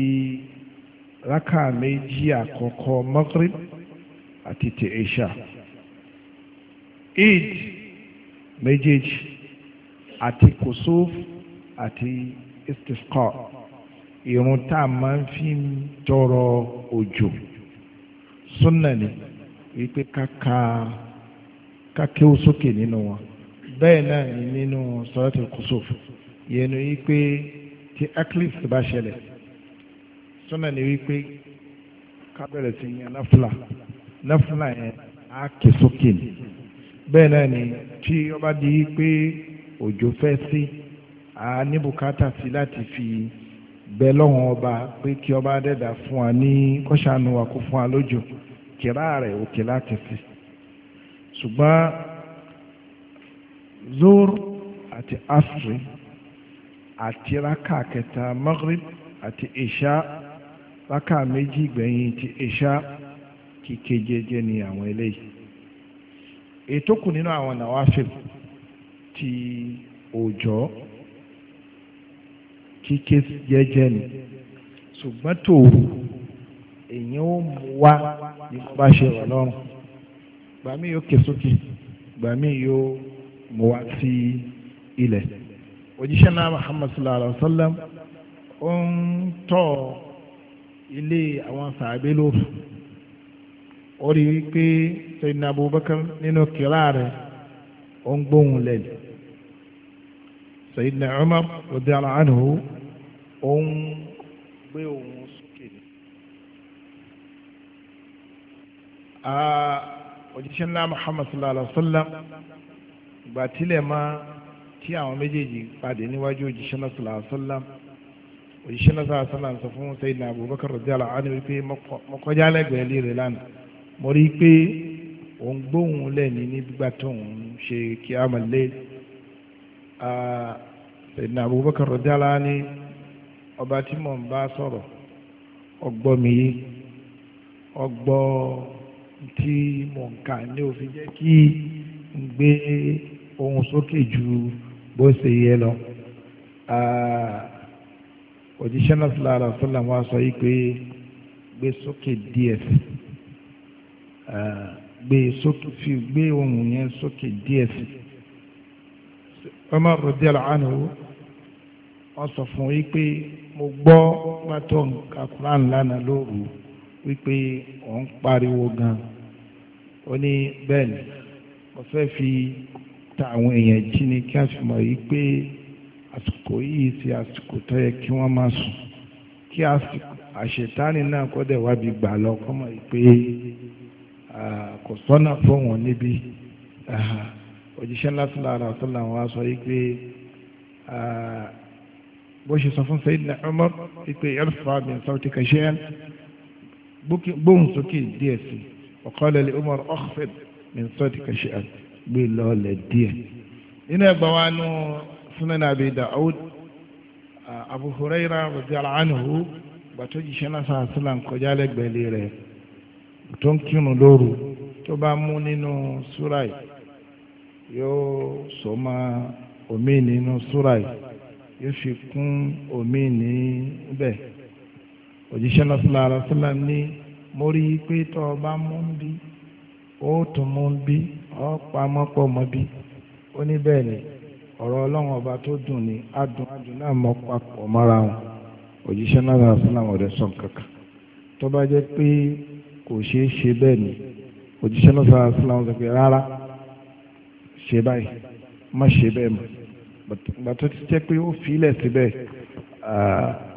raka méjì àkọ́kọ́ maghrib àti ti isha eid méjèèjì àti àti irun tá a máa ń fi tọrọ òjò súnà ni wípé káka kákéwó sókè nínú wọn bẹ́ẹ̀ náà ni nínú sọ́ọ́tì kùsùfù yẹnu wípé tí eclipse bá ṣẹlẹ̀ súnà ni wípé ká sí yan náfúlà náfúlà yẹn á ké sókè ni bẹ́ẹ̀ náà ni tí ó di wípé òjò fẹ́ sí a sí láti fi. bẹ lọ́wọ́n ọba pé kí ọba dẹ́dà fún wa ní kọ́ṣánu wa kó fún wa lójò kíra rẹ̀ òkè láti fi ṣùgbọ́n zor àti asri àti raka kẹta maghrib àti isha raka méjì gbẹ̀yìn ti isha kíké jẹ́jẹ́ ni àwọn eléyìí ètò kù nínú àwọn nàwáfíl ti òòjọ́ tí kéésì jẹ́jẹ́ ni ṣùgbọ́n tòru èyàn ó mú wá ní bá ṣe rọ̀ lọ́rùn gbà mí yóò ké sókè gbà mí yóò mú wá sí ilẹ̀ òjíṣẹ́ náà Muhammad sallallahu alayhi wa sallam ó ń tọ́ ilé àwọn sàábé lóru ó rí i pé Sayyidina Abubakar nínú kíra rẹ̀ ó ń gbóhùn lẹ́nu Sayyidina Umar radiyallahu anhu òun gbé òun sókè ni. òjíṣẹ́ ńlá Muhammad sallallahu alaihi wa sallam ìgbà tílẹ̀ máa tí àwọn méjèèjì pàdé níwájú òjíṣẹ́ ńlá sallallahu alaihi wa sallam òjíṣẹ́ ńlá sallallahu alaihi wa sallam sọ fún Sayyidina Abubakar radiyallahu anhu wípé mọ́kọ́já lẹ́gbẹ̀ẹ́ lè rè lánàá mo rí i pé òun gbóhùn lẹ́ni nígbà tó ń ṣe kí a mọ̀ lé Sayyidina Abubakar radiyallahu anhu ọba tí mò ń bá sọ̀rọ̀ ọgbọ́ mi yé ọgbọ́ tí mò ń kà ní òfin jẹ́ kí n gbé ohun sókè ju bó ṣe yẹ lọ òjíṣẹ́ náà sọ̀rọ̀ àrà sọ̀rọ̀ àwọn aṣọ yìí pé gbé sókè díẹ̀ sí gbé sókè fi gbé ohun yẹn sókè díẹ̀ sí Umar radiyallahu anhu wọ́n sọ fún yìí pé mo gbọ́ pátó nǹkan Quran lánàá lóru wípé òun pariwo gan ó ní bẹ́ẹ̀ ni mo fẹ́ fi ta àwọn èèyàn jí ni kí a sì mọ̀ yí pé àsìkò yìí ti àsìkò tó yẹ kí wọ́n máa sùn kí àṣetánì náà kọ́dẹ̀ wábi gbà lọ kọ́ mọ̀ yí pé kò sọ́nà fóun níbí òjíṣẹ́ ńlá sílára ọ̀tún làwọn aṣọ yí pé bó ṣe sọ fún Sayyidina Umar ìpè irfa min sawtika shay'an gbóhùn sókè díẹ̀ sí wa qala li Umar akhfid min sawtika shay'an gbé lọ́ọ̀lẹ̀ díẹ̀. inú ẹgbẹ́ wa nù Sunan Abi Dawud Abu Huraira radiyallahu anhu gbàtó jíṣẹ́ náà sàn sílà kọjá lẹ́gbẹ̀ẹ́lẹ́ rẹ̀ tó ń kírun lóru tó bá mú nínú súra yóò sọ ma omi nínú súra yóò fi kún omi níbẹ̀ òjíṣẹ́ lọ́sọ̀lá àlọ́sọ̀lá ní mo rí i pé tọ́ ọ bá mú bí ó ọ pamọ́ pọ̀ mọ́ bí ó ní bẹ́ẹ̀ ni ọ̀rọ̀ ọlọ́run ọba tó dùn ní adùn adùn náà mọ́ papọ̀ mọ́ra wọn òjíṣẹ́ náà wọn sọ̀n kankan tó bá jẹ́ pé kò ṣeé ṣe bẹ́ẹ̀ ni òjíṣẹ́ náà wọn sọ pé rárá ṣe báyìí má ṣe bẹ́ẹ̀ gbà tó ti jẹ́ pé ó fi ilẹ̀ síbẹ̀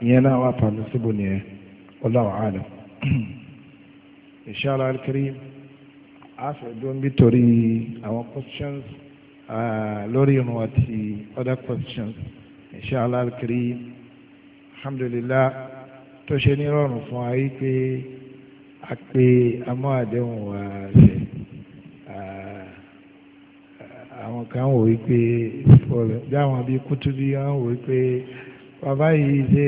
ìyẹn náà wà pàmì síbò nìyẹn wallahu alam inshallah al-karim àfẹ́dún bí torí àwọn questions lórí irun àti other questions inshallah al-karim alhamdulillah tó ṣe ní rọrùn fún ayé pé a pé amọ́ àdéhùn ṣe. àwọn kan wò wípé fífọ́lẹ̀ bí àwọn bíi kútúbí àwọn wò wípé bàbá yìí ṣe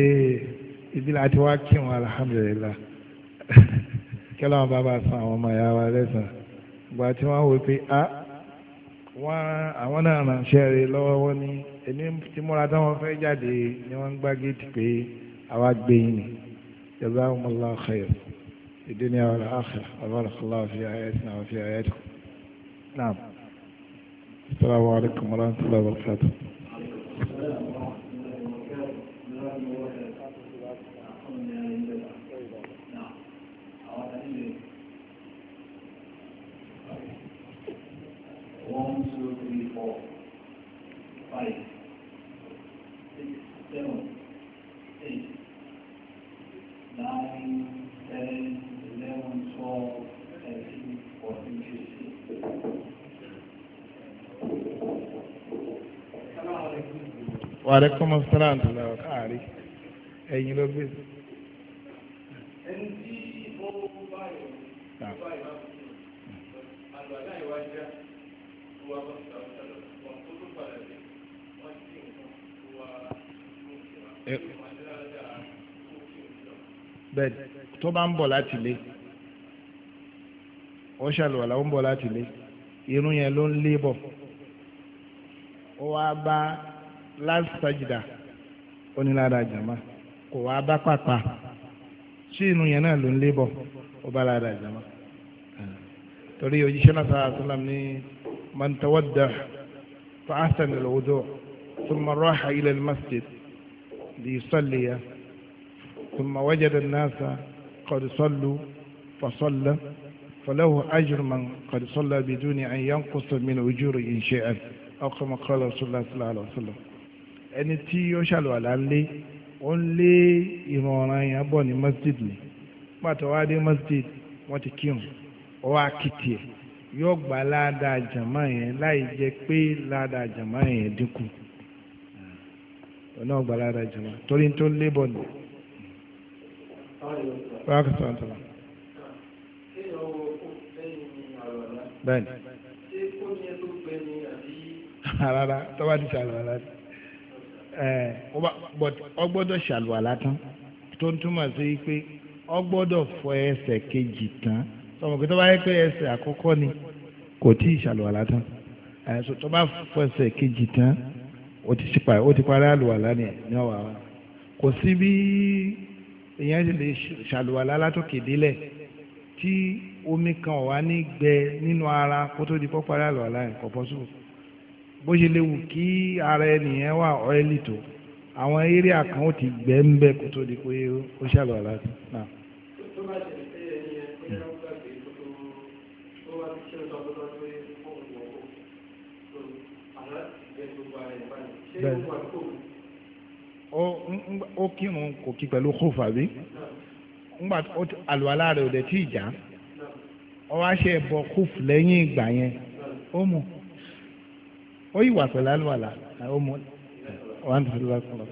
ibi láti wá kí wọn alhamdulillah kẹlẹ́ wọn bàbá san àwọn ọmọ ìyá wa lẹ́sàn ìgbà tí wọ́n wò wípé a wọ́n àwọn náà ránṣẹ́ rẹ lọ́wọ́ wọn ní èmi ti múra tí wọ́n fẹ́ jáde ni wọ́n gbá géètì pé àwa gbé yín ni jazakumullahu khair fi dunya wal akhirah barakallahu fi ayatina wa fi ayatikum. Naam. السلام عليكم ورحمة الله وبركاته Nine, wàdé kọ́mọ sàlám tó lọ káàrí ẹ̀yin ló gbé. ẹni tí ó bá yọ bá yọ àgbà náà ìwájú tó wà bọ́ bá ń bọ̀ láti lé ó ṣàlùwàlà ó ń bọ̀ láti lé irun yẹn ló ń lé bọ̀ ó wá bá last sajida onílára jama kò wá bá pàpà tí inú yẹn náà ló ń lébọ̀ ó bá lára jama torí òjíṣẹ́ náà sára sọ́lá ní man tawadda fa ahsan al-wudu thumma raha ila al-masjid li yusalliya ثم وجد الناس قد صلوا فصلى فله أجر من قد صلى بدون أن ينقص من أجور إن شاء أو كما قال رسول الله عليه وسلم ẹni tí ó ṣàlùwàlà ń lé ó ń lé ìrun yẹn bọ̀ ní masjid ni pàtó wá dé masjid wọ́n ti kírun ó wá kìtì ẹ̀ yóò gbà ládàá jàmá yẹn láì jẹ́ pé ládàá jàmá yẹn dínkù ọ̀nà ọgbà ládàá jàmá torí tó lé bọ̀ ni. bẹ́ẹ̀ni. rárá tọ́wádìí sàlùwàlà ni ọgbọ́dọ̀ ṣàlùwàlá tán tó ń túmọ̀ sí pé ọgbọ́dọ̀ fọ ẹsẹ̀ kejì tán sọmọ pé tó bá yẹ pé ẹsẹ̀ àkọ́kọ́ ni kò tí ì ṣàlùwàlá tán ẹ̀sùn tó bá fọ ẹsẹ̀ kejì tán ó ti parí àlùwàlá ni ní ọ̀wà wa kò sí bí èèyàn ti lè ṣàlùwàlá látòkè délẹ̀ tí omi kan ò wá ní gbẹ nínú ara kó tó di pọ́ parí àlùwàlá yẹn kò pọ́sùn bó ṣe léwu kí ara ẹnìyẹn wà ọ́ẹ́lì tó àwọn eré àkàn ó ti gbẹ́ ń bẹ́ kó tó di pé ó ṣàlọ́ láti náà. bẹ́ẹ̀ ó kírun kò kí pẹ̀lú kófù àbí ńgbà àlùwalá rẹ̀ ò dẹ̀ tí ì já ọ wá ṣe bọ kófù lẹ́yìn ìgbà yẹn ó mú ó yìí wà pẹ̀lú àlùwàlà ó mú wà ní ìlú ọkùnrin.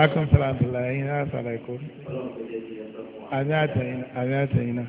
akọ́ńtàlá àtàlà ẹ̀yin náà sàlàyé kó àmì àtẹ̀yìn náà.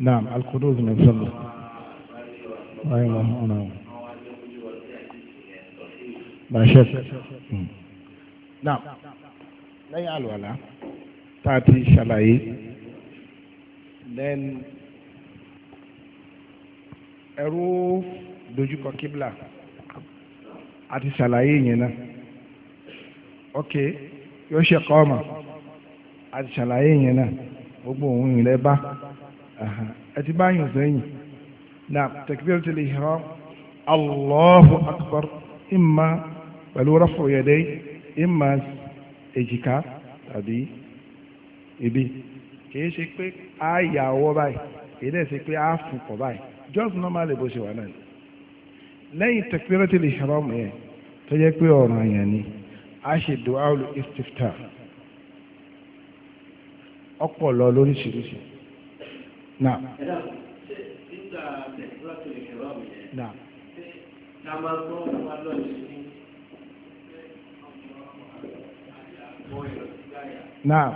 نعم القدوس من فضله أيوة نعم لا شك نعم لا يعلو tá تاتي ti ṣàlàyé then ẹ̀rú dojúkọ kíbla a ti ṣàlàyé yẹn náà ok yóò ṣe kọ́ ọ̀mà a ti ṣàlàyé yẹn náà gbogbo òun ìrẹ́ bá ẹ ti bá yàn sẹ́yìn na takbiratul ihram allahu akbar imma pẹ̀lú rafu yaday imma èjìká tàbí ibi kìí ṣe pé a yà ọwọ́ báyìí kìí dẹ̀ ṣe pé a fún pọ̀ báyìí just normal bó ṣe wà náà lẹ́yìn takbiratul ihram yẹn tó jẹ́ pé ọ̀ràn yẹn ni a ṣe du'a ul istiftah ọpọlọ lóríṣiríṣi. Náà. Ẹ̀dá ṣe nígbà tẹ̀síwá tó lè ṣẹ̀rọ mi yẹn. Náà. Ṣé ta máa gbọ́ wá lọ́ọ̀ṣì ní Náà.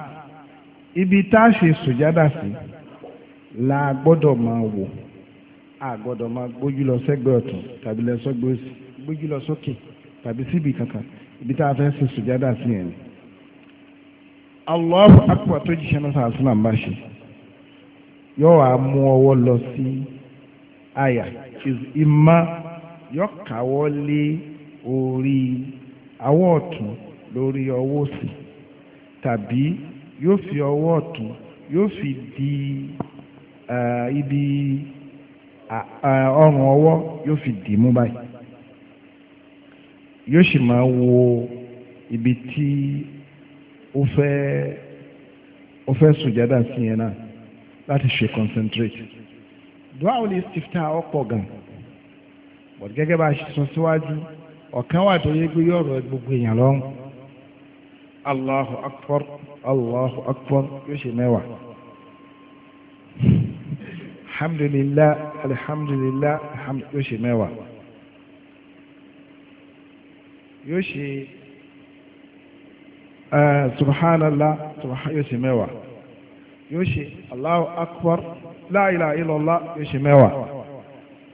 Ibi tá a ṣe sùjádà sí la gbọ́dọ̀ máa wò. A gbọ́dọ̀ máa gbójú lọ sẹ́gbẹ̀ẹ́ ọ̀tún tàbí lọ Gbójú lọ sókè tàbí síbi kankan. Ibi tá a fẹ́ ṣe sùjádà sí yẹn ni. Allahu akbar tó jíṣẹ́ náà sàásùnà ń bá ṣe yóò wá mú ọwọ́ lọ sí àyà ìmá yóò káwọ́ lé orí awọ́ ọ̀tún lórí ọwọ́ òsì tàbí yóò fi ọwọ́ ọ̀tún yóò fi di ibi ọrùn ọwọ́ yóò fi dì mú báyìí yóò sì máa wo ibi tí ó fẹ́ ó fẹ́ sùjádà sí yẹn náà láti ṣe concentrate dua ò lè stifta ọ̀pọ̀ gan but gẹ́gẹ́ bá a ṣe sọ síwájú ọ̀kan wà tó yẹ gbé yọ̀rọ̀ gbogbo èèyàn lọ́rùn allahu akbar allahu akbar yóò ṣe mẹ́wàá alhamdulillah alhamdulillah yóò ṣe mẹ́wàá yóò ṣe eh, subhanallah yóò ṣe mẹ́wàá yóò ṣe Allahu akbar la ilaha illallah yóò ṣe mẹ́wàá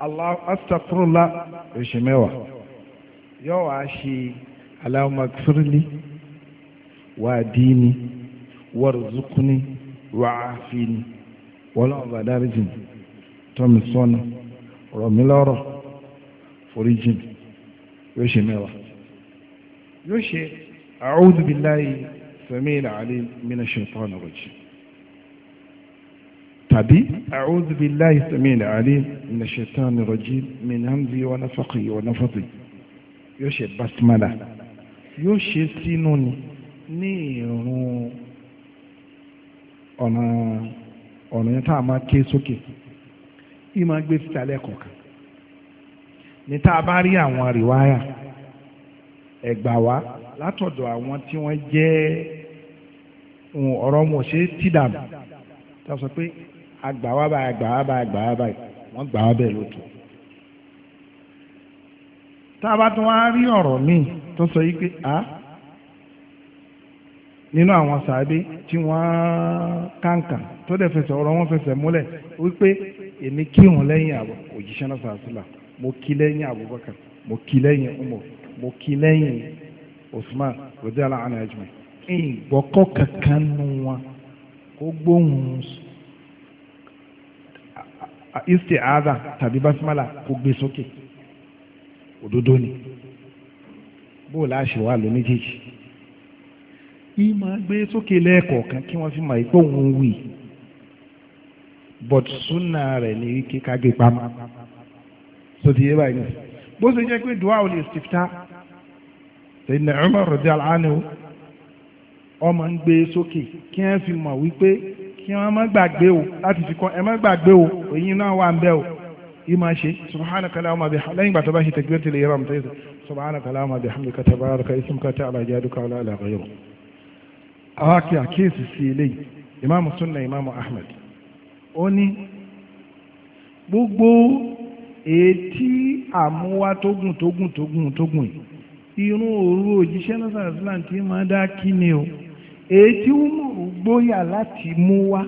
Allahu astaghfirullah yóò ṣe mẹ́wàá yóò wá ṣe Allahumma ghfirli wa dini warzuqni wa afini wọ́lọ́wọ́ bá dáríjì tọ́mi sọ́nà ọ̀rọ̀ mi lọ́rọ̀ foríjì yóò ṣe mẹ́wàá yóò ṣe a'udhu billahi sami'il alim minash shaitanir rajim tàbí a'udhu billahi samil alim minash shaitani rajim min hamzi wa nafakhthi wa nafathi yóò ṣe basmala yóò ṣe sínú ni ní ìrún ọ̀nà ọ̀nà yẹn tá a máa ké sókè yìí máa gbé síta lẹ́kọ̀ọ̀kan ní tá a bá rí àwọn àríwáyà ẹ̀gbà wá látọ̀dọ̀ àwọn tí wọ́n jẹ́ ọ̀rọ̀ wọn ṣe tìdàmù tá a sọ pé agbàwá báyìí agbàwá báyìí agbàwá báyìí wọ́n gbàwá bẹ́ẹ̀ lótú. tá a bá tún wá rí ọ̀rọ̀ míì tó sọ yìí pé a nínú àwọn sàábé tí wọ́n kàǹkà tó dẹ̀ fẹsẹ̀ ọ̀rọ̀ wọn fẹsẹ̀ múlẹ̀ wípé èmi kírun lẹ́yìn àbọ̀ òjíṣẹ́ náà sàásìlà mo kí lẹ́yìn Abubakar mo kí lẹ́yìn Umar mo kí lẹ́yìn Usman rọ̀dí aláàánú ẹ̀jùmọ̀ ìgbọ́kọ̀ kankan nu wọn kó gbóhùn sùn isti'aza tàbí basmala kó gbé sókè òdodo ni bóòlù àṣewà ló méjèèjì yìí máa gbé sókè lẹ́ẹ̀kọ̀ọ̀kan kí wọ́n fi máa ipò òun wì but súnà rẹ̀ ní wíkí kágé pamọ́ tó ti yé báyìí bó ṣe jẹ́ pé dua ò lè sèpítà Sayyidina Umar radiyallahu anhu ọmọ ń gbé sókè kí wọ́n fi máa wípé kí wọ́n má gbàgbé o láti fi kọ́ ẹ má gbàgbé o èyí náà wà ń bẹ́ o yìí máa ṣe subhanaka allahumma bi lẹ́yìn ìgbà tó bá ṣe tẹ̀gbẹ́ tẹ̀lé yẹ́rọ àmì tẹ́sí subhanaka allahumma bihamdika tabaraka ismuka ta'ala jaduka wala ala ghayru. àwọn akẹ́ àkíyèsí sí eléyìí imaamu sunna imaamu ahmed ó ní gbogbo ètí àmúwá tógùn tógùn tógùn tógùn irun òru òjíṣẹ́ náà sàrẹ́sílà tí máa dá kí ni o. èyí ụmụrụ Umaru gbóyà láti mú wá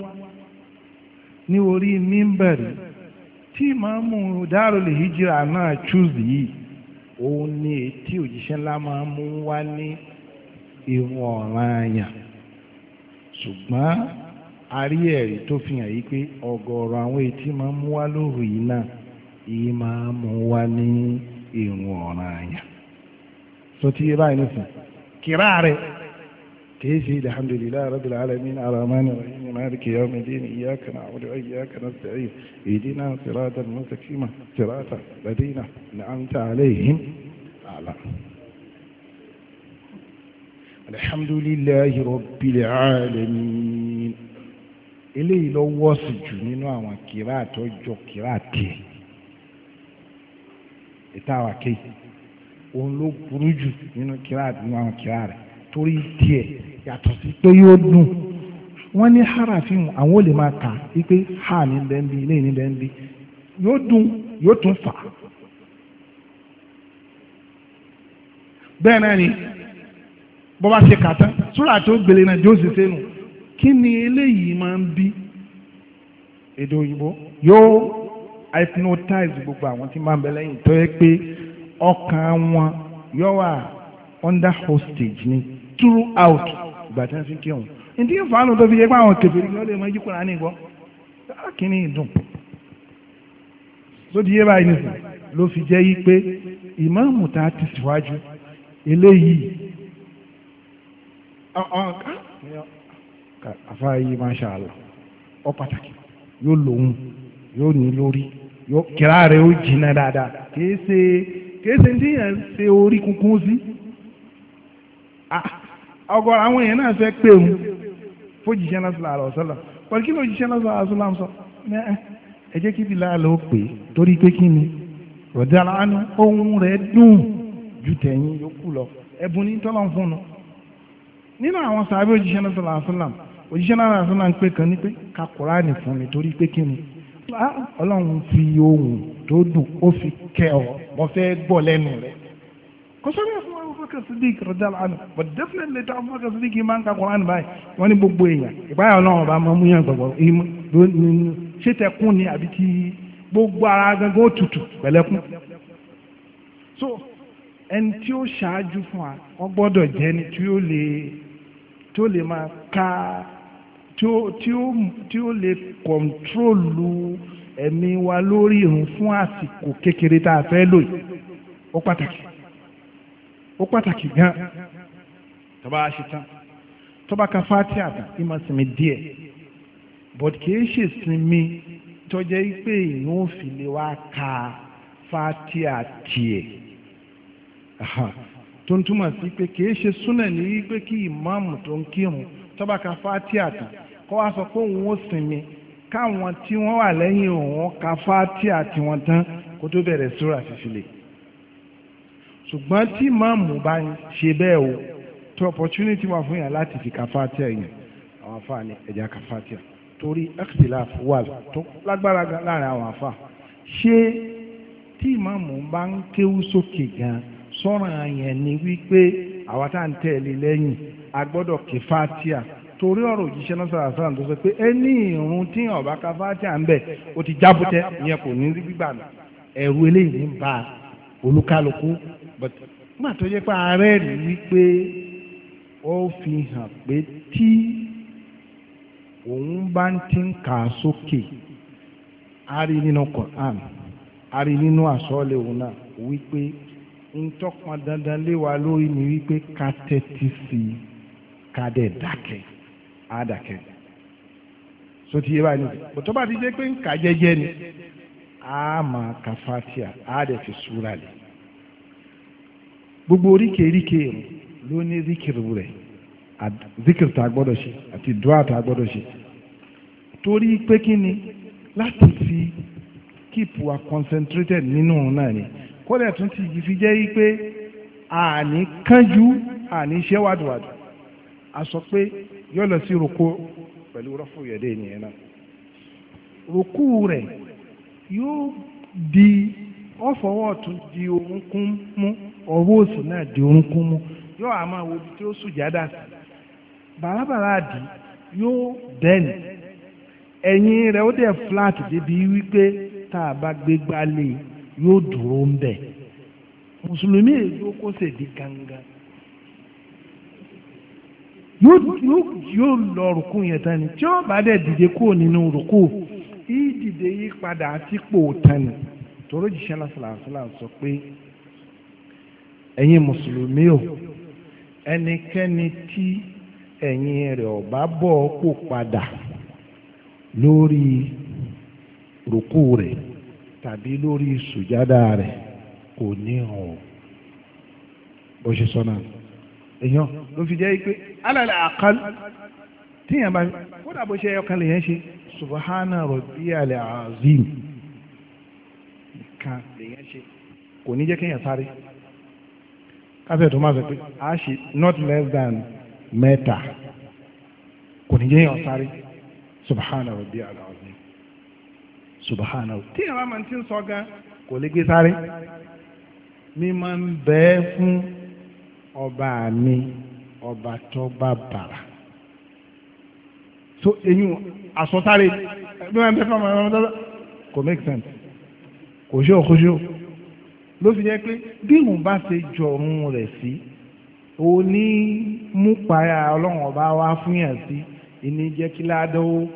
ní orí mímbẹ̀rì tí ìmáàmù lè Hijra náà chúùsì yìí òun ni èyí òjíṣẹ́ ńlá máa mú wá ní ìwọ̀n ọ̀ràn àyàn ṣùgbọ́n a rí ẹ̀rí tó fi hàn yí pé ọ̀gọ̀ọ̀rọ̀ àwọn èyí máa mú wá lóru yìí náà máa mú wá kìí ṣe alhamdulillahi rabbil alamin arahmani rahim maliki yawmi din iyyaka na'budu wa iyyaka nasta'in ihdina siratal mustaqima siratal ladina an'amta alaihim ala alhamdulillahi rabbil alamin eléyìí ló wọ́ọ̀sì jù nínú àwọn kìrá àtọ́jọ kìrá tiẹ̀ ìta àwàkẹ́ òun ló burú jù nínú kìrá àdínú àwọn kìrá rẹ̀ torí tiẹ̀ yàtọ̀ sí pé yóò dùn wọ́n ní hara àwọn ò lè máa kà í pé ha ní bẹ́ẹ̀ bí ilé ní bẹ́ẹ̀ bí yóò dùn yóò tún fà bẹ́ẹ̀ náà ni bọ́ bá ṣe kà tán súrà tó gbélé náà jó sẹ́nu kí ni eléyìí máa ń gbogbo àwọn tí máa ń bẹ lẹ́yìn tó yẹ pé ọkàn ni. throughout out tí wọ́n fi kí wọn. ǹdí ìfàánù tó fi yẹ pé àwọn kẹfìrí ló lè mọ ẹjú kúrò ní ìgbọ́ ah, kí ni ìdùn tó di yé báyìí nìsín ló fi jẹ́ yí pé ìmáàmù tá a ti síwájú eléyìí ah, ah, àfa yìí masha Allah ọ pàtàkì yóò lòun yóò ní lórí yóò kíra rẹ̀ ó jìnnà dáadáa kìí ṣe kìí ṣe ní ṣe orí kunkun sí ọ̀gọ̀rọ̀ àwọn èèyàn náà fẹ́ pé òun fójìṣẹ́ náà sọ̀rọ̀ àrọ̀ sọ̀rọ̀ pẹ̀lú kí lójìṣẹ́ náà sọ̀rọ̀ àṣọ láǹsọ̀ ẹ jẹ́ kí bílá ló pè torí pé kí ni rọ̀dàlá ánú ohun rẹ̀ dùn ju tẹ̀yìn yòókù lọ ẹ̀bùn ní tọ́lọ̀ ń fún un nínú àwọn sàbẹ̀ òjìṣẹ́ náà sọ̀rọ̀ àṣọ làm òjìṣẹ́ náà sọ̀rọ̀ àṣọ làm pé kan ní pé ka Kùránì fún mi torí pé kí ni ah, ọlọ́run fi ohun tó dùn ó fi kẹ́ ọ mo fẹ́ gbọ́ lẹ́nu rẹ̀ sọ́dọ̀ fún abubakar siddiq rọjàl àná but definitely tí abubakar siddiq yìí máa ń ka quran báyìí wọ́n ní gbogbo èèyàn ìpáyà ọlọ́run ọba máa mú yàn gbọ̀gbọ̀ ṣé tẹkùn ni àbí ti gbogbo ara gangan ó tutù pẹ̀lẹ́kùn so ẹni tí ó ṣáájú fún wa wọ́n gbọ́dọ̀ jẹ́ ni tí ó lè tí ó lè máa ka tí ó tí ó tí ó lè kọ̀ntrólù ẹ̀mí wa lórí ìrun fún àsìkò kékeré tá a fẹ́ lò yìí pàtàkì ó pàtàkì gan tọba aṣetán tọba ka fati àtà ìmọ̀ sinmi díẹ̀ but kìí ṣe sinmi tọjẹ́ pé ìyẹn ò fi lè wá ka fati àtiẹ̀ tó ń túmọ̀ sí pé kìí ṣe súnà ní wípé kí ìmáàmù tó ń kírun tọba ka fati àtà kọ́ wa sọ pé òun ó sinmi káwọn tí wọ́n wà lẹ́yìn òun ka fati àtiwọn tán kó tó bẹ̀rẹ̀ sóra fífi ṣùgbọ́n tí máàmù bá ń ṣe bẹ́ẹ̀ o tí opportunity wà fún yàn láti fi kàfáàtì yàn àwọn afá ni ẹ̀já kàfáàtì torí ẹ́kìtìláf wà tó lágbára láàrin àwọn afá ṣé tí máàmù bá ń kéwú sókè gan sọ́ràn yẹn ni wípé àwa tá à ń tẹ̀lé lẹ́yìn a gbọ́dọ̀ ké fátíà torí ọ̀rọ̀ òjíṣẹ́ náà sọ̀rọ̀ sọ̀rọ̀ tó sọ pé ẹni ìrun tí ọ̀bá ká fátíà ń bẹ̀ ó ti jábútẹ́ ìyẹn kò ní rí gbígbà ẹ̀rù eléyìí ń ba olúkálukú but má tó jẹ́ pé ààrẹ rí wípé ó fi hàn pé tí òun bá ń ti ń kà á sókè a rí nínú Quran a rí nínú àsọ́ọ̀lẹ̀ òun náà wípé ń tọ́pọn dandan lé wa lórí wípé ká tẹ́tí sí i ká so ti yé báyìí nìyí bọ̀tọ́ bá ti jẹ́ pé ń kà jẹ́jẹ́ ni a máa ka fatia a dẹ̀ fi súra lé. gbogbo oríkèéríkèé rẹ̀ ló ní zikiri rẹ̀ zikiri tá a gbọ́dọ̀ ṣe àti dua tá a gbọ́dọ̀ ṣe torí pé kí ni láti fi keep wa concentrated nínú òun náà ni kódà tún ti fi jẹ́ pé àní kánjú àní ṣe wàdùwàdù a sọ pé yóò lọ sí roko pẹ̀lú rọ́fù yẹ̀dẹ̀ ènìyàn náà roko rẹ̀ yóò di ọ̀fọ̀wọ́ tún di orúnkún mú. ọwọ́ òsì náà di orúnkún mú yóò á wo tí ó sùjádà sí bàràbàrà àdì yóò dẹ́nì ẹ̀yìn rẹ̀ ó dẹ̀ flat débi wípé tá a bá gbé gbálẹ̀ yóò dúró ń bẹ̀ mùsùlùmí kó sì gangan yóò lọ rùkú yẹn tán ni tí bá dìde kúrò nínú rùkú yí padà sípò tán ni jìṣẹ́ lásìlàsílà sọ ẹ̀yin mùsùlùmí o ẹnikẹ́ni tí ẹ̀yin rẹ̀ ọ̀bá bọ̀ kó padà lórí rùkú rẹ̀ tàbí lórí sùjádà rẹ̀ kò ní ọ̀ bó ṣe sọ náà èèyàn ló fi jẹ́ pé alàlẹ́ àkàl tíyàn bá kódà bó ṣe ẹyọkan lèyàn ṣe subahana rabbiyal azim nìkan lèyàn ṣe kò ní jẹ́ kéèyàn sáré káfíẹ̀ tó máa sọ pé a not less than mẹ́ta kò ní jẹ́ yàn sáré subhana rabbi alaazim subhana tí àwọn máa ti ń sọ gan kò lè gbé sáré mi máa ń bẹ́ẹ̀ fún ọba mi ọba tó bá bàrà so eyín asọ̀tárẹ̀ bí wọ́n ń bẹ́ẹ̀ fún ọba mi ọba tó bá kò make sense kò ṣe òkúṣe òkú ló fi jẹ́ pé bí òun bá ṣe jọ̀run rẹ̀ sí òní mú para ọlọ́run ọba wá fún yàn sí ìní jẹ́ kí ládọ́wọ́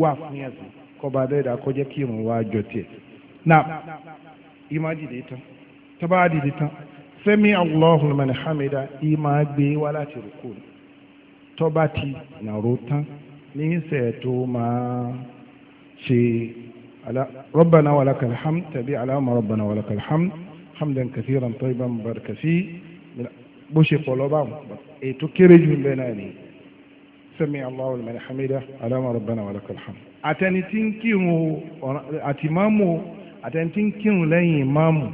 wà fún yàn sí kọba dẹ́dà kó kí irun wá jọ tiẹ̀. na ìmọ̀ dìde tán tọ́ba dìde tán sẹ́mi Allahu liman hamida ìmọ̀ gbé wá láti rúkú tọ́ba ti nàró tán ní sẹ́ẹ̀tò máa ṣe rabbana walakal hamd tàbí allahumma rabbana walakal hamd hamdan kathiran tayyiban mubaraka fi bó ṣe pọ̀ lọ́ba ètò kéré jù bẹ́ẹ̀ náà ni sami allahu liman hamida alama rabbana wa lakal hamd àtẹni tí ń kírun àti máàmù àtẹni tí ń kírun lẹ́yìn máàmù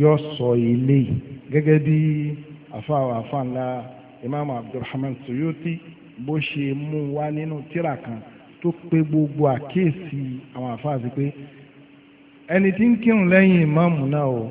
yóò sọ ilé gẹ́gẹ́ bí afáwọ̀ afáńlá imaamu abdulrahman suyuti bó ṣe mú wá nínú tíra kan tó pé gbogbo àkíyèsí àwọn afáàsí pé ẹni tí ń kírun lẹ́yìn máàmù náà o.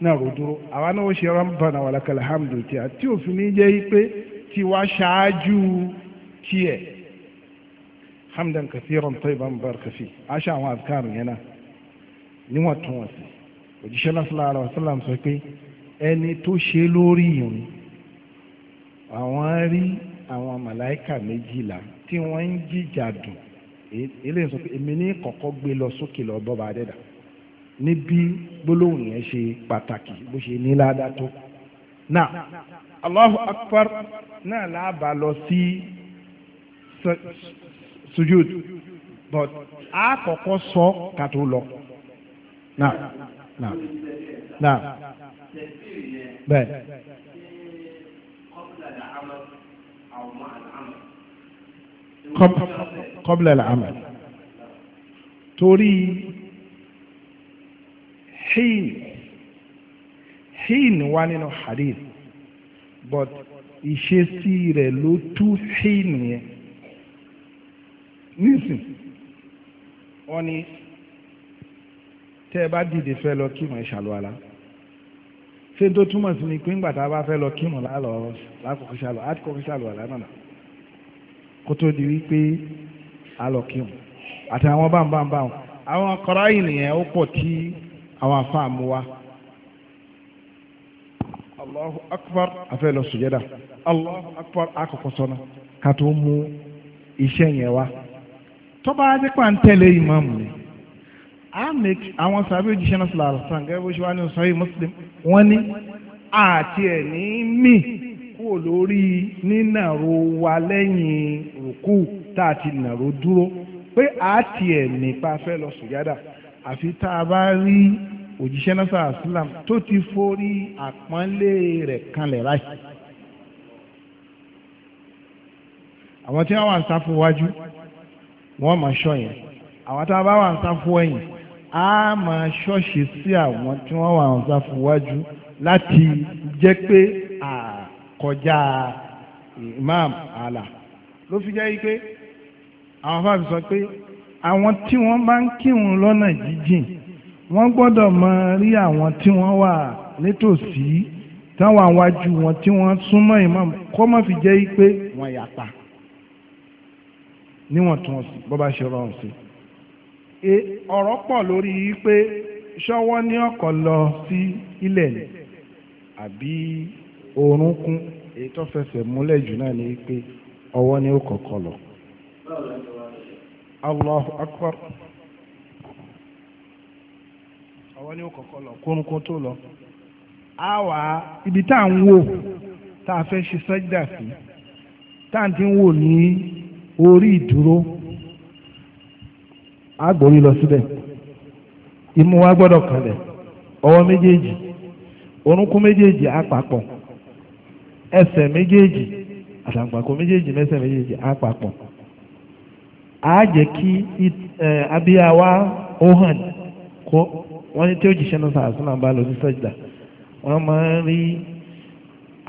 náà rò dúró àwa náà ó ṣe rabbana walakal hamdu tiẹ̀ tí òfin ní jẹ́ pé tiwa ṣáájú tiẹ̀ hamdan kathiran tayyiban baraka fi aṣọ àwọn àbíkárù yẹn náà níwọ̀ntúnwọ̀nsì òjíṣẹ́ náà sallallahu alaihi wasallam sọ pé ẹni tó ṣe lórí ìrun àwọn rí àwọn màláìkà méjìlá tí wọ́n ń jìjà dùn eléyìí sọ pé èmi ní kọ́kọ́ gbé lọ sókè lọ bọ́ba adẹ́dàá ní bí gbólóhùn yẹn ṣe pàtàkì bó ṣe ní ládàá tó. náà Allahu akbar náà láàbà lọ sí sujud but a kọ́kọ́ sọ ká lọ. náà náà náà bẹ́ẹ̀. قبل العمل torí hin hin wá nínú hadith but ìṣesí rẹ̀ ló tú hin yẹn nísìn wọ́n ní tẹ́ ẹ bá dìde fẹ́ lọ kí wọ́n ṣàlùwàlá ṣé tó túmọ̀ sí ni pé ńgbà tá a bá fẹ́ lọ kí wọ́n lálọ́ lákòókò ṣàlùwàlá àti kòókò ṣàlùwàlá náà kó tó di wípé a lọ kí wọ́n àtàwọn bámbámbá wọn àwọn kọ́ráyìn nìyẹn ó pọ̀ tí. Awa afáà mú wa. Allahu akbar afẹ́ lọ sùjẹ́dà Allahu akbar akọ̀kọ̀ sọ́nà ká tó mú iṣẹ́ yẹn wá. tọ́ba nípa ń tẹ̀lé ìmáàmù ni a make àwọn sàbẹ̀ òjíṣẹ́ náà sọ̀rọ̀ àrùsàn gẹ́gẹ́ bó ṣe wá ní Muslim wọ́n a àti ẹ̀ mi mí kúrò lórí nínàró wa lẹ́yìn rùkú tá a ti nàró dúró pé àti ẹ̀ nípa fẹ́ lọ sùjẹ́dà àfi tá a bá rí òjíṣẹ́ náà sàrà sílám tó ti forí àpọ́nlé rẹ̀ kanlẹ̀ láì. àwọn tí wọ́n wà ń sáfù wájú wọ́n máa ṣọ́ yẹn àwọn tí wọ́n bá wà ń sáfù ẹ̀yìn á máa ṣọ́ọ̀ṣì sí àwọn tí wọ́n wà ń sáfù wájú láti jẹ́ pé àkọjá imam àlà ló fi jẹ́ pé àwọn afáàfin sọ pé àwọn tí wọ́n bá ń kírun lọ́nà jíjìn wọ́n gbọ́dọ̀ máa rí àwọn tí wọ́n wà nítòsí táwọn àwájú wọn tí wọ́n súnmọ́ ìmáàmù kó má fi jẹ́ pé wọ́n yapa níwọ̀ntúnwọ̀nsì bó bá ṣe rọrùn sí. E, ọ̀rọ̀ pọ̀ lórí pé ṣọ́wọ́ ní ọkọ̀ lọ sí ilẹ̀ àbí orúnkún èyí tó fẹsẹ̀ múlẹ̀ jù náà ni pé ọwọ́ ni ó kọ́kọ́ lọ. Allahu akbar àwọn ni ó lọ tó lọ awa ibi tá à ń wò tá a fẹ́ ṣe sẹ́jà sí tá à ń ti ń wò ní orí ìdúró á lọ síbẹ̀ imú wa gbọ́dọ̀ kalẹ̀ ọwọ́ méjèèjì orúnkún méjèèjì àpapọ̀ ẹsẹ̀ méjèèjì méjèèjì a jẹ́ kí abíyáwá ó hàn kó wọ́n ní tí ó jíṣẹ́ náà sàásùn náà bá lọ sí sọ́jà wọ́n máa ń rí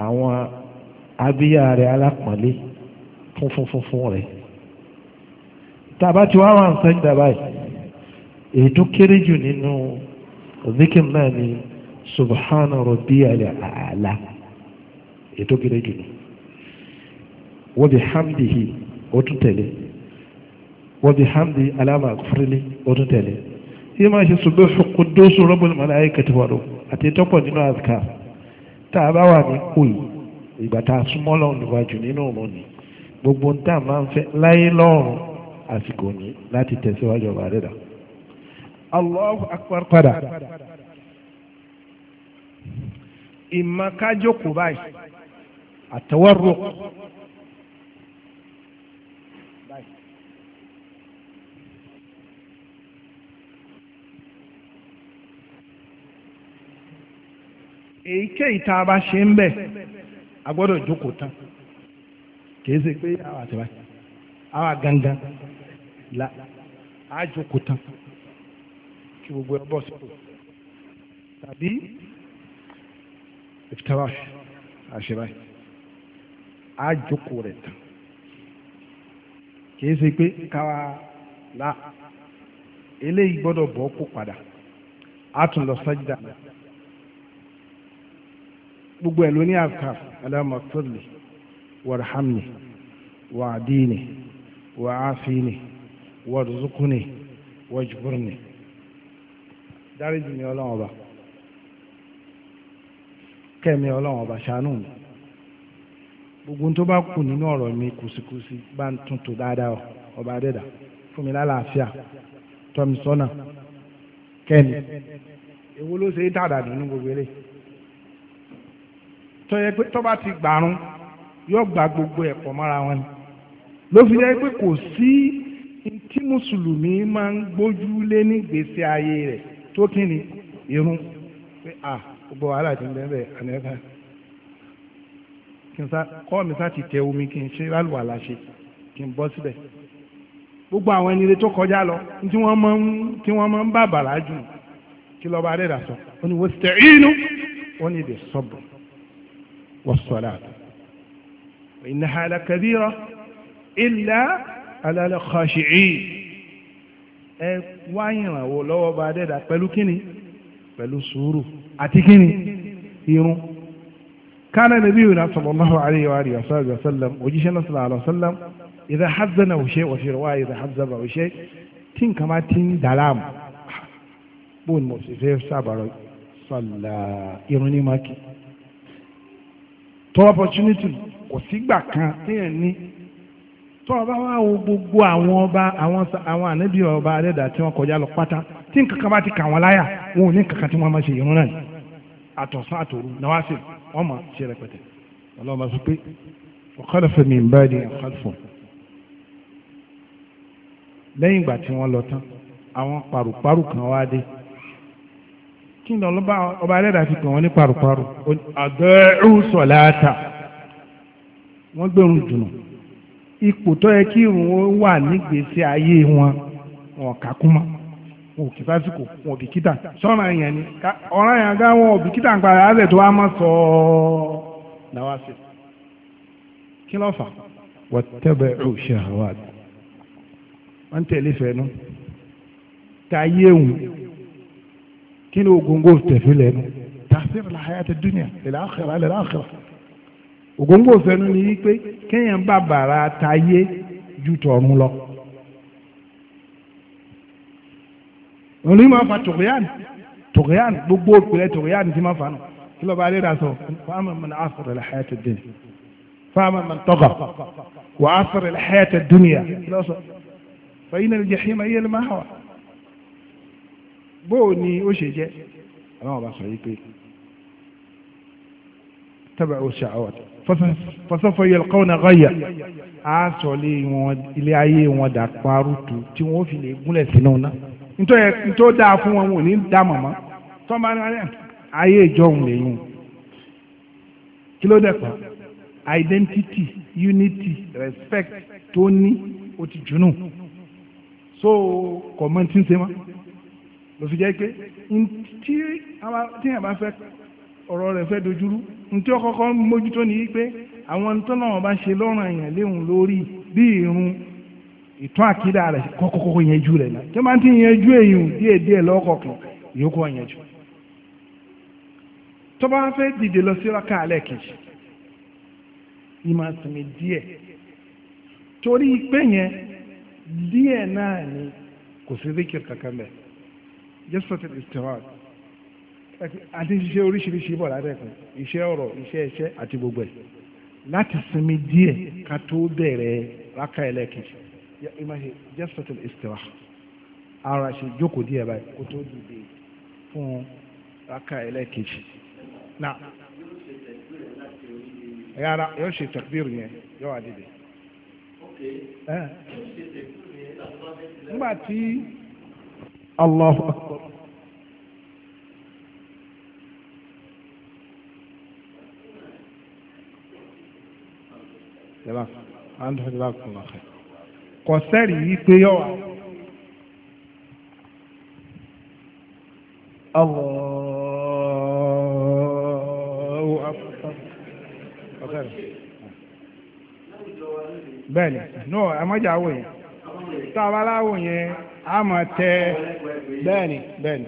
àwọn abíyá rẹ̀ alápọ̀nlé funfun funfun rẹ̀ tàbá tí wọ́n wà ń sọ́jà báyìí èyí kéré jù nínú zikim náà ni subhana rabbiyal a'la èyí tó kéré jù ní hamdihi ó tele. وبحمدي على ما اغفر لي وتتلي يما شي سبح قدوس رب الملائكه ورو اتي توكو دينو اذكار tá bá wà ní kùí ìgbà tá súnmọ́ lọ́run níwájú nínú ọmọ ni gbogbo tá máa ń fẹ́ láyé lọ́run àsìkò ní láti tẹ̀síwájú ọba rẹ̀ Allahu akbar padà ìmọ̀ kájókòó báyìí àtẹwọ́rọ̀ èyíkéyìí tá a bá ṣe ń bẹ̀ a gbọ́dọ̀ jókòó tán kìí ṣe pé àwa àti báyìí àwa gangan la a jókòó tán kí gbogbo ẹ bọ̀ sípò tàbí ìfitáwáṣ àṣebáyìí a jókòó rẹ̀ tán kìí ṣe pé káwa la eléyìí gbọ́dọ̀ bọ́ kó padà a tún lọ sájúdà náà gbogbo ẹ̀ ló ní àkà alámọ̀tòlì wàrhamni wàdíni wàáfíni wàrúzúkúni wàjúbúrni dáríjì mi ọlọ́run ọba kẹ́mi ọlọ́run ọba ṣàánú mi gbogbo tó bá kù nínú ọ̀rọ̀ mi kùsìkùsì bá ń tuntun dáadáa ọba adẹ́dà fún mi lálàáfíà tọ́ sọ́nà kẹ́ni èwo ló ṣe é dàdà nínú gbogbo eléyìí tó yẹ pé tó bá ti gbàrún yóò gba gbogbo ẹ̀pọ̀ mọ́ra wọn ni ló fi jẹ́ pé kò sí tí mùsùlùmí máa ń gbójú lé ní gbèsè ayé rẹ̀ tó kí ni irun pé à gbogbo wàhálà ti ń bẹ́ẹ̀ bẹ́ẹ̀ àmẹ́fà kí n sá kọ́ mi sá ti tẹ omi kí n ṣe lálùwàlà ṣe kí n bọ́ síbẹ̀ gbogbo àwọn ẹni tó kọjá lọ tí wọ́n máa ń tí wọ́n máa ń bá jù kí lọ́ba adẹ́dà sọ ó ní wọ́n ti tẹ̀ inú ó ní ìdè sọ́bùrù. والصلاة وإنها لكبيرة إلا على الخاشعين ẹ wá ìrànwọ́ lọ́wọ́ bá dẹ́dà pẹ̀lú kíni pẹ̀lú sùúrù àti kíni irun kánà nàbí ìrìnà sallallahu alayhi wa alihi wa sallam òjíṣẹ́ náà sallallahu alayhi wa sallam idha hazzana òṣè òṣèrè wá idha hazzana òṣè tí nǹkan máa ti ń dàlámù bóun mo sì fẹ́ sábàrọ̀ sọ̀lá irun ní mákì. For opportunity kò sígbà kan téèyàn ní tó ọba wá wo gbogbo àwọn ọba àwọn àwọn ànábì ọba adẹ́dà tí wọ́n kọjá lọ pátá tí nǹkan kan bá ti kà wọ́n láyà wọn ò ní nǹkan kan tí wọ́n máa ṣe ìrun náà ni àtọ̀sán àtòru náà wá sí wọ́n máa ṣe rẹpẹtẹ ọlọ́ọ̀bá sọ pé ọ̀kọ́lẹ̀fẹ̀ mi ń bá di ọ̀kọ́lẹ̀fọ̀ lẹ́yìn ìgbà tí wọ́n lọ tán àwọn pàrùpàrù kan wá dé kí ni ọlọ́ba ọba ẹlẹ́dàá fi kàn wọ́n ní paruparu àdẹ́rù sọ̀láàtà wọ́n gbẹ̀rún dùnà ipò tó yẹ kí irun wà nígbèsè ayé wọn wọn kà sọ ọ́ làwọn àṣẹ kí ló fà wọ́n tẹ́bẹ̀ àwọn wọ́n kí ló ògóńgó tẹ̀fí lẹ́nu tàṣír làhayàtì dúnìá lẹ́làáxìrà lẹ́làáxìrà ògóńgó fẹ́nu ni wípé kéèyàn bá bàrà tayé ju tọ̀run lọ. òní máa fa tòkìyàn tòkìyàn gbogbo òpìlẹ̀ tòkìyàn ti máa fa nù kí ló bá rí ra sọ fáwọn mọ̀ náà àṣìrà làhayàtì dúnìá fáwọn mọ̀ tọ́gà wà àṣìrà làhayàtì dúnìá lọ́sọ̀ fẹ́yìn náà jẹ́ bóò ni ó ṣe jẹ́ aláwọ̀ bá sọ yìí pé tẹ́bà ó ṣe àwọn fọ́sọ́fọ́ yẹ kọ́ na gáyà á sọ ilé ayé wọn dà parutu tí wọ́n fi lè gúnlẹ̀ sínú náà nítorí dáa fún wọn ò ní dá màmá tọ́ba ayé ìjọhùn lèyìn kí ló dẹ̀ pa identity unity respect tó ní ó ti jùnú so kọ̀mọ́ntì ń ló fi jẹ́ pé tí èèyàn bá fẹ́ ọ̀rọ̀ rẹ̀ fẹ́ dojúrú ntí ọkọ̀ọ̀kọ́ mójútó ni pé àwọn tó náà bá ṣe lọ́rùn èèyàn léhùn lórí bí irun ìtàn àkídà rẹ̀ kọ́kọ́kọ́ yanjú rẹ̀ náà tí wọ́n bá ti yanjú èèyàn díẹ̀ díẹ̀ lọ́kọ̀ọ̀kan ìyókù ọ̀yanjú tó bá fẹ́ dìde lọ sí rákà alẹ́ kejì ìmọ̀ sinmi díẹ̀ torí pé yẹn díẹ̀ náà ni kò sí zikir jésùsọ̀tì ìsìtìrọ̀t àti ṣiṣẹ́ oríṣiríṣi bọ̀ ládẹ́kun iṣẹ́ ọ̀rọ̀ iṣẹ́ iṣẹ́ àti gbogbo ẹ̀ láti sinmi díẹ̀ ká tó bẹ̀rẹ̀ rákà ẹlẹ́kejì jésùsọ̀tì ìsìtìrọ̀t ara ṣe jókòó díẹ̀ báyìí kó tó dìde fún rákà ẹlẹ́kejì náà yàrá yóò ṣe tẹ̀kbírù yẹn yóò wá dìde. nígbà tí. Allahu akbar. kò sẹ́rì yìí pé yọ wà. Allahu akbar. bẹ́ẹ̀ni no ẹ mọ́jà wò yẹn tá a bá láwò yẹn a máa tẹ bẹ́ẹ̀ ni bẹ́ẹ̀ ni.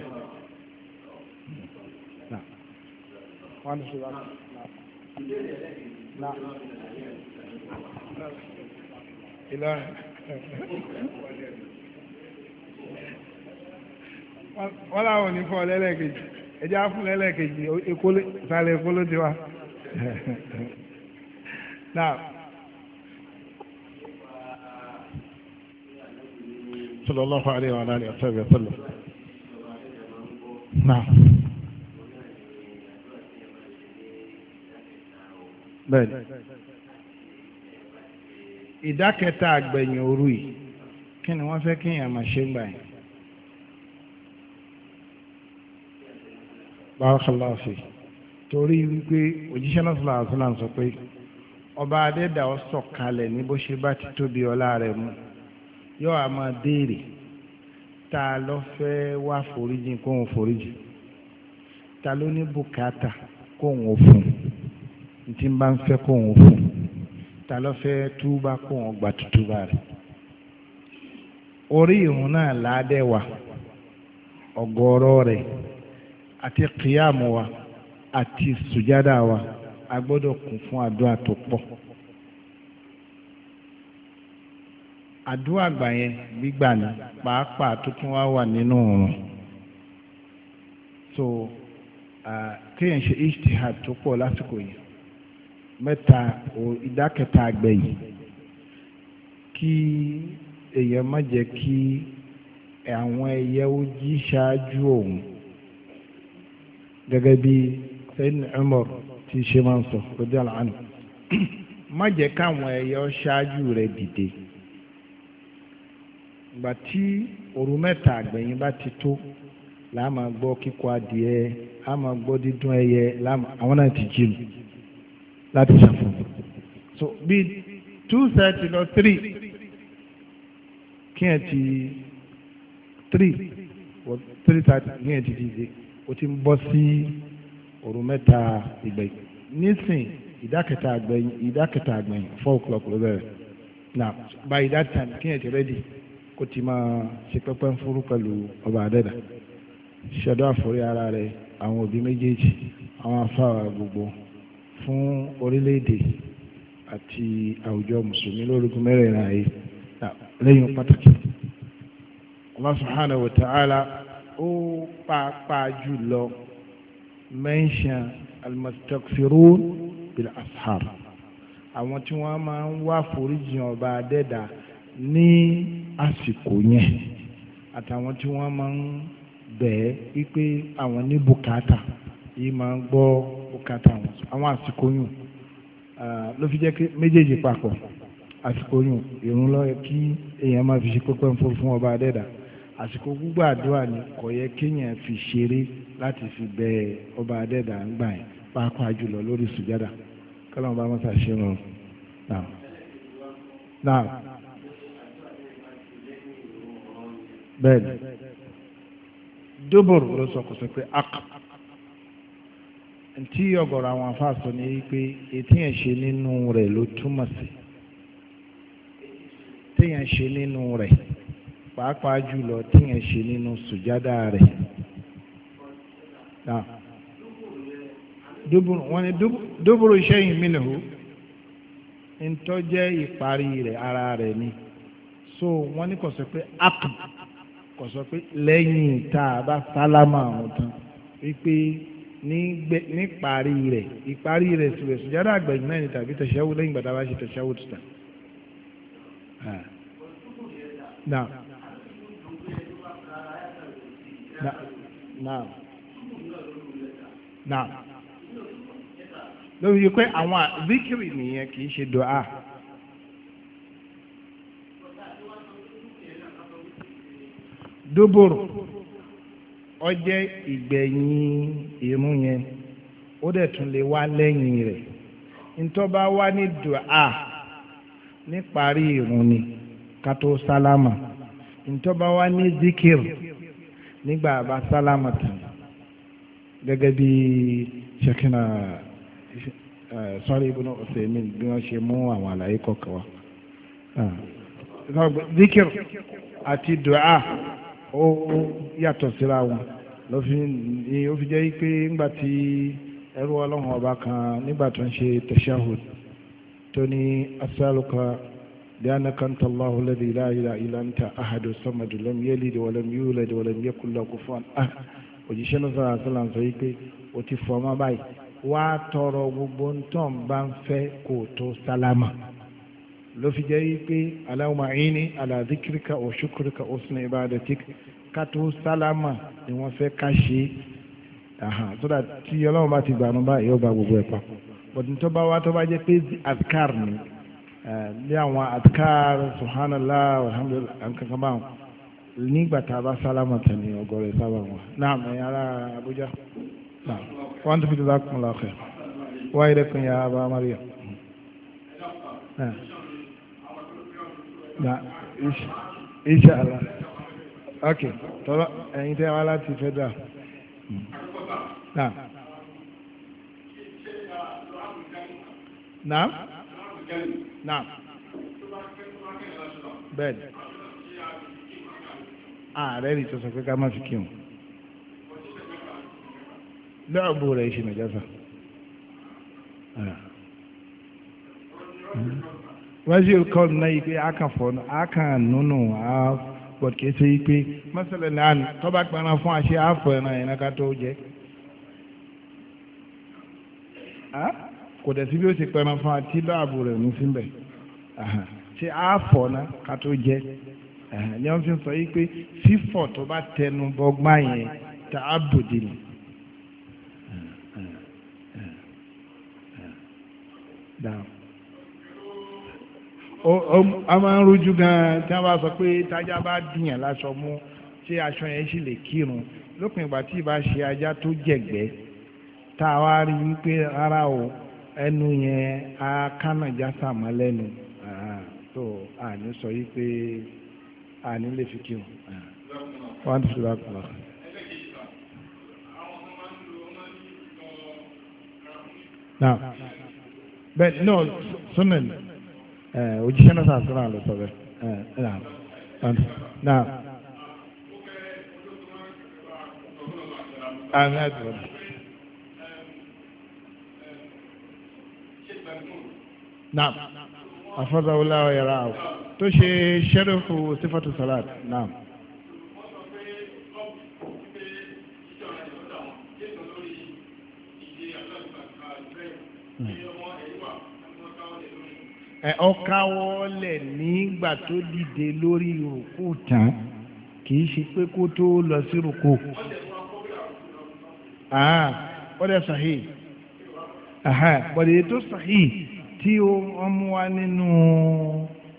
wọ́n láwọn ò ní fọ́ lẹ́lẹ́kejì ẹjẹ́ á fún lẹ́lẹ́kejì ìsàlẹ̀ ìkóló tiwa. sallallahu alayhi wa alayhi wa sallam. Náà. Bẹ́ẹ̀ni. Ìdákẹ́ta àgbẹ̀yìn òru yìí, kí ni wọ́n fẹ́ kí èèyàn máa ṣe gbà yìí? Barakallahu fi. Torí wípé òjíṣẹ́ náà sallallahu alayhi wa sallam sọ pé ọba Adẹ́dàá sọ̀kalẹ̀ ní bó ṣe bá ti tóbi ọlá rẹ̀ mú. yóò a máa déèrè tá lọ fẹ wá foríjì kóhun foríjì ta ló ní bùkátà kóhun ó fún un tí n bá ń fẹ́ kóhun ó fún un ta ló fẹ́ túbá kóhun gbà tútúbá rẹ̀ orí ìhun náà ládẹ́wà ọ̀gọ̀ọ̀rọ̀ rẹ àti kíyàmù wa àti sùjádà wa a gbọ́dọ̀ kún fún àdúrà tó àdúrà àgbà yẹn gbígbà ní pàápàá tó tún wá wà nínú òun so kéèyàn ṣe tó pọ̀ lásìkò yìí mẹ́ta o àgbẹ̀ yìí kí èèyàn má jẹ́ kí àwọn ẹyẹ ó jí ṣáájú òun gẹ́gẹ́ bí sẹ́yìn ṣe máa ń sọ radiyallahu ma má jẹ́ káwọn ẹyẹ ó ṣáájú rẹ̀ dìde. ìgbà tí òru mẹ́ta àgbẹ̀yìn bá ti tó là á máa gbọ́ kíkọ adìẹ á máa gbọ́ dídún ẹyẹ àwọn náà ti jí lu láti ṣàfùn so bíi two thirty lọ three kí ẹ ti three or three thirty kí ẹ ti dìde o ti ń bọ́ sí òru mẹ́ta ìgbẹ̀yìn nísìn ìdákẹ́ta àgbẹ̀yìn ìdákẹ́ta àgbẹ̀yìn four o'clock ló bẹ̀rẹ̀ now by that time kí ẹ ti ready kó ti máa ṣe pẹ́pẹ́ ń fúrú pẹ̀lú ọba àdẹ́dà ṣẹ̀dọ́ àforí ara rẹ̀ àwọn òbí méjèèjì àwọn afáwà gbogbo fún orílẹ̀-èdè àti àwùjọ mùsùlùmí lórúkún mẹ́rẹ̀ẹ̀rin ayé lẹ́yìn pàtàkì Allah subhanahu wa ta'ala ó pàápàá jùlọ mẹ́ńṣán almastakfirun bil ashar àwọn tí wọ́n máa ń wá foríjì ọba adẹ́dà ní àsìkò yẹn àtàwọn tí wọ́n máa ń bẹ̀ẹ́ wípé àwọn ní bùkátà yìí máa ń gbọ́ bùkátà wọn àwọn àsìkò yùn ló fi jẹ́ pé méjèèjì papọ̀ àsìkò yùn ìrun ló yẹ kí èèyàn máa fi ṣe pẹ́pẹ́ ń fún ọba adẹ́dà àsìkò gbogbo àdúrà ni kò yẹ kéèyàn fi ṣeré láti fi bẹ ọba adẹ́dà ń gbà yẹn pàápàá jùlọ lórí sùjádà kọ́lọ́mù bá mọ́ta ṣe rọrùn. Now. bẹ́ẹ̀ni dóbòrò ló sọ kò sọ pé ak tí ọ̀gọ̀rọ̀ àwọn afáàsọ ni wípé ètí yẹn ṣe nínú rẹ̀ ló túmọ̀ sí téèyàn ṣe nínú rẹ̀ pàápàá jùlọ téèyàn ṣe nínú sùjádà rẹ̀ wọ́n ní dóbòrò re ntọ́jẹ́ ìparí ara rẹ̀ ni so wọn ní kò sọ pé ak. kò sọ pé lẹ́yìn tá a bá sálámà àwọn tán wípé níparí rẹ̀ ìparí rẹ̀ síbẹ̀ sùjádà àgbẹ̀yìn náà ni tàbí tẹ̀síáwó lẹ́yìn gbàdá bá ṣe tẹ̀síáwó títà. Now. Now. Now. lórí pé àwọn zikiri nìyẹn kì í ṣe dùá. dóbòrò ó jẹ́ ìgbẹ̀yìn irun yẹn ó dẹ̀ tún lè wá lẹ́yìn rẹ̀ ntọ́ba wá ní dùá níparí irun ni kátó sálámà ntọ́ba wá ní zikir nígbà bá sálámà tán gẹ́gẹ́ bí ṣẹ́kínà sọ́rí ibùdó ọ̀sẹ̀ mi bí wọ́n ṣe mú àwọn àlàyé kọ̀ọ̀kan wá zikir àti dùá. ó yàtọ̀ síra wọn ló fi ní ó fi jẹ́ pé nígbà tí ẹrú ọlọ́run ọba kan nígbà tó ń ṣe tashahud tó ní asálùkà بأنك أنت الله الذي لا إله إلا أنت أحد الصمد لم يلد ولم يولد ولم يكن له كفوا أحد òjíṣẹ́ náà sọ̀rọ̀ àṣàlàn sọ yìí pé o ti fọ́ ọmọ báyìí wàá tọrọ gbogbo ntọ́n bá ń fẹ́ kó o tó sálámà ló fi jẹ́ pé Allahumma aini ala dhikrika wa shukrika wa husni ibadatika sálámà ni wọ́n fẹ́ ká ṣe so that tí ọlọ́run bá ti gbànú bá yóò bá gbogbo ẹ̀ papọ̀ but ní tó bá wá tó bá jẹ́ pé adkar ni bí eh, àwọn adkar subhanallah alhamdulillah nǹkan bá wọn nígbà tá a bá sálámà tẹ̀lé ọgọ́rẹ̀ sábà wọn náà mẹ́yìn ará Abuja wọ́n tún fi dùn lákùnrin lákùnrin wáyé lẹ́kùn yà á bá Maria na inṣàlá ok tọ́lá ẹ̀yin tẹ́ wá láti federal na na na bẹ́ẹ̀ ni ààrẹ rí sọ̀sọ̀ pé ká má fi kí wọn lọ́ọ̀bù rẹ̀ ṣe nàìjásà. Yeah wájú ìkọ́ náà yìí pé a kàn fọ́nù a kàn nùnù ipe bọ̀dù kìí ṣe yìí pé mọ́sálẹ̀ lánàá tọ́ba gbọ́nà fún àṣẹ àfọ̀ ẹ̀ràn ẹ̀ràn ká tó jẹ́ kò dẹ̀ bí ó ti pẹran fún àti láàbù rẹ̀ ní síbẹ̀ ṣé àfọ̀ náà ká tó jẹ́ ni wọ́n fi sọ yìí pé fífọ̀ tó bá tẹnu bọ́gbá yẹn tá a bòdì nù. Down a máa ń rújú gan tí wọ́n bá sọ pé tájá bá dìyàn láṣọ mú ṣé aṣọ yẹn sì lè kírun lópin ìgbà tí ìbá ṣe ajá tó jẹ̀gbẹ́ tá a wá rí wípé rárá o ẹnu yẹn a kánàjá sàmọ́ lẹ́nu tó àní sọ yí pé àní lè fi kírun. Now, but no, sunan. Eh, òjíṣẹ́ náà sàtúrà ló sọ bẹ́ẹ̀ náà. Eh, Ahmed. Eh, naam. Afaza wula wa yara awo. Tó ṣe ṣẹ́rẹ́fù sífàtù salat. Naam. Mm ọkàwọ́ lẹ̀ nígbà tó dìde lórí rùkú tán kì í ṣe pé kó tó lọ sí rùkú. Ah, ó dẹ̀ sàhí tó sàhí tí ó wa nínú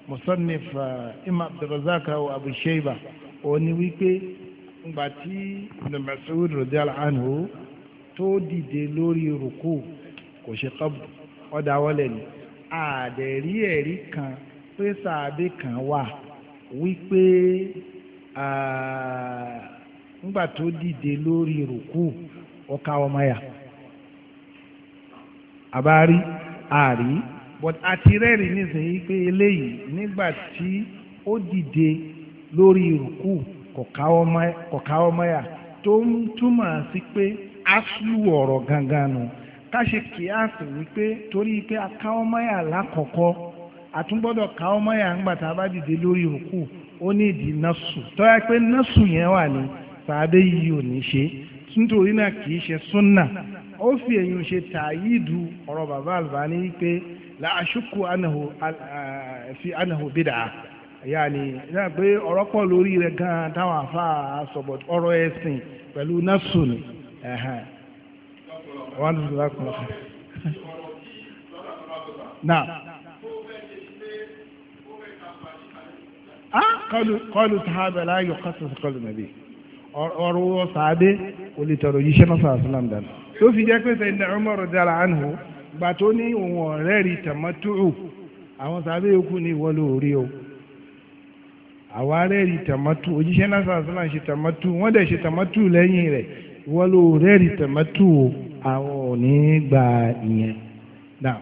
musannif uh, imam abdulrazak abu shayba ó ní wípé ngbà tí ibn Mas'ud radiyallahu tó dìde lórí rùkú kò ṣe qabdu ó dáwọ́lẹ̀ ni àdẹ̀rí ẹ̀rí kan pé sàábé kan wà wípé nígbà tó dìde lórí rùkú ọ̀ka ọmọ yà àbárí àrí but àti rẹ́rìí nísìnyí pé eléyìí nígbà tí ó dìde lórí rùkú kọ̀ká ọmọ yà tó ń túmọ̀ sí pé aṣú ọ̀rọ̀ gangan nù. No ká ṣe kíyàsí wípé torí pé a ká ọmọ yà lákọ̀ọ́kọ́ àtúngbọ́dọ̀ ká ọmọ yà ń gbà tá a bá dìde lórí òkú ó ní ìdí násù pé násù yẹn wà ní sàádé yìí ò ní ṣe nítorí náà kì ṣe súnà ó fi ṣe ọ̀rọ̀ bàbá làásùkù eh, fi anahu bídà pé ọ̀rọ̀ pọ̀ lórí rẹ̀ gan-an táwọn àfa ọ̀rọ̀ ẹ̀sìn pẹ̀lú ni. wà ní ìlú lákùnrin ọ̀hún. na kọlu sahaba la yọ kọsọ kọlu nàbí ọ̀rọ̀ sàábé kò lè tọrọ yìí ṣẹlẹ̀ sọ àṣìlám dànù. tó fi jẹ́ pé sẹ́yìn Umar radiyallahu anhu gbà tó ní òun ọ̀rẹ́ rí àwọn sàábé yòókù ní ìwọ ló o àwọn arẹ́ rí òjíṣẹ́ náà sàṣìlám ṣe tàmátù wọ́n dẹ̀ ṣe tàmátù lẹ́yìn rẹ̀ ìwọ ló rẹ́ o àwọn ò ní gba ìyẹn now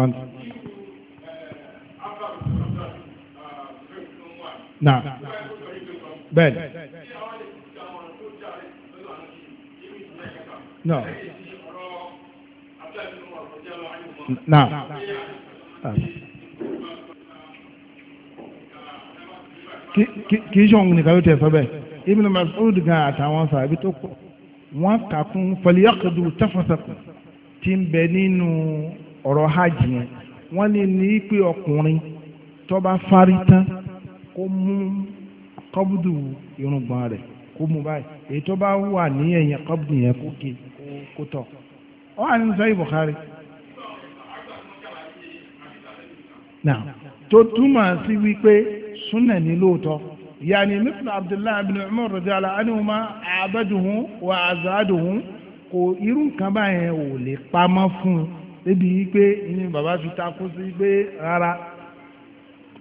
one now bẹ́ẹ̀ni no now. now. kì í ṣe òun nìkan ló tẹ̀ sọ bẹ́ẹ̀ Ibn Mas'ud gan àtàwọn sàbí tó kọ́. wọn kà kún fọlíyàkùdù tẹ́fọ̀sẹ̀kù tí bẹ nínú ọ̀rọ̀ hajj yẹn wọ́n ní ní pé ọkùnrin tó bá tán kó mú kọ́bùdù irùngbọ̀n rẹ kó mú báyìí èyí tó wà ní ẹ̀yìn kọ́bùdù yẹn kó ké kó tọ̀ ọ́ يعني مثل عبد الله بن عمر رضي الله عنهما عبده وعزاده kò irú nǹkan báyẹn ò lè pamọ́ fún un débi pé ní bàbá fi takú sí pé rárá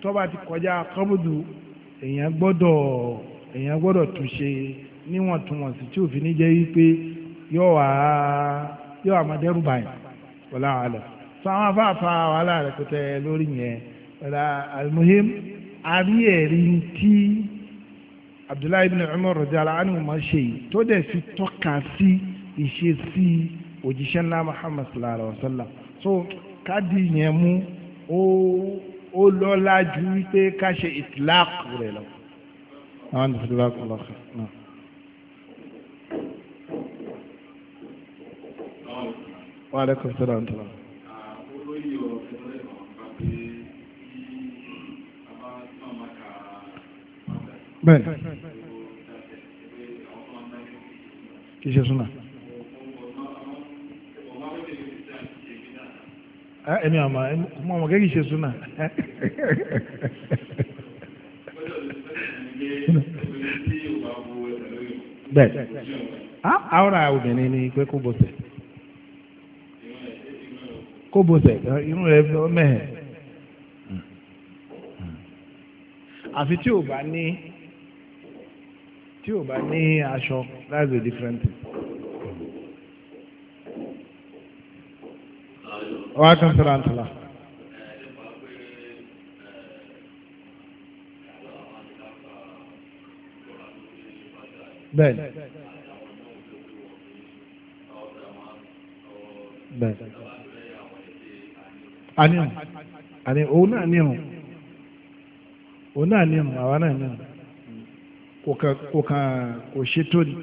tọ́ba ti kọjá kọ́bùdù èèyàn gbọ́dọ̀ èèyàn gbọ́dọ̀ tún ṣe níwọ̀ntúnwọ̀nsì tí òfin ní jẹ́ wípé yóò wá yóò wá mọ́dẹ́rù báyìí wọ́lá àlọ́ sọ àwọn afáàfà wàhálà rẹ̀ kò lórí yẹn wọ́lá àlùmọ́hìm àrí ẹ̀rí abdullahi ibn umar radiyallahu anhu máa ṣe yìí tó dẹ̀ fi tọ́ka sí ìṣesí òjíṣẹ́ ńlá muhammad sallallahu alayhi wa sallam so káàdì yẹn mú ó ó lọ́la ju wípé ká ṣe itlaq rẹ̀ lọ. àwọn àti fúdùbà kò bẹ́ẹ̀ kì í ṣe súnà. ẹni àmà ọmọ ọmọ kẹ́kì ṣe súnà. bẹ́ẹ̀ àwọn obìnrin ni pé àfi tí bá ní. tí ò bá ní aṣọ that's a different thing. wàá tún sọ̀rọ̀ àǹtọ̀là. bẹ́ẹ̀ni. bẹ́ẹ̀ni. àníhùn àníhùn òun náà níhùn òun náà níhùn àwa náà níhùn kò kàn kò ṣe tó ni.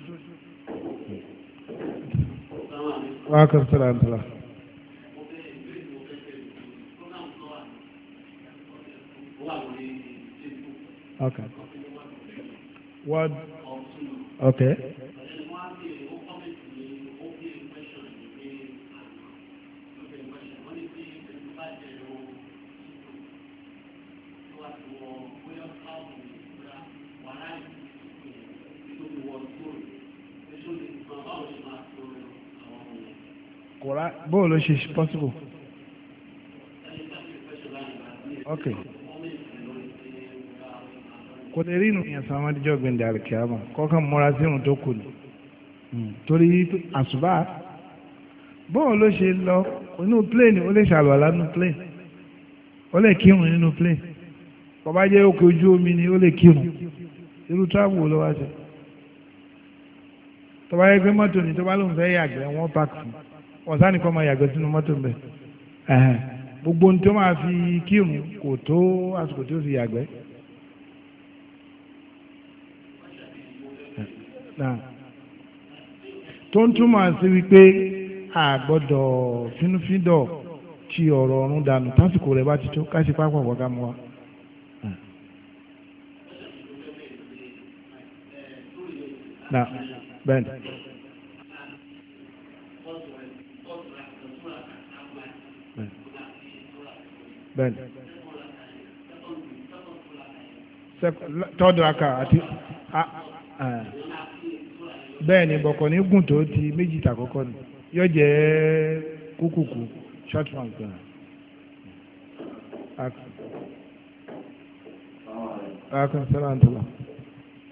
wọ́n á kàn sọ̀rọ̀ àǹtọ̀rọ̀. Okay. What? bóòlù ṣe possible. ok kò lè rí ìrìn àṣà àwọn adíjọ́ gbẹ̀ndẹ̀ àríkìámà kọ́kàn múra sí ìrùn tó kù ní hmm. torí àṣùbà bóòlù ṣe lọ inú plane ó lè ṣàlùwàlá nínú plane ó lè kírun nínú plane bọ́bá jẹ́ òkè ojú omi ni ó lè kírun irú táàbù ló wá jẹ́ tọ́ba yẹ pé mọ́tò ní tọ́ba ló ń fẹ́ yàgbẹ́ wọ́n pàkì fún un ọ̀sán nìkan máa yàgbẹ́ sínú mọ́tò ń bẹ̀ gbogbo ohun tó máa fi kírun kò tó àsìkò tó fi yàgbẹ́. tó ń túmọ̀ sí wípé àgbọ́dọ̀ fínúfíndọ̀ ti ọ̀rọ̀ ọ̀run dànù tásìkò rẹ̀ bá ti tó ká pápá ọ̀gá mu wa. bẹ́ẹ̀ni. bẹ́ẹ̀ni tọ́dọ̀ aka àti bẹ́ẹ̀ni bọ̀kọ̀ ní gùn tó ti méjì tàkọ́kọ́ ni yóò jẹ́ kúkúkú short round gan. Akan sara n tula.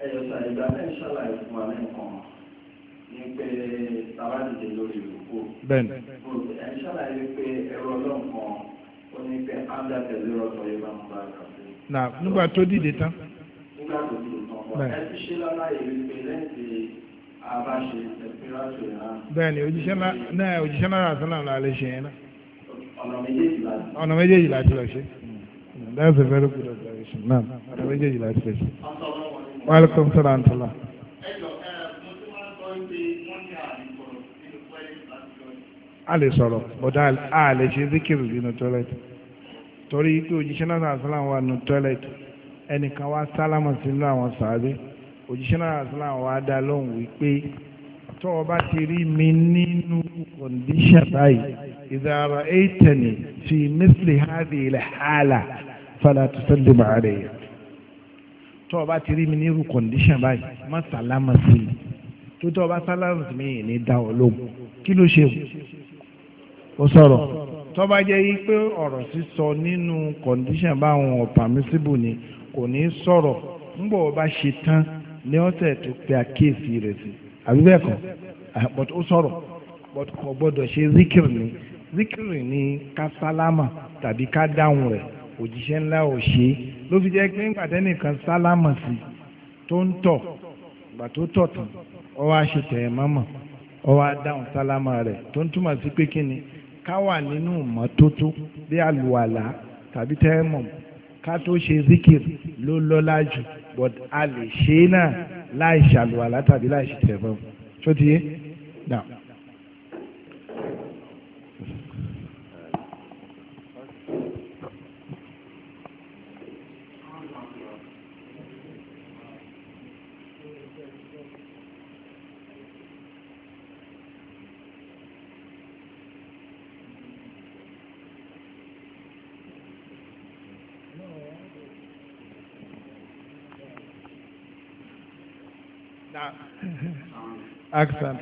Ẹ yọ sa ìgbà náà ṣàlàyé fún wa lẹ́kọ̀ọ́ ní pé tàbá dìde lórí ìlú kò. Bẹ́ẹ̀ni. Ẹ ṣàlàyé pé ẹ̀rọ ọlọ́run kan ó ní pé áńdà tẹ̀lé rọ̀tọ̀ yìí máa ń bá a kàfé. nà nígbà tó dìde tán. nígbà tó dìde tán bọ́ ẹ ti ṣe lọ́la yìí pé lẹ́sìn àbáṣe ẹ̀fínráṣọ yìí náà. bẹ́ẹ̀ni náà òjíṣẹ́ náà àti náà lálẹ́ ṣe yẹn náà. ọ̀nà méjèèjì láti lọ ṣe. that's a very good observation náà ọ̀nà méjèèjì láti lọ ṣe. welcome to rantala. a lè sọ̀rọ̀ bọ́dá a lè ṣe zikiri nínú tọ́lẹ́tì torí pé òjíṣẹ́ náà àṣàlá wà nù tọ́lẹ̀tì ẹnìkan wá sálámà sínú àwọn sàábé òjíṣẹ́ náà àṣàlá wà dá lóhùn wípé tó o bá ti rí mi nínú kọ̀ǹdíṣà báyìí ìdára ẹ̀tẹ̀nì fi mísìlì hádi ilẹ̀ hàlà fàlà tó sẹ́lẹ̀ máa rẹ̀ yẹ. tó o bá ti rí mi nínú kọ̀ǹdíṣà báyìí má sálámà sí i tó tó o bá sálámà sí mi ní dá lóhùn kí ló ṣe o sọ̀rọ̀. tó bá jẹ́ yí pé ọ̀rọ̀ sísọ nínú condition báwọn permissible ni kò ní sọ̀rọ̀ ńgbọ̀ bá ṣe tán ní ọ̀sẹ̀ tó pe àkíyèsí rẹ̀ sí àbí bẹ́ẹ̀ kọ́ but ó sọ̀rọ̀ but kò gbọ́dọ̀ ṣe zikiri ni zikiri ni ká sálámà tàbí ká dáhùn rẹ̀ òjíṣẹ́ ńlá ò ṣe é ló fi jẹ́ pé sálámà sí tó ń tọ̀ ìgbà tó tọ̀ tán wá ṣe tẹ̀yẹ̀ mọ́mọ́ wá dáhùn sálámà rẹ̀ tó ń túmọ̀ sí pé ká wà nínú mọ́tótó bí àlùwàlá tàbí tẹ́ẹ̀mọ̀ ká tó ṣe zikir ló lọ́lá jù but a lè ṣe é náà láì ṣàlùwàlá tàbí láì ṣe tẹ̀mọ̀ tó ti yé. Now. Aksan.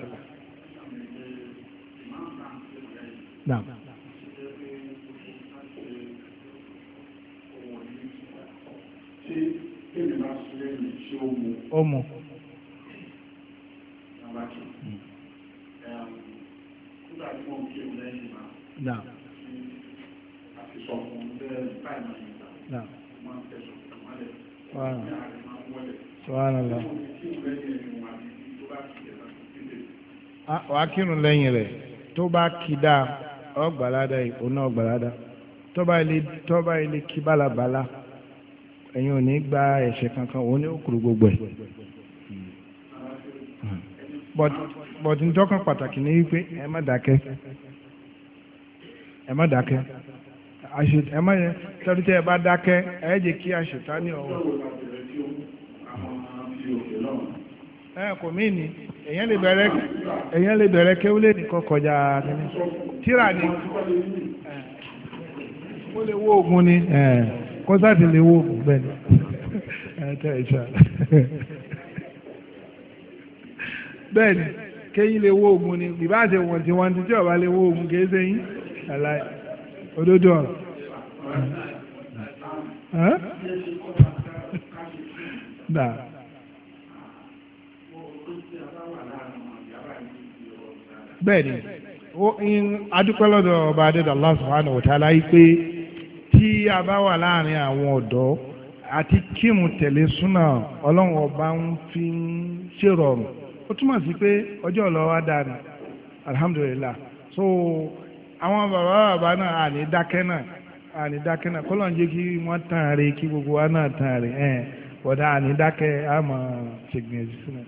Naam. kírun lẹ́yìn rẹ̀ tó bá kí dáa ọgbàládà ìpò náà ọgbàládà tọ́ba ilé tọ́ba ilé kí gba ẹ̀ṣẹ̀ kankan òun gbogbo ẹ̀. but but pàtàkì ni wípé ẹ má dákẹ́ ẹ má dákẹ́ ẹ má yẹ tọ́jú ẹ bá dákẹ́ ẹ jẹ́ kí kò mí ni èyàn lè bẹ̀rẹ̀ èyàn lè bẹ̀rẹ̀ kéwúlé nìkan kọjá nínú tíra ni ó lè wo oògùn ni kọ́sáàtì lè wo oògùn bẹ́ẹ̀ ni bẹ́ẹ̀ ni kéyìn lè wo oògùn ni bìbá àti wọ̀ntìwọ̀ntì tí ọba lè wo oògùn kìí ṣe yín àlàyé òdodo ọ̀rọ̀. Nah. bẹ́ẹ̀ni adúpẹ́ lọ́dọ̀ ọba adéda Allah subhanahu wa ta'ala yìí pé tí a bá wà láàrin àwọn ọ̀dọ́ àti kíìmù tẹ̀lé súnà ọlọ́run ọba ń fi ń ṣèrọ̀rùn ó túmọ̀ sí pé ọjọ́ ọlọ́wà dára alhamdulillah so àwọn bàbá bàbá náà àní dákẹ́ náà àní dákẹ́ náà kọ́lọ̀ ń jẹ́ kí wọ́n tàn rí kí gbogbo wa náà tàn rí ẹ̀ ọ̀dà àní dákẹ́ àmọ́ ṣègbìn ẹ̀sìn náà.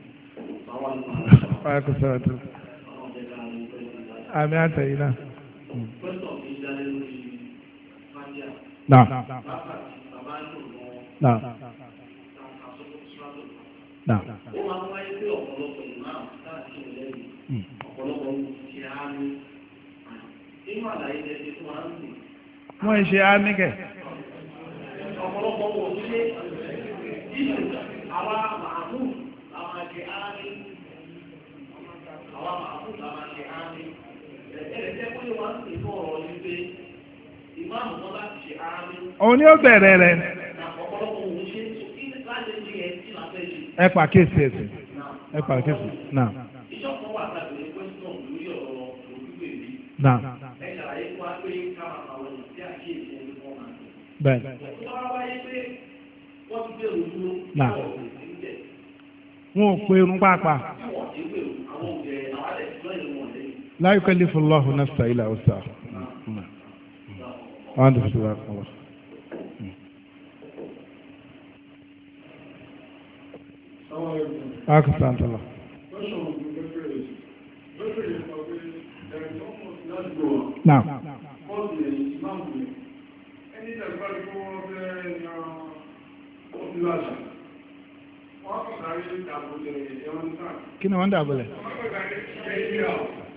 àmì àtẹ̀yìn náà. Nà. Nà. Nà. Ó máa ń wáyé pé ọ̀pọ̀lọpọ̀ ìmáà káàkiri lẹ́yìn ọ̀pọ̀lọpọ̀ ti á ní. Nínú àlàyé ẹ̀ ti fún wa ń sìn. Wọ́n ń ṣe á níkẹ̀. Ọ̀pọ̀lọpọ̀ wò ní ilé ìlú àwa màmú àwọn àti á ní. Àwa màmú àwọn àti á ní ẹ̀ẹ́dẹ́gbẹ́ kó lè wá sí ìfọ̀ ọ̀rọ̀ yìí pé ìmáàmù òun ni ó bẹ̀rẹ̀ rẹ̀. ẹ pa kéèsì ẹ̀sìn ẹ pa kéèsì náà. náà. bẹ́ẹ̀. ìjọba wọ́n ò pe irun pàápàá la yukallifu Allahu nafsan illa wus'aha. Akasantala. Now. Kí ni wọ́n dàbọ̀lẹ̀?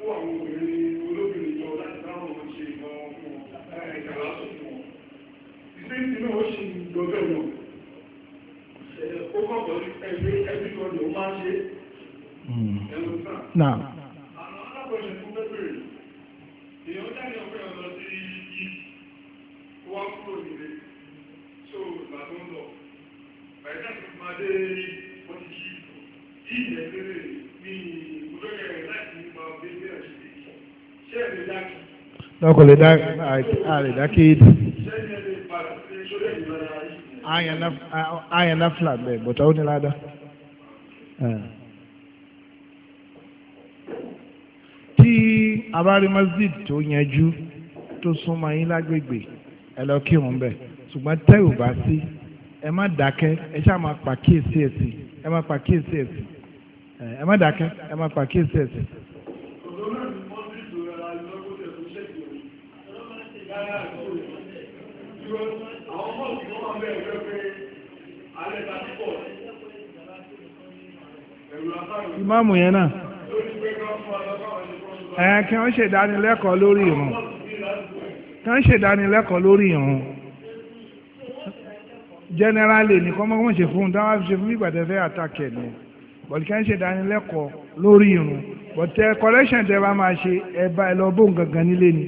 fún àwọn obìnrin olóbìnrin jọ láti dáhùn ọmọ ṣe ìmọ̀ fún ẹ̀ka lásán fún wọn. ìsèǹtì náà ó ṣì lọ́jọ́ náà. ó kọ̀ọ̀kan ẹgbẹ́ ẹgbẹ́ kan ló máa ṣe hmm. ẹ̀rọ náà. àwọn alábọ̀ṣẹ̀ fún bẹ́bẹ̀rẹ̀ èèyàn jáde ọ̀pẹ́ ọ̀lọ́ sí yìí wá kúrò nílé tó ìgbàgbọ́ ń lọ. bàyẹ̀ náà ti máa dé ọtí yìí ìyẹn lọ́kọ̀ lè dá àrè dákéèdì àyànná flag bẹ́ẹ̀ bọ̀tà ó ní ládàá. Eh. tí a bá rí masjid tó yanjú tó súnmọ́ yín lágbègbè ẹ lọ kírun bẹ́ẹ̀ ṣùgbọ́n tẹ́ ò bá sí ẹ má dákẹ́ ẹ ṣáà máa pàkíyèsí ẹ̀sìn ẹ máa pàkíyèsí ẹ̀sìn ẹ má dákẹ́ ẹ má pa kíyèsí ẹ̀sìn. ìmáàmù yẹn náà ẹ̀ kí wọ́n ṣèdánilẹ́kọ̀ọ́ lórí ìrun kí wọ́n ṣèdánilẹ́kọ̀ọ́ lórí ìrun generally nìkan mọ́ wọ́n ṣe fún un dáwọ́ fi ṣe fún ìgbàdẹ́fẹ́ àtàkẹ́ nìyẹn bọ̀dì kí wọ́n ṣe ìdánilẹ́kọ̀ọ́ lórí irun bọ̀tẹ́ correction tẹ́ bá máa ṣe ẹ bá ẹ lọ bóun gangan nílé ni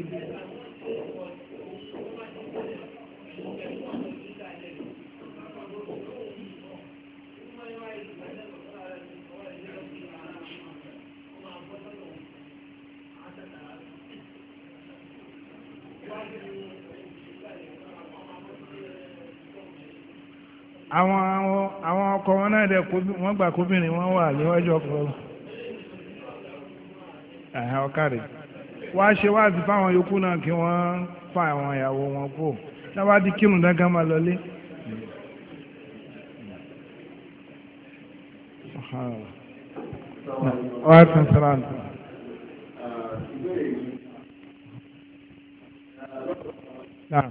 àwọn àwọn ọkọ wọn náà dẹ wọn gbà kóbìnrin wọn wà níwájú ọkọ ẹhẹ ọkàrẹ wá ṣe wáàsí fáwọn yòókù náà kí wọn fa àwọn ìyàwó wọn kú tábà di kírun dáńgá máa lọlé. ọ̀hún ọ̀hún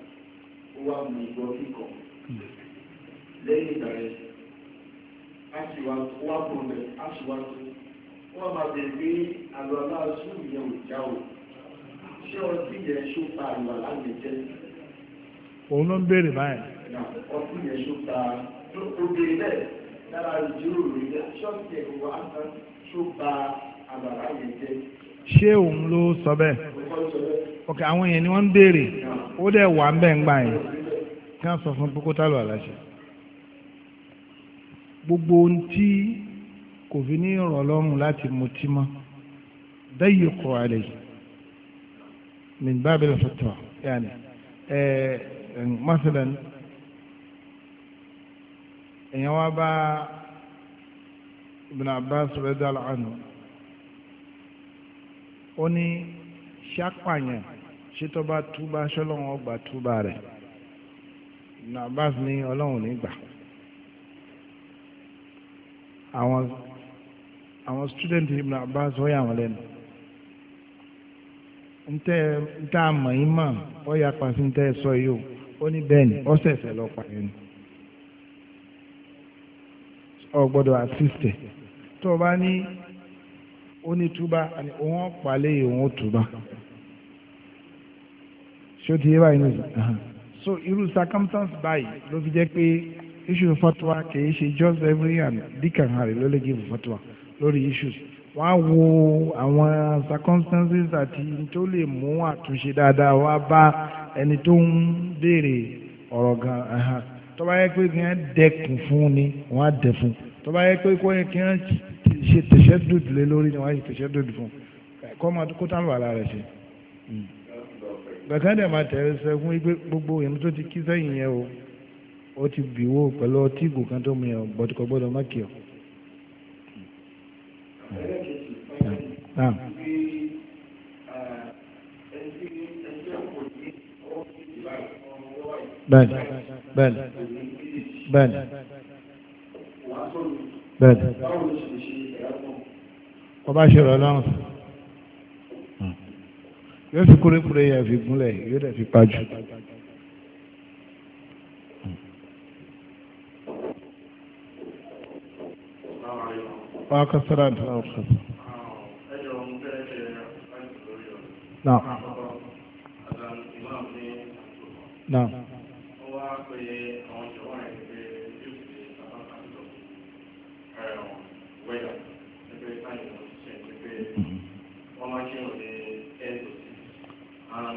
wá mú ìgbọ́ kíkọ lẹ́yìn ìgbà rẹ̀ aṣèwà wá bọ̀ rẹ̀ aṣèwà tó wọ́n máa bẹ̀rẹ̀ pé àlọ́ aláṣù yẹn ò já o ṣé ọtí yẹn ṣó pa àlọ́ aláṣẹ jẹ́. òun ló ń béèrè báyìí. ọtí yẹn ṣó pa òde bẹ́ẹ̀ lára ìjíròrò yẹn ṣọ́ọ̀tì ẹ̀kọ́ wa ṣó pa àlọ́ aláṣẹ jẹ́ ṣé òun ló sọ bẹ́ẹ̀ ok àwọn èèyàn ni wọ́n ń béèrè ó dẹ̀ wà ń bẹ̀ ń gbà yẹn kí wọ́n sọ fún pé kó tá lọ gbogbo ohun tí kò fi ní rọ̀ láti mutí mọ́ dáyé kọ́ àlẹ́ yìí min bábí lọ fẹ́tọ̀ yáni ẹ ẹ mọ́sálẹ̀ ni èèyàn wá bá Ibn Abbas radiyallahu anhu ó ní ṣàpàyàn ṣé tó bá túbá ṣọlọ́run ọgbà túbá rẹ̀ Ibn Abbas ní ọlọ́run nígbà àwọn àwọn student Ibn Abbas ó yà wọ́n lẹ́nu ntẹ ntẹ àmọ yín mà ọ yà pàṣẹ ntẹ sọ yìí o ó ní bẹ́ẹ̀ ni ọ lọ pàṣẹ ni ọ gbọ́dọ̀ tó o bá ní ó ní túbá àní òun pàlẹ́ òun túbá ṣó ti yé báyìí nìyí so irú circumstance báyìí ló fi jẹ́ pé issue fatwa kìí ṣe just every and dika hari ló lè give fatwa lórí issues wọ́n á wo àwọn circumstances àti tó lè mú àtúnṣe dáadáa wá bá ẹni tó ń béèrè ọ̀rọ̀ gan-an tó yẹ pé kí wọ́n dẹkùn fún ni wọ́n á dẹ fún un tó bá yẹ pé kó yẹ kí wọ́n ṣe tẹ̀sẹ̀ dùdù lé lórí ni wọ́n ṣe tẹ̀sẹ̀ dùdù fún kọ́ máa kó tán lọ ara rẹ̀ ṣe. Hmm. gbàgádà máa tẹ̀lé sẹ́gun gbogbo ìlú tó ti kí sẹ́yìn yẹn o ó ti bìwó pẹ̀lú ọtí ìgò kan tó mu yẹn bọ̀dùkọ̀ gbọ́dọ̀ má kì ọ́. Hmm. Hmm. bẹ́ẹ̀ni bẹ́ẹ̀ni bẹ́ẹ̀ni bẹ́ẹ̀ni ọba ṣẹlẹ̀ ọlọ́run yóò fi kúrékúré yẹn fi gúnlẹ̀ yóò dẹ̀ fi pajú. Wákàtí sára ní ọ̀rọ̀ kan. Náà. Náà.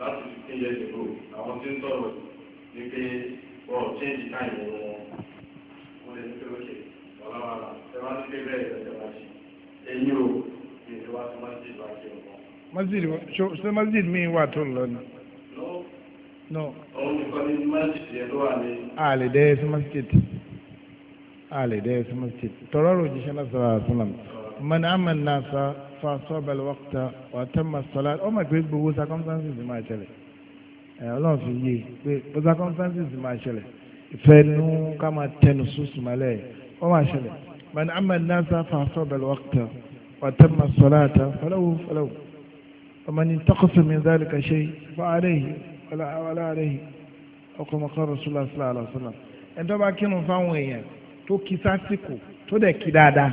láti fifteen years ago àwọn tí ń sọ̀rọ̀ ní pé wọ́n change time wọn wọn lè ní pé ó ṣe ọ̀làwàlà ẹ wá sí pé bẹ́ẹ̀ ìrẹsẹ̀ wá sí ẹ̀yìn o ìrẹsẹ̀ wá sí masjid wá sí ọ̀pọ̀. masjid ṣe masjid mi wà tó lọ ni. no. òun nìkan ni masjid yẹn ló wà ní. a lè dẹ́ sí masjid a lè dẹ́ sí masjid tọ́lọ́rọ̀ òjíṣẹ́ man amal nasa fa sọ́bẹ̀lì wọ́kítà wà tẹ́mà sọ́lá ọmọ ìpè gbogbo circumstances máa ṣẹlẹ̀ ẹ̀ ọlọ́run fi yé pé gbogbo circumstances máa ṣẹlẹ̀ ìfẹ́ nú ká máa tẹnu sùsù mọ́lẹ̀ ọ máa ṣẹlẹ̀ man amal nasa fa sọ́bẹ̀lì wọ́kítà wà tẹ́mà sọ́lá ta fọlọ́wù fọlọ́wù ọmọ ní tọ́kọ̀sọ mi dáàlì ká ṣe fọ́ àárẹ̀yì wọlé àárẹ̀yì ọkọ̀ mọ́kọ́ rasulá sallallahu alaihi wasallam ẹ̀ńtọ́ bá kírun fáwọn èèyàn tó kí sásìkò tó dẹ̀ kí dáadáa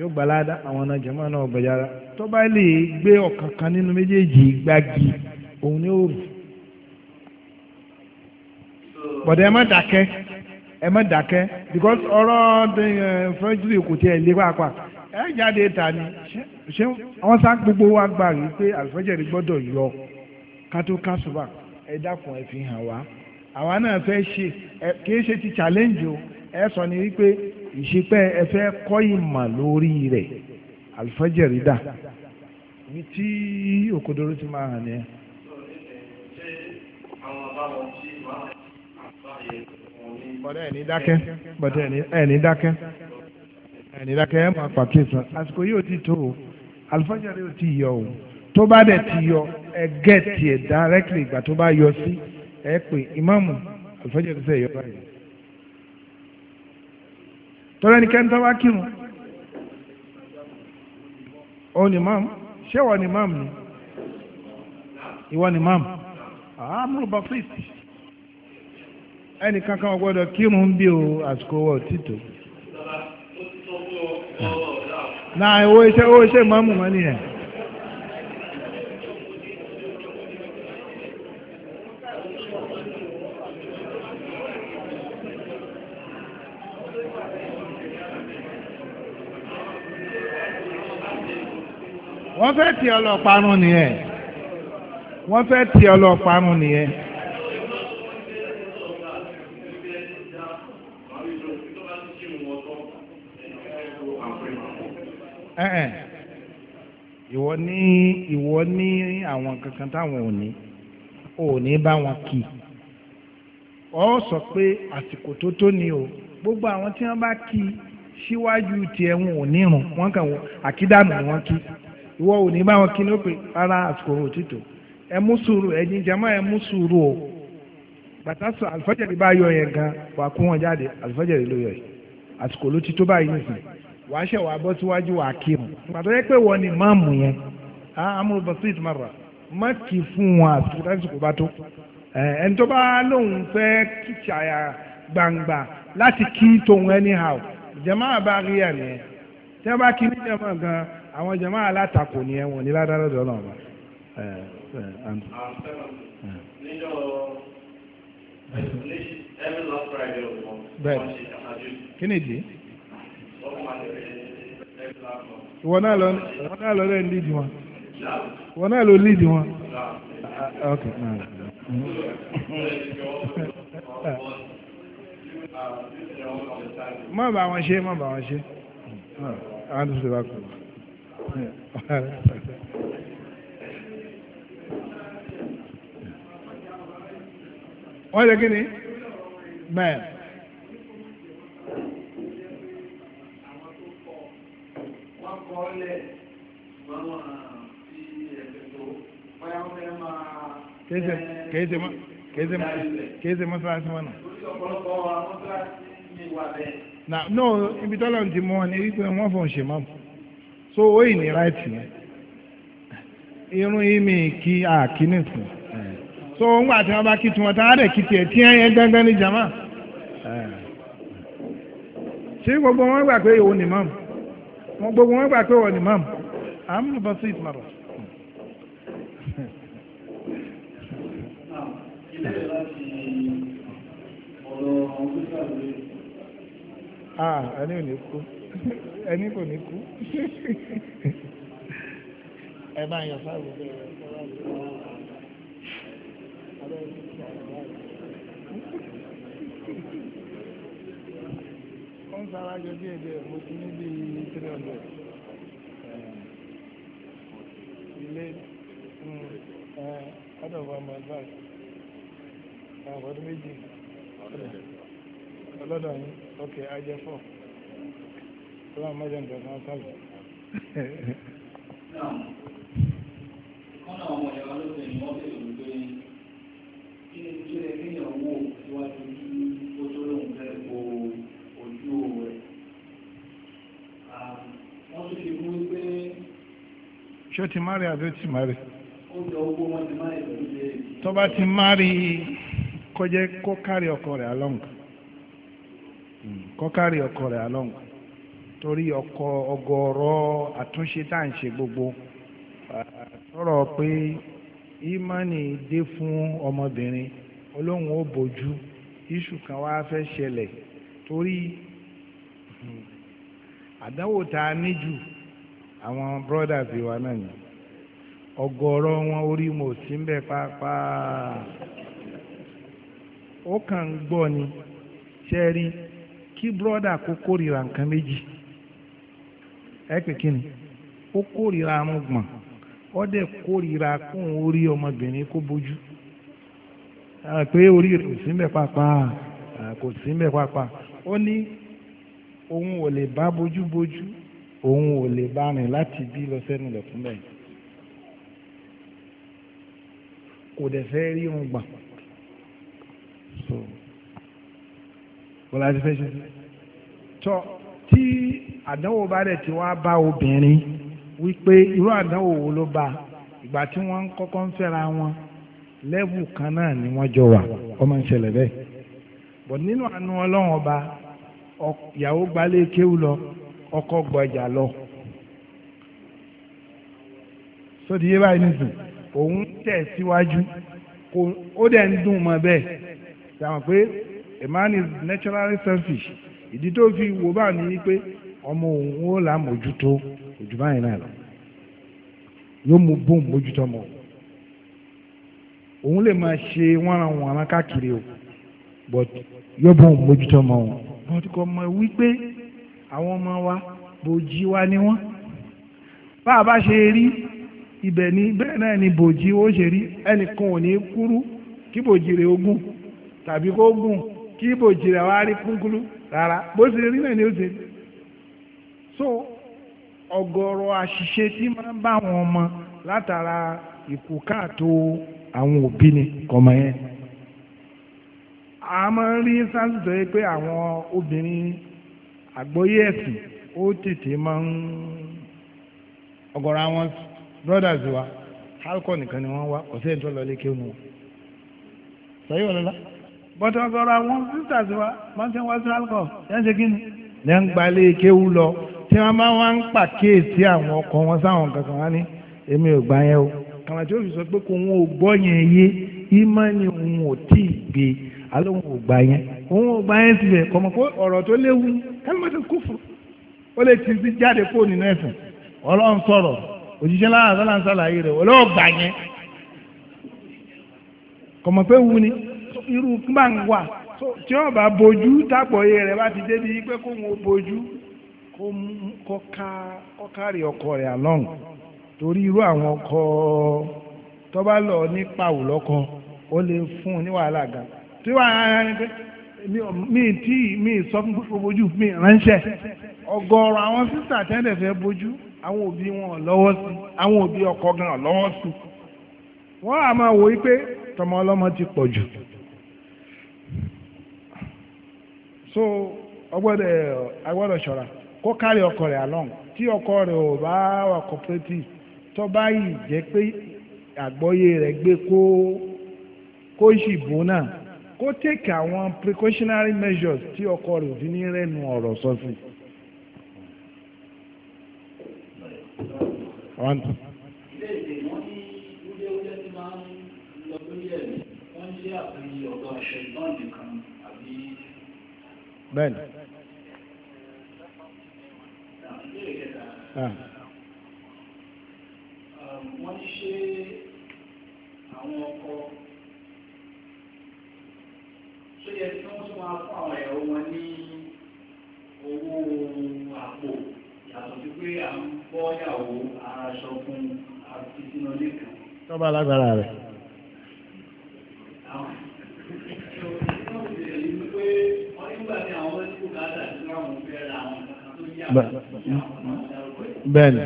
yóò gbalada ládá àwọn ọ̀nà jẹ̀mọ́ náà gbẹ̀jára tó bá lè gbé ọ̀kan kan nínú méjèèjì gbági òun ni ó rù bọ̀dọ̀ ẹ má dákẹ́ ẹ má dákẹ́ because ọ̀rọ̀ fẹ́júlì kò tiẹ̀ lé pàápàá ẹ jáde ta ni ṣé wọ́n sá gbogbo wa gbà rí pé àlùfẹ́jẹ̀rì gbọ́dọ̀ yọ kátó kásùbà ẹ dákun ẹ fi hàn wá àwa náà fẹ́ ṣe kì í ṣe ti challenge o ẹ sọ ni wípé ìṣepẹ́ ẹ fẹ́ kọ́ ìmọ̀ lórí rẹ̀ àlùfájẹ̀rí dà ní tí òkodoro ti máa hàn yẹn. bọ́dẹ̀ ẹ̀ ní dákẹ́ bọ́dẹ̀ ẹ̀ ní dákẹ́ ẹ̀ ní dákẹ́ ẹ̀ máa pàkíyèsí àsìkò yóò ti tó o àlùfájẹ̀rí yóò ti yọ o tó bá dẹ̀ ti yọ ẹ gẹ̀ẹ́tì ẹ̀ directly ìgbà tó bá yọ sí ẹ pè ìmáàmù àlùfájẹ̀rí sẹ̀ báyìí tọ́rẹ́ ní kẹ́ńtọ́ wá kírun ó ní máàmù ṣé ìwọ ni máàmù ni ìwọ ni máàmù àmúrò ah, bá fèsì ẹnì kankan gbọ́dọ̀ kírun bí o àsìkò wọ títò ah. náà owó iṣẹ́ máàmù mọ́ nìyẹn. wọ́n fẹ́ tí ọlọ́parun nìyẹn wọ́n fẹ́ tí ọlọ́parun nìyẹn. ìwọ ní ìwọ ní àwọn kankan táwọn ò ní ò ní bá wọn kì ọ sọ pé àsìkò tó tó ni o gbogbo àwọn tí wọ́n bá kì síwájú tiẹ̀ wọn ò ní rùn wọ́n kàn wọ́n àkídànù wọn kì. ìwọ ò ní bá wọn kí ni ó pè rárá jama ẹ o bàtà sọ àlùfájàrí bá yọ yẹn gan wà kó wọn jáde àlùfájàrí ló yọ yìí àsìkò ló ti tó báyìí nìsín wàá ṣe síwájú kí mu pàtó yẹ pé ni máàmù yẹn amúlò basit mara má kì í fún wọn àsìkò bá tó lóun fẹ́ kíkàyà gbangba láti kí anyhow jama bá rí ẹ̀ nìyẹn àwọn jàmáà alátakò ni ẹ̀wọ̀n ní ládàá lọ́dọ̀ náà wà. last Friday of the month. bẹ́ẹ̀ni kí ni ìdí. ìwọ náà lọ ìwọ náà lọ lẹ́yìn lídìí wọn. ìwọ náà lọ lídìí wọn. ok. má bàa wọn ṣe má bàa wọn ṣe. àwọn tó ṣe bá kú wọ́n lè gíní bẹ́ẹ̀. kèése mọ́sálásí wọn nà. na no ibi tọ́lọ̀ ti mú wọn ní wípé wọ́n fọ̀ ṣe máa so ó ì ní ráìtì yẹn irun imi kí àkíní sùn so ńgbà tí wọn bá kí tiwọn tá a rẹ kí tiẹ tiẹ yẹn gángan ní jama ṣé gbogbo wọn gbà pé òun ni mọ́mù gbogbo wọn gbà pé òun ni mọ́mù àmì bá sí ìtumọ̀rọ̀. Ah, ẹni ò ní kú ẹni kò ní kú ẹ máa yàn fáwọn wọ́n sára jọ bí ẹ̀jẹ̀ mo ti ní bí three hundred ilé mm, ọ̀dọ̀ bá my back àwọn ọdún méjì ọlọ́dọ̀ yín ok ajẹ́ four ọlọ́run mọ́jọ ń dọ̀gbọ́n sábà. kọ́nà ọmọ ìyá olóògbé ni wọ́n bèèrè wípé kí ni kí ni kí ni owó síwájú kí ó tó lóun fẹ́ bo ojú rẹ̀. wọ́n ṣé o ti má rí àbí o ti má rí. ó jọ owó wọn ti má rí pẹ̀lú ìbéèrè. tó bá ti má rí kó jẹ́ kó kárí ọkọ rẹ̀ along hmm, kó kárí ọkọ rẹ̀ along. torí ọkọ ọgọrọ àtúnṣe tá à ń ṣe gbogbo sọ̀rọ̀ pé ìmánì dé fún ọmọbìnrin olóhùn ó bójú iṣu kan wá fẹ́ ṣẹlẹ̀ torí hmm, àdánwò tá a níjù àwọn brothers wa náà ni ọgọrọ wọn orí mo sí ń bẹ pàápàá ó kàn ń gbọ́ ni ṣe rí kí brother kó kórìíra nǹkan méjì. ẹ pè kí ni ó kórìíra amúgbọ̀n ó dẹ̀ kórìíra kóun orí ọmọbìnrin kó bójú pé orí rẹ̀ kò sí mbẹ̀ pàápàá kò sí mbẹ̀ pàápàá ó ní òun ò lè bá bójúbójú òun ò lè bá rìn láti bí lọ sẹ́nu lẹ̀kún bẹ́ẹ̀ kò dẹ̀ fẹ́ rí irun gbà so bọ́lá ti fẹ́ ṣe tọ́ tí àdánwò bá rẹ̀ ti wá bá obìnrin wípé irú àdánwò wo ló bá ìgbà tí wọ́n ń kọ́kọ́ ń fẹ́ra wọn lẹ́bù kan náà ni wọ́n jọ wà ó máa ń ṣẹlẹ̀ bẹ́ẹ̀ bọ̀ nínú àánú ọlọ́run ọba ìyàwó gbalé kéwù lọ ọkọ gbọjà lọ sódì yé báyìí nìsín òun tẹ̀ síwájú kò ó dẹ̀ ń dùn mọ́ bẹ́ẹ̀ sàmọ̀ pé a man is naturally selfish ìdí tó fi wò bá ní wípé ọmọ òun ó là mójútó òjò báyìí náà lọ yóò mú bóun mójútó ọmọ òun lè máa ṣe wọ́nranwọ̀nran káàkiri o but yóò bóun mójútó ọmọ òun wọ́n ti kọ́ mọ wípé àwọn ọmọ wa bòjì wa ni wọ́n bá a bá ṣe rí ibẹ̀ ni bẹ́ẹ̀ náà ni bòjì ó ṣe rí ẹnìkan ò ní kúrú kí bòjì rẹ̀ ó tàbí kó gùn kí bòjì rẹ̀ wá rí kúnkúrú rárá bó ṣe rí náà ni ó ṣe so ọgọrọ àṣìṣe tí máa ń bá àwọn ọmọ látara ìkú káàtó àwọn òbí kọmọ yẹn a máa ń rí sáńsì pé àwọn obìnrin àgbọ́yé ẹ̀sìn ó tètè máa ń àwọn brothers wa halkọ nìkan ni wọ́n wá ọ̀sẹ̀ lọ lé bọ́tọ̀ ọgọ́rọ̀ àwọn sisters wa mountain west alcohol yẹn ṣe kí ni lẹ́ ń gbalé kéwú lọ tí wọ́n bá wá ń pàkíyèsí àwọn ọkọ wọn sáwọn kankan wá ní èmi ò gbà yẹn o kàmá tí ó fi sọ pé kò wọn ò gbọ́ yẹn yé ìmánì òun ò tí ì gbé alẹ́ òun ò gbà yẹn òun ò gbà yẹn síbẹ̀ kọ̀mọ̀ pé ọ̀rọ̀ tó léwu kálímọ̀tì kúfù ó lè ti sí jáde kó nínú ẹ̀sìn ọlọ́run sọ̀rọ̀ òjíṣẹ́ irú gbàǹwà tí ó bá bojú tápọ̀yé rẹ̀ bá ti débi pé kó wọn bojú kó kárí ọkọ rẹ̀ àlọ́hùn torí irú àwọn ọkọ tó bá lọ ní pàwọ́ lọ́kọ ó lè fún ní wàhálà gan tí wàhálà ni pé mi tí mi sọ fún bojú mi ránṣẹ́ ọ̀gọ̀ọ̀rọ̀ àwọn sísà tẹ́lẹ̀ fẹ́ bojú àwọn òbí wọn lọ́wọ́ sí àwọn òbí ọkọ gan lọ́wọ́ sí wọ́n á máa wò ó pé tọmọ ọlọ́mọ ti pọ̀ jù so ọgbọ́dọ̀ agbọ́dọ̀ ṣọ́ra kó kárí ọkọ rẹ̀ along tí ọkọ rẹ̀ ò bá wà cooperative tó báyìí jẹ́ pé àgbọ́yé rẹ̀ gbé kó kó sì bò náà kó take àwọn precautionary measures tí ọkọ rẹ̀ ò fi ní rẹ́nu ọ̀rọ̀ sọ sí. One, two. wọ́n jẹ́ àpèjì ọ̀dọ́ àṣẹ nìkan bẹ́ẹ̀ ah. wọ́n ṣe àwọn ọkọ̀ ṣé yẹ kí wọ́n tún máa fún àwọn ẹ̀rọ wọn ní owó àpò yàtọ̀ sí pé à ń bọ́ yàwó aṣọ fún àti sínú ilé tọ́ba alágbára rẹ̀. bẹ́ẹ̀ni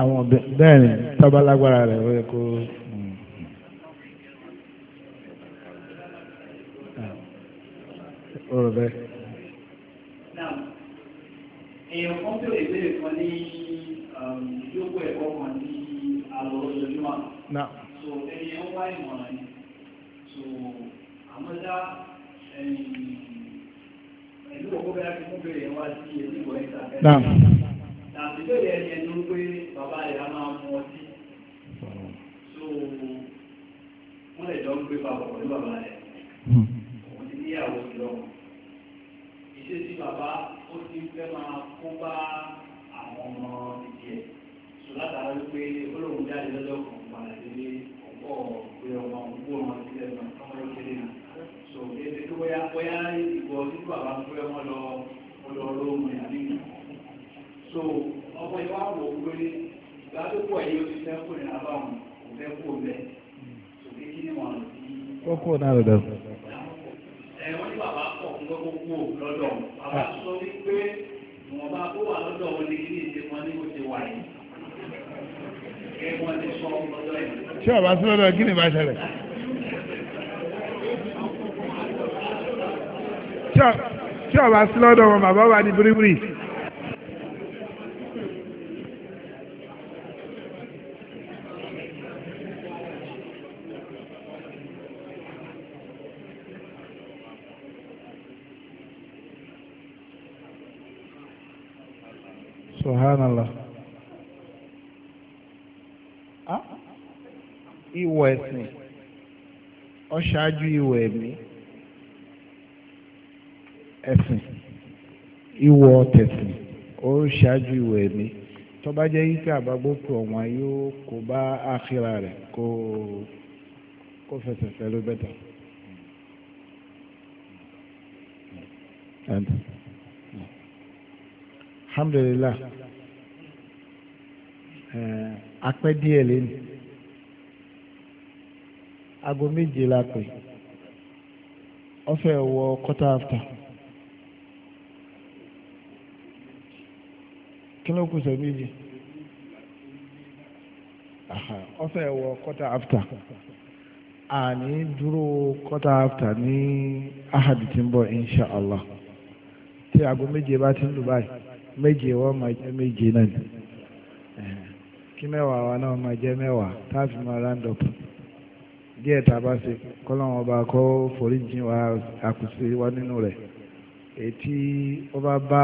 àwọn bẹ́ẹ̀ni tọ́ba lágbára rẹ̀ ó yẹ kó. Hmm. ọ̀rọ̀ bẹ́ẹ̀. èèyàn kan tó lè béèrè kan ní um, ìjókòó ẹ̀kọ́ kan ní àlọ́ ìlú òkú bẹ́ẹ̀ fi fún bèrè wá sí èdè ìwọ̀ ìta bẹ́ẹ̀. tàbí bèrè ẹni ẹni ló pé bàbá rẹ̀ á máa mú ọtí. so wọ́n lè jọ ń gbé papọ̀ pẹ̀lú bàbá rẹ̀. òun ti níyàwó lọ. ìṣe tí bàbá ó ti fẹ́ máa kó bá àwọn ọmọ ìdí ẹ̀. sọ látara wípé olóhùn jáde lọ́jọ́ kan padà délé ọ̀pọ̀ pé ọmọ òun kó wọn sílẹ̀ náà ọmọ ló kéré náà tó ẹni tó bóyá bóyá ìbò títí bàbá ń pẹ́ wọn lọ wọn lọ lóhùn ẹ̀ àbí. so ọmọ yìí wá wò ó pé ìgbàlópọ̀ ẹ̀yẹ oṣù sẹ́kù ní abáwọn kò fẹ́ kú ọ̀bẹ tó ké kí ni wọn lọ sí. ó kú náà lọ dẹ̀sán. ẹ wọ́n ní bàbá pọ̀ fún gbogbo kú ò lọ́dọ̀ bàbá sọ wípé ìwọ̀nba ó wà lọ́dọ̀ wọn ní kí ní ìdí wọn ní bó ti wà yìí. ṣé ọba sí lọ́dọ̀ kí ni ìbá ṣẹlẹ̀? tí ọba sí lọ́dọ̀ wọn bàbá wa ní bíríbírí. Subhanallah. Ah, ìwọ̀ ẹ̀sìn, ó ṣáájú ìwọ̀ ẹ̀mí. ẹ̀sìn ìwọ tẹ̀sìn ó ṣáájú ìwọ ẹ̀mí tó bá yíká àbágbókù ọ̀wọ́n yóò kó bá àkírà rẹ̀ kó kó fẹsẹ̀ fẹ́ ló alhamdulilah eh, apẹ́ díẹ̀ lẹ́nu aago méje la pè wọ kí ló kù sọ méjì ọfẹ wọ kọta after àní dúró kọta after ní ahadi tí ń bọ̀ insha allah tí aago méje bá ti ń lù báyìí méje wọn máa jẹ méje náà ni kí mẹ́wàá wa náà máa jẹ mẹ́wàá tá a fi máa round up díẹ̀ tá a bá ṣe kọ́lọ́wọ́n ọba kó foríjì wa àkùsí wa nínú rẹ̀ èyí tí ó bá bá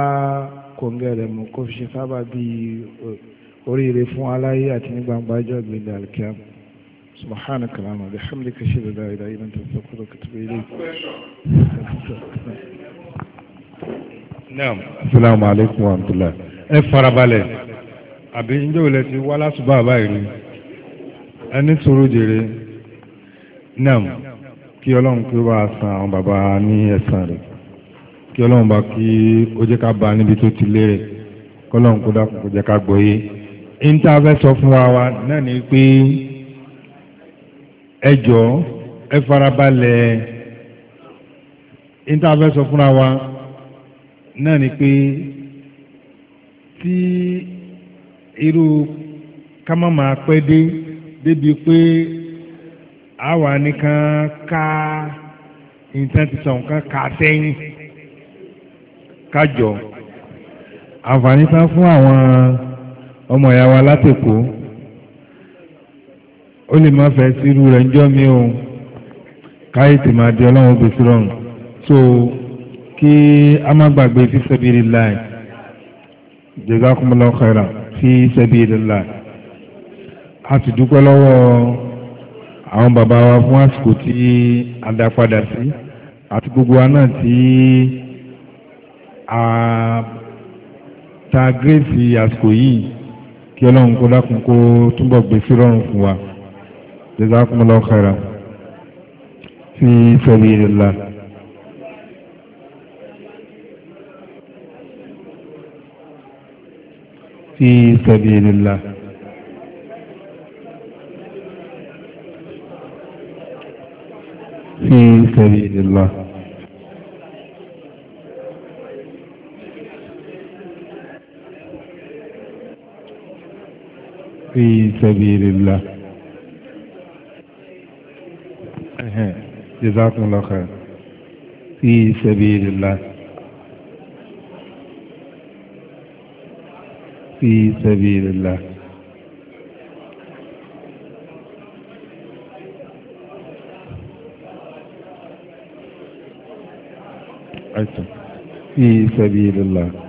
kòǹgẹ́ rẹ̀ mú kó fi ṣe sábà bí oríire fún aláyé àti ní gbangba ọjọ́ ìgbìndà alkiyam subhanahu kalam abi hamdi kashi da da'ida idan ta fi kuro ka tabi ilé. naam asalaamu alaykum wa rahmatulah ẹ farabalẹ̀ àbí njẹ́ òlẹ̀ ti wá lásùbà báyìí ẹni sòrò jèrè naam kí ọlọ́run kí ó bá san àwọn bàbá ní ẹ̀san rẹ̀ kí ọlọ́run bá kí ó jẹ́ ká bá níbi tó ti lérè kọ́lọ́run kó dákun kó jẹ́ ká gbọ́yé níta fẹ́ sọ fún wa wa náà ni pé ẹ jọ ẹ farabalẹ̀ níta fẹ́ sọ fúnra wa náà ni pé tí irú ká má máa pẹ́ dé débi pé àwa nìkan ká nǹkan ti sọ nǹkan ká sẹ́yìn kájọ àǹfààní tán fún àwọn ọmọ ìyá wa látèkó ó lè má fẹ́ sírú rẹ̀ ń jọ́ mi o káyé tèmi adé ọlọ́run gbèsè rọrùn so kí a má gbàgbé fi sabilillah jazakumullahu khairan fi sabilillah a ti dúpẹ́ lọ́wọ́ àwọn bàbá wa fún àsìkò tí a dá padà sí àti gbogbo wa náà tí ta gírèsì àsìkò yìí kí ọlọ́run kó dákun kó túbọ̀ gbé sí rọrùn fún wa jazakumullahu khairan fi sabilillah. في سبيل الله في سبيل الله في سبيل الله جزاكم الله خير في سبيل الله في سبيل الله في سبيل الله